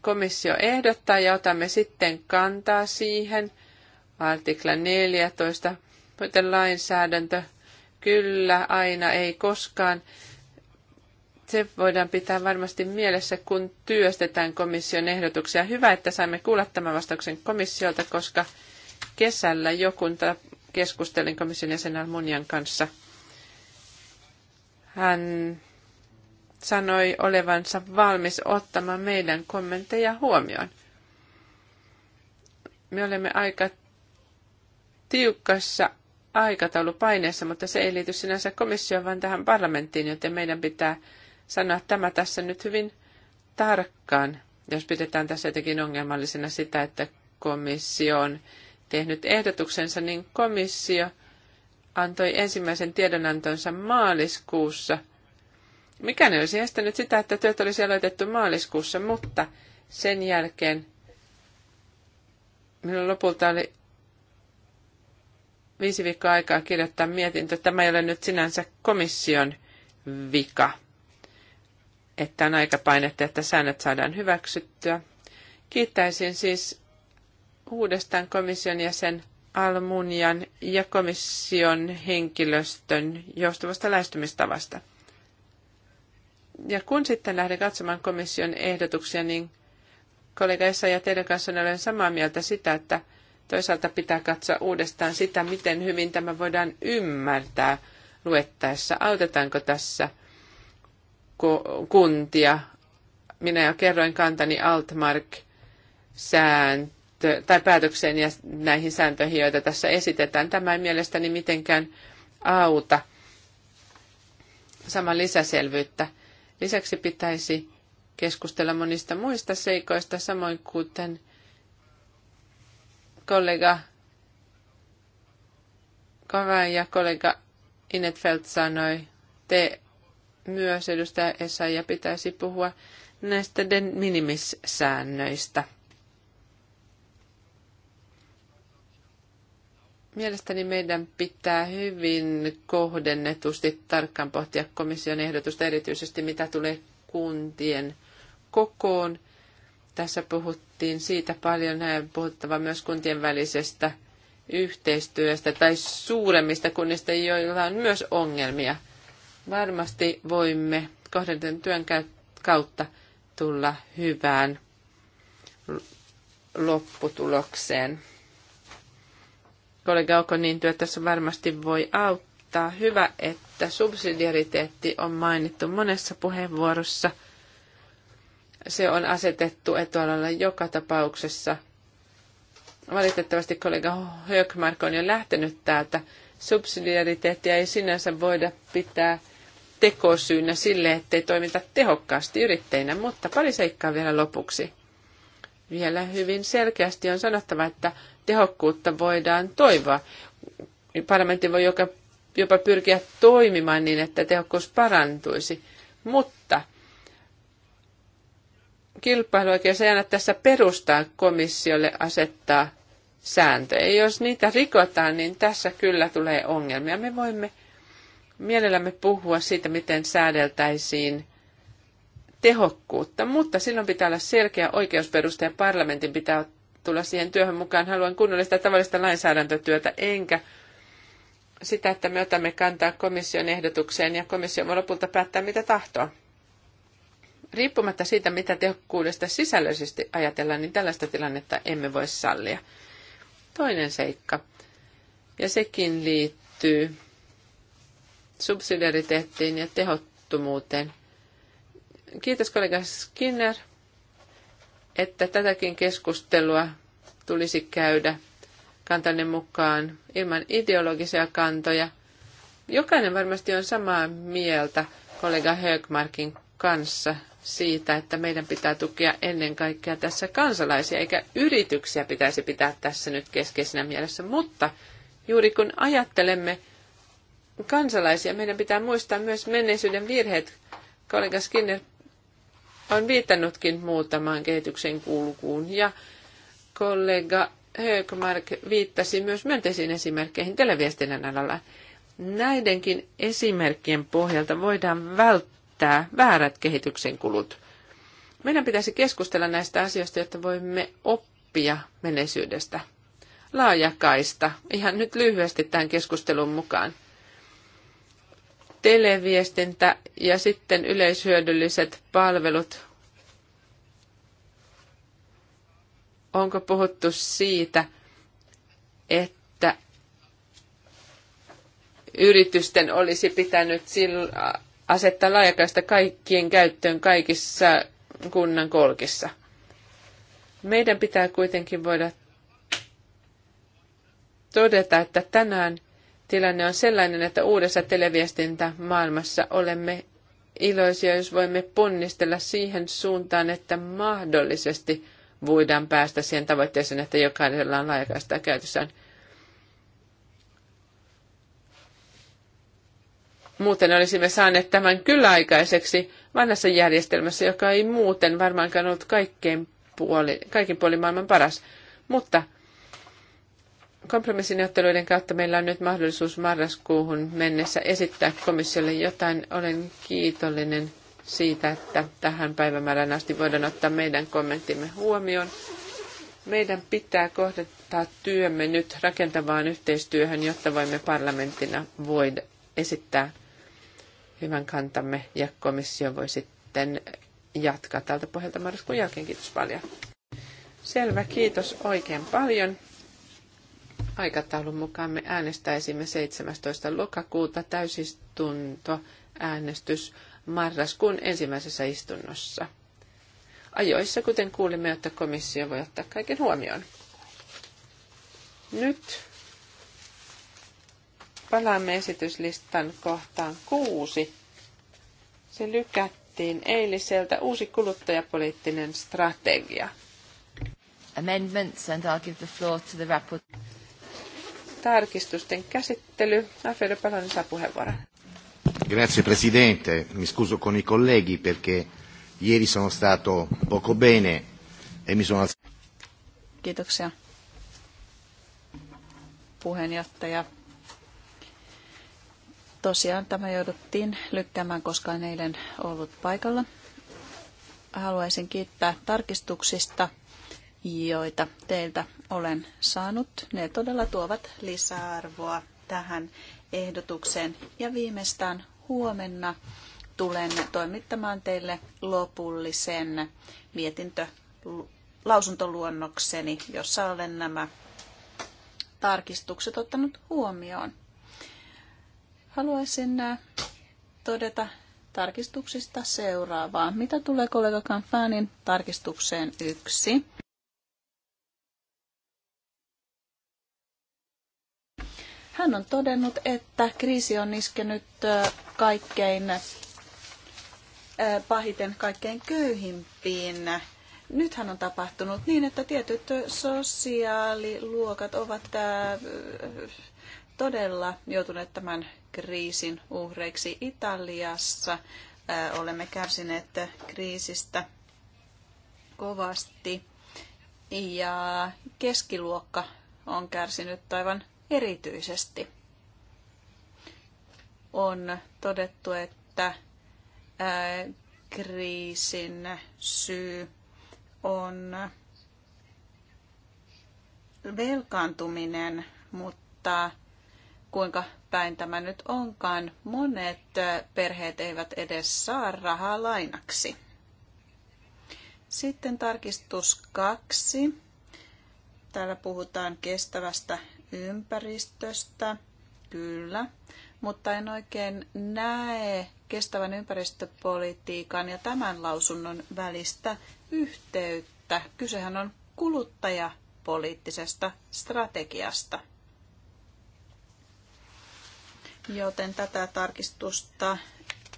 komissio ehdottaa ja otamme sitten kantaa siihen. Artikla 14, lainsäädäntö, kyllä, aina, ei koskaan. Se voidaan pitää varmasti mielessä, kun työstetään komission ehdotuksia. Hyvä, että saimme kuulla tämän vastauksen komissiolta, koska kesällä jokunta keskustelin komission jäsen Almunian kanssa. Hän sanoi olevansa valmis ottamaan meidän kommentteja huomioon. Me olemme aika tiukassa aikataulupaineessa, mutta se ei liity sinänsä komissioon, vaan tähän parlamenttiin, joten meidän pitää sanoa tämä tässä nyt hyvin tarkkaan, jos pidetään tässä jotenkin ongelmallisena sitä, että komissio on tehnyt ehdotuksensa, niin komissio antoi ensimmäisen tiedonantonsa maaliskuussa. Mikä ne olisi estänyt sitä, että työt olisi aloitettu maaliskuussa, mutta sen jälkeen minulla lopulta oli viisi viikkoa aikaa kirjoittaa mietintö. Tämä ei ole nyt sinänsä komission vika että on aika painetta, että säännöt saadaan hyväksyttyä. Kiittäisin siis uudestaan komission jäsen Almunian ja komission henkilöstön joustavasta lähestymistavasta. Ja kun sitten lähden katsomaan komission ehdotuksia, niin kollega Essa ja teidän kanssa olen samaa mieltä sitä, että toisaalta pitää katsoa uudestaan sitä, miten hyvin tämä voidaan ymmärtää luettaessa. Autetaanko tässä – kuntia. Minä jo kerroin kantani Altmark sääntö, tai päätökseen ja näihin sääntöihin, joita tässä esitetään. Tämä ei mielestäni mitenkään auta saman lisäselvyyttä. Lisäksi pitäisi keskustella monista muista seikoista, samoin kuten kollega Kovan ja kollega Inetfeld sanoi, te myös edustaja Esa ja pitäisi puhua näistä de minimissäännöistä. Mielestäni meidän pitää hyvin kohdennetusti tarkkaan pohtia komission ehdotusta, erityisesti mitä tulee kuntien kokoon. Tässä puhuttiin siitä paljon, näin puhuttava myös kuntien välisestä yhteistyöstä tai suuremmista kunnista, joilla on myös ongelmia – Varmasti voimme kohdenten työn kautta tulla hyvään lopputulokseen. Kollega Okonin työ tässä varmasti voi auttaa. Hyvä, että subsidiariteetti on mainittu monessa puheenvuorossa. Se on asetettu etualalla joka tapauksessa. Valitettavasti kollega Höökmark on jo lähtenyt täältä. Subsidiariteettia ei sinänsä voida pitää – tekosyynä sille, ettei toimita tehokkaasti yrittäjinä, mutta pari seikkaa vielä lopuksi. Vielä hyvin selkeästi on sanottava, että tehokkuutta voidaan toivoa. Parlamentti voi joka, jopa pyrkiä toimimaan niin, että tehokkuus parantuisi, mutta kilpailuoikeus ei aina tässä perustaa komissiolle asettaa sääntöjä. Jos niitä rikotaan, niin tässä kyllä tulee ongelmia. Me voimme mielellämme puhua siitä, miten säädeltäisiin tehokkuutta, mutta silloin pitää olla selkeä oikeusperuste ja parlamentin pitää tulla siihen työhön mukaan. Haluan kunnollista tavallista lainsäädäntötyötä, enkä sitä, että me otamme kantaa komission ehdotukseen ja komissio voi lopulta päättää mitä tahtoo. Riippumatta siitä, mitä tehokkuudesta sisällöllisesti ajatellaan, niin tällaista tilannetta emme voi sallia. Toinen seikka, ja sekin liittyy subsidiariteettiin ja tehottomuuteen. Kiitos kollega Skinner, että tätäkin keskustelua tulisi käydä kantanne mukaan ilman ideologisia kantoja. Jokainen varmasti on samaa mieltä kollega Högmarkin kanssa siitä, että meidän pitää tukea ennen kaikkea tässä kansalaisia, eikä yrityksiä pitäisi pitää tässä nyt keskeisenä mielessä. Mutta juuri kun ajattelemme kansalaisia. Meidän pitää muistaa myös menneisyyden virheet. Kollega Skinner on viitannutkin muutamaan kehityksen kulkuun ja kollega Högmark viittasi myös myönteisiin esimerkkeihin televiestinnän alalla. Näidenkin esimerkkien pohjalta voidaan välttää väärät kehityksen kulut. Meidän pitäisi keskustella näistä asioista, jotta voimme oppia menneisyydestä. Laajakaista, ihan nyt lyhyesti tähän keskustelun mukaan televiestintä ja sitten yleishyödylliset palvelut. Onko puhuttu siitä, että yritysten olisi pitänyt asettaa laajakaista kaikkien käyttöön kaikissa kunnan kolkissa? Meidän pitää kuitenkin voida todeta, että tänään – tilanne on sellainen, että uudessa televiestintämaailmassa olemme iloisia, jos voimme ponnistella siihen suuntaan, että mahdollisesti voidaan päästä siihen tavoitteeseen, että jokaisella on laajakaista käytössään. Muuten olisimme saaneet tämän kyllä aikaiseksi vanhassa järjestelmässä, joka ei muuten varmaankaan ollut kaikkein puoli, kaikin puolin maailman paras. Mutta kompromissineuvotteluiden kautta meillä on nyt mahdollisuus marraskuuhun mennessä esittää komissiolle jotain. Olen kiitollinen siitä, että tähän päivämäärään asti voidaan ottaa meidän kommenttimme huomioon. Meidän pitää kohdentaa työmme nyt rakentavaan yhteistyöhön, jotta voimme parlamenttina voida esittää hyvän kantamme ja komissio voi sitten jatkaa tältä pohjalta marraskuun jälkeen. Kiitos paljon. Selvä, kiitos oikein paljon. Aikataulun mukaan me äänestäisimme 17. lokakuuta täysistunto äänestys marraskuun ensimmäisessä istunnossa. Ajoissa, kuten kuulimme, että komissio voi ottaa kaiken huomioon. Nyt palaamme esityslistan kohtaan kuusi. Se lykättiin eiliseltä uusi kuluttajapoliittinen strategia. Amendments and I'll give the floor to the rapport tarkistusten käsittely. Alfredo Palonen saa puheenvuoron. Grazie Presidente, mi scuso con i colleghi perché ieri sono stato poco bene e mi sono... Kiitoksia puheenjohtaja. Tosiaan tämä jouduttiin lykkäämään, koska en eilen ollut paikalla. Haluaisin kiittää tarkistuksista joita teiltä olen saanut. Ne todella tuovat lisäarvoa tähän ehdotukseen. Ja viimeistään huomenna tulen toimittamaan teille lopullisen mietintö lausuntoluonnokseni, jossa olen nämä tarkistukset ottanut huomioon. Haluaisin äh, todeta tarkistuksista seuraavaa. Mitä tulee kollega Kanfanin tarkistukseen yksi? Hän on todennut, että kriisi on iskenyt kaikkein pahiten kaikkein köyhimpiin. hän on tapahtunut niin, että tietyt sosiaaliluokat ovat todella joutuneet tämän kriisin uhreiksi Italiassa. Olemme kärsineet kriisistä kovasti ja keskiluokka on kärsinyt aivan erityisesti. On todettu, että kriisin syy on velkaantuminen, mutta kuinka päin tämä nyt onkaan, monet perheet eivät edes saa rahaa lainaksi. Sitten tarkistus kaksi. Täällä puhutaan kestävästä ympäristöstä, kyllä, mutta en oikein näe kestävän ympäristöpolitiikan ja tämän lausunnon välistä yhteyttä. Kysehän on kuluttajapoliittisesta strategiasta. Joten tätä tarkistusta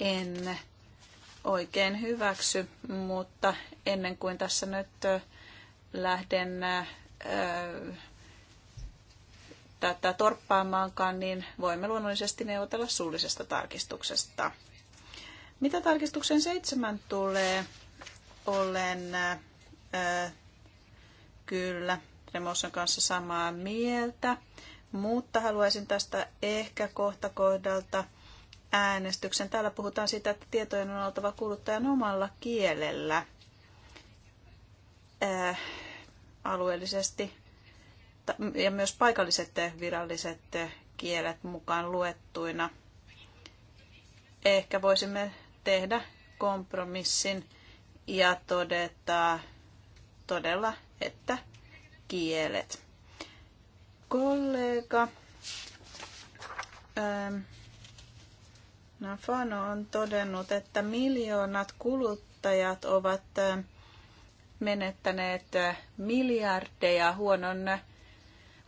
en oikein hyväksy, mutta ennen kuin tässä nyt lähden tätä torppaamaankaan, niin voimme luonnollisesti neuvotella suullisesta tarkistuksesta. Mitä tarkistuksen seitsemän tulee, olen äh, kyllä Remosson kanssa samaa mieltä, mutta haluaisin tästä ehkä kohta kohdalta äänestyksen. Täällä puhutaan siitä, että tietojen on oltava kuluttajan omalla kielellä. Äh, alueellisesti ja myös paikalliset viralliset kielet mukaan luettuina. Ehkä voisimme tehdä kompromissin ja todeta todella, että kielet. Kollega ähm, Nafano on todennut, että miljoonat kuluttajat ovat ähm, menettäneet äh, miljardeja huonon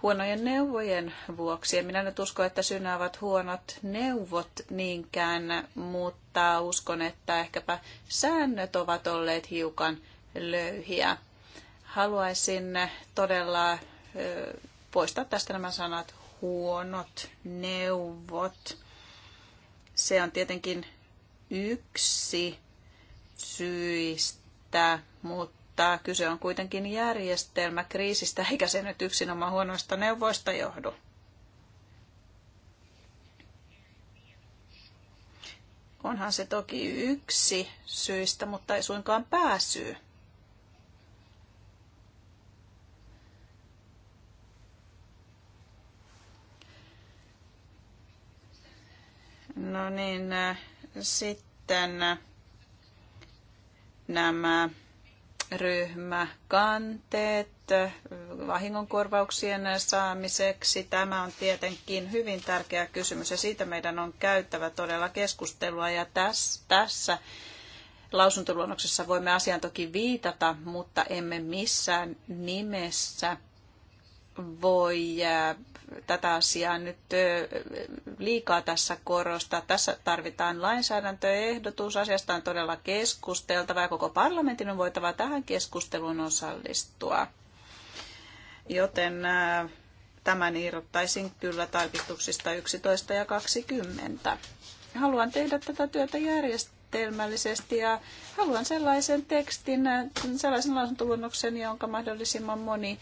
huonojen neuvojen vuoksi. En minä nyt usko, että synä ovat huonot neuvot niinkään, mutta uskon, että ehkäpä säännöt ovat olleet hiukan löyhiä. Haluaisin todella poistaa tästä nämä sanat huonot neuvot. Se on tietenkin yksi syistä, mutta mutta kyse on kuitenkin järjestelmäkriisistä, eikä se nyt yksinomaan huonoista neuvoista johdu. Onhan se toki yksi syistä, mutta ei suinkaan pääsyy. No niin, äh, sitten äh, nämä ryhmä kanteet vahingonkorvauksien saamiseksi. Tämä on tietenkin hyvin tärkeä kysymys ja siitä meidän on käyttävä todella keskustelua ja tässä, tässä lausuntoluonnoksessa voimme asiaan toki viitata, mutta emme missään nimessä voi tätä asiaa nyt liikaa tässä korostaa. Tässä tarvitaan lainsäädäntöehdotus. Asiasta on todella keskusteltava ja koko parlamentin on voitava tähän keskusteluun osallistua. Joten tämän irrottaisin kyllä tarkistuksista 11 ja 20. Haluan tehdä tätä työtä järjestelmällisesti ja haluan sellaisen tekstin, sellaisen lausuntoluonnoksen, jonka mahdollisimman moni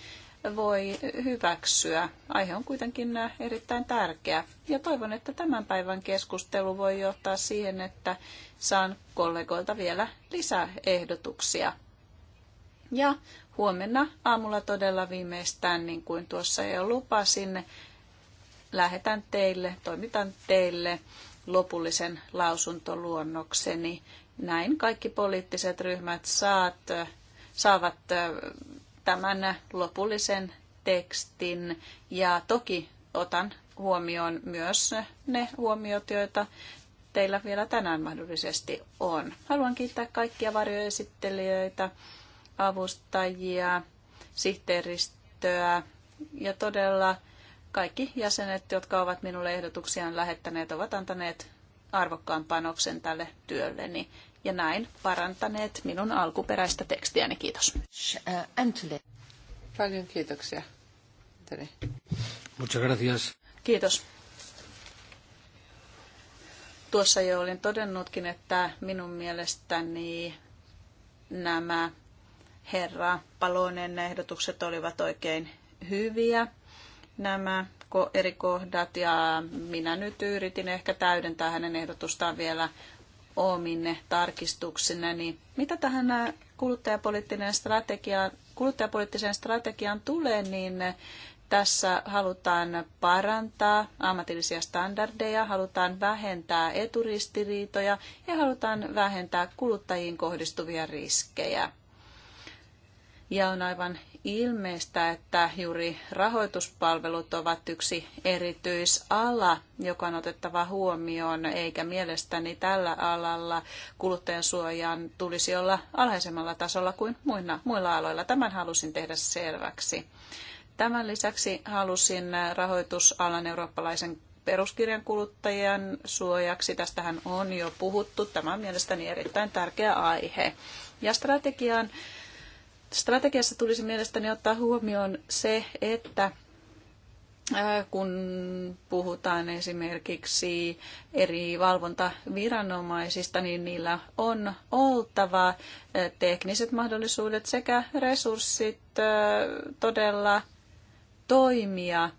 voi hyväksyä. Aihe on kuitenkin äh, erittäin tärkeä. Ja toivon, että tämän päivän keskustelu voi johtaa siihen, että saan kollegoilta vielä lisäehdotuksia Ja huomenna aamulla todella viimeistään, niin kuin tuossa jo lupasin, lähetän teille, toimitan teille lopullisen lausuntoluonnokseni. Näin kaikki poliittiset ryhmät saat, äh, saavat äh, tämän lopullisen tekstin ja toki otan huomioon myös ne huomiot, joita teillä vielä tänään mahdollisesti on. Haluan kiittää kaikkia varjoesittelijöitä, avustajia, sihteeristöä ja todella kaikki jäsenet, jotka ovat minulle ehdotuksiaan lähettäneet, ovat antaneet arvokkaan panoksen tälle työlleni ja näin parantaneet minun alkuperäistä tekstiäni. Kiitos. Paljon kiitoksia. Muchas gracias. Kiitos. Tuossa jo olin todennutkin, että minun mielestäni nämä herra Palonen ehdotukset olivat oikein hyviä. Nämä eri kohdat ja minä nyt yritin ehkä täydentää hänen ehdotustaan vielä ominne tarkistuksine, niin mitä tähän äh, kuluttajapoliittiseen strategiaan, kuluttajapoliittiseen strategiaan tulee, niin äh, tässä halutaan parantaa ammatillisia standardeja, halutaan vähentää eturistiriitoja ja halutaan vähentää kuluttajiin kohdistuvia riskejä. Ja on aivan ilmeistä, että juuri rahoituspalvelut ovat yksi erityisala, joka on otettava huomioon, eikä mielestäni tällä alalla kuluttajansuojan tulisi olla alhaisemmalla tasolla kuin muina, muilla aloilla. Tämän halusin tehdä selväksi. Tämän lisäksi halusin rahoitusalan eurooppalaisen peruskirjan kuluttajien suojaksi. Tästähän on jo puhuttu. Tämä on mielestäni erittäin tärkeä aihe. Ja strategian. Strategiassa tulisi mielestäni ottaa huomioon se, että kun puhutaan esimerkiksi eri valvontaviranomaisista, niin niillä on oltava tekniset mahdollisuudet sekä resurssit todella toimia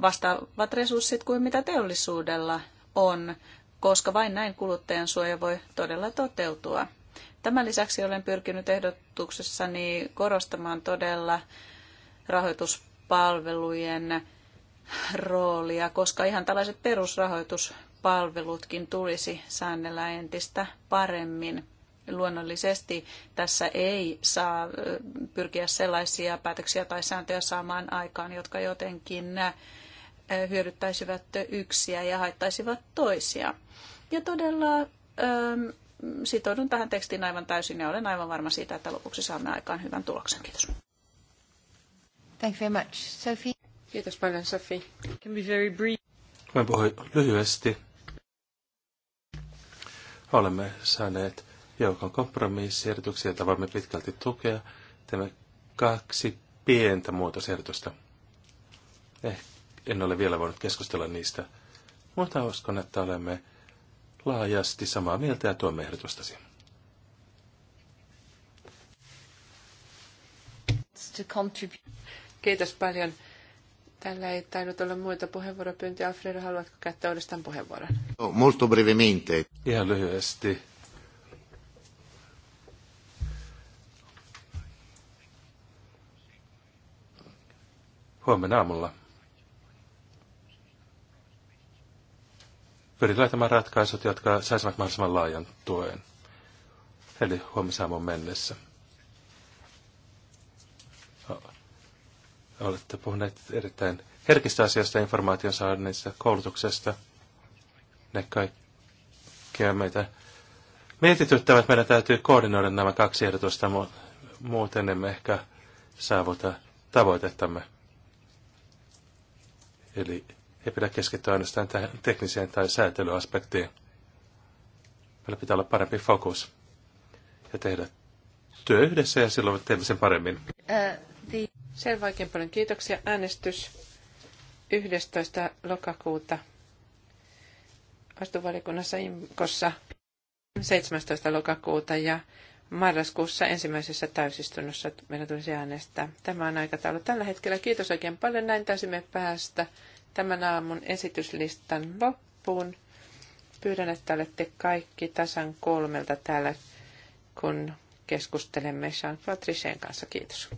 vastaavat resurssit kuin mitä teollisuudella on, koska vain näin kuluttajan suoja voi todella toteutua. Tämän lisäksi olen pyrkinyt ehdotuksessani korostamaan todella rahoituspalvelujen roolia, koska ihan tällaiset perusrahoituspalvelutkin tulisi säännellä entistä paremmin. Luonnollisesti tässä ei saa pyrkiä sellaisia päätöksiä tai sääntöjä saamaan aikaan, jotka jotenkin hyödyttäisivät yksiä ja haittaisivat toisia. Ja todella sitoudun tähän tekstiin aivan täysin ja olen aivan varma siitä, että lopuksi saamme aikaan hyvän tuloksen. Kiitos. Thank you very much, Sophie. Kiitos paljon, Sophie. Can be very brief. Voin puhua lyhyesti. Olemme saaneet joukon kompromissiehdotuksia, joita voimme pitkälti tukea. Teemme kaksi pientä muutosehdotusta. Eh, en ole vielä voinut keskustella niistä, mutta uskon, että olemme laajasti samaa mieltä ja tuomme ehdotustasi. Kiitos paljon. Tällä ei tainnut olla muita puheenvuoropyyntöjä. Alfredo, haluatko käyttää uudestaan puheenvuoron? No, molto brevemente. Ihan lyhyesti. Huomenna aamulla pyrin löytämään ratkaisut, jotka saisivat mahdollisimman laajan tuen. Eli huomisaamun mennessä. Olette puhuneet erittäin herkistä asiasta, informaation saannista, koulutuksesta. Ne kaikkia meitä mietityttävät. Meidän täytyy koordinoida nämä kaksi ehdotusta, muuten emme ehkä saavuta tavoitettamme. Eli ei pidä keskittyä ainoastaan tähän tekniseen tai säätelyaspektiin. Meillä pitää olla parempi fokus ja tehdä työ yhdessä ja silloin teemme sen paremmin. Ää, Selvä oikein paljon kiitoksia. Äänestys 11. lokakuuta vastuvalikunnassa Imkossa 17. lokakuuta ja marraskuussa ensimmäisessä täysistunnossa meidän tulisi äänestää. Tämä on aikataulu tällä hetkellä. Kiitos oikein paljon. Näin taisimme päästä tämän aamun esityslistan loppuun. Pyydän, että olette kaikki tasan kolmelta täällä, kun keskustelemme Jean-Claude kanssa. Kiitos.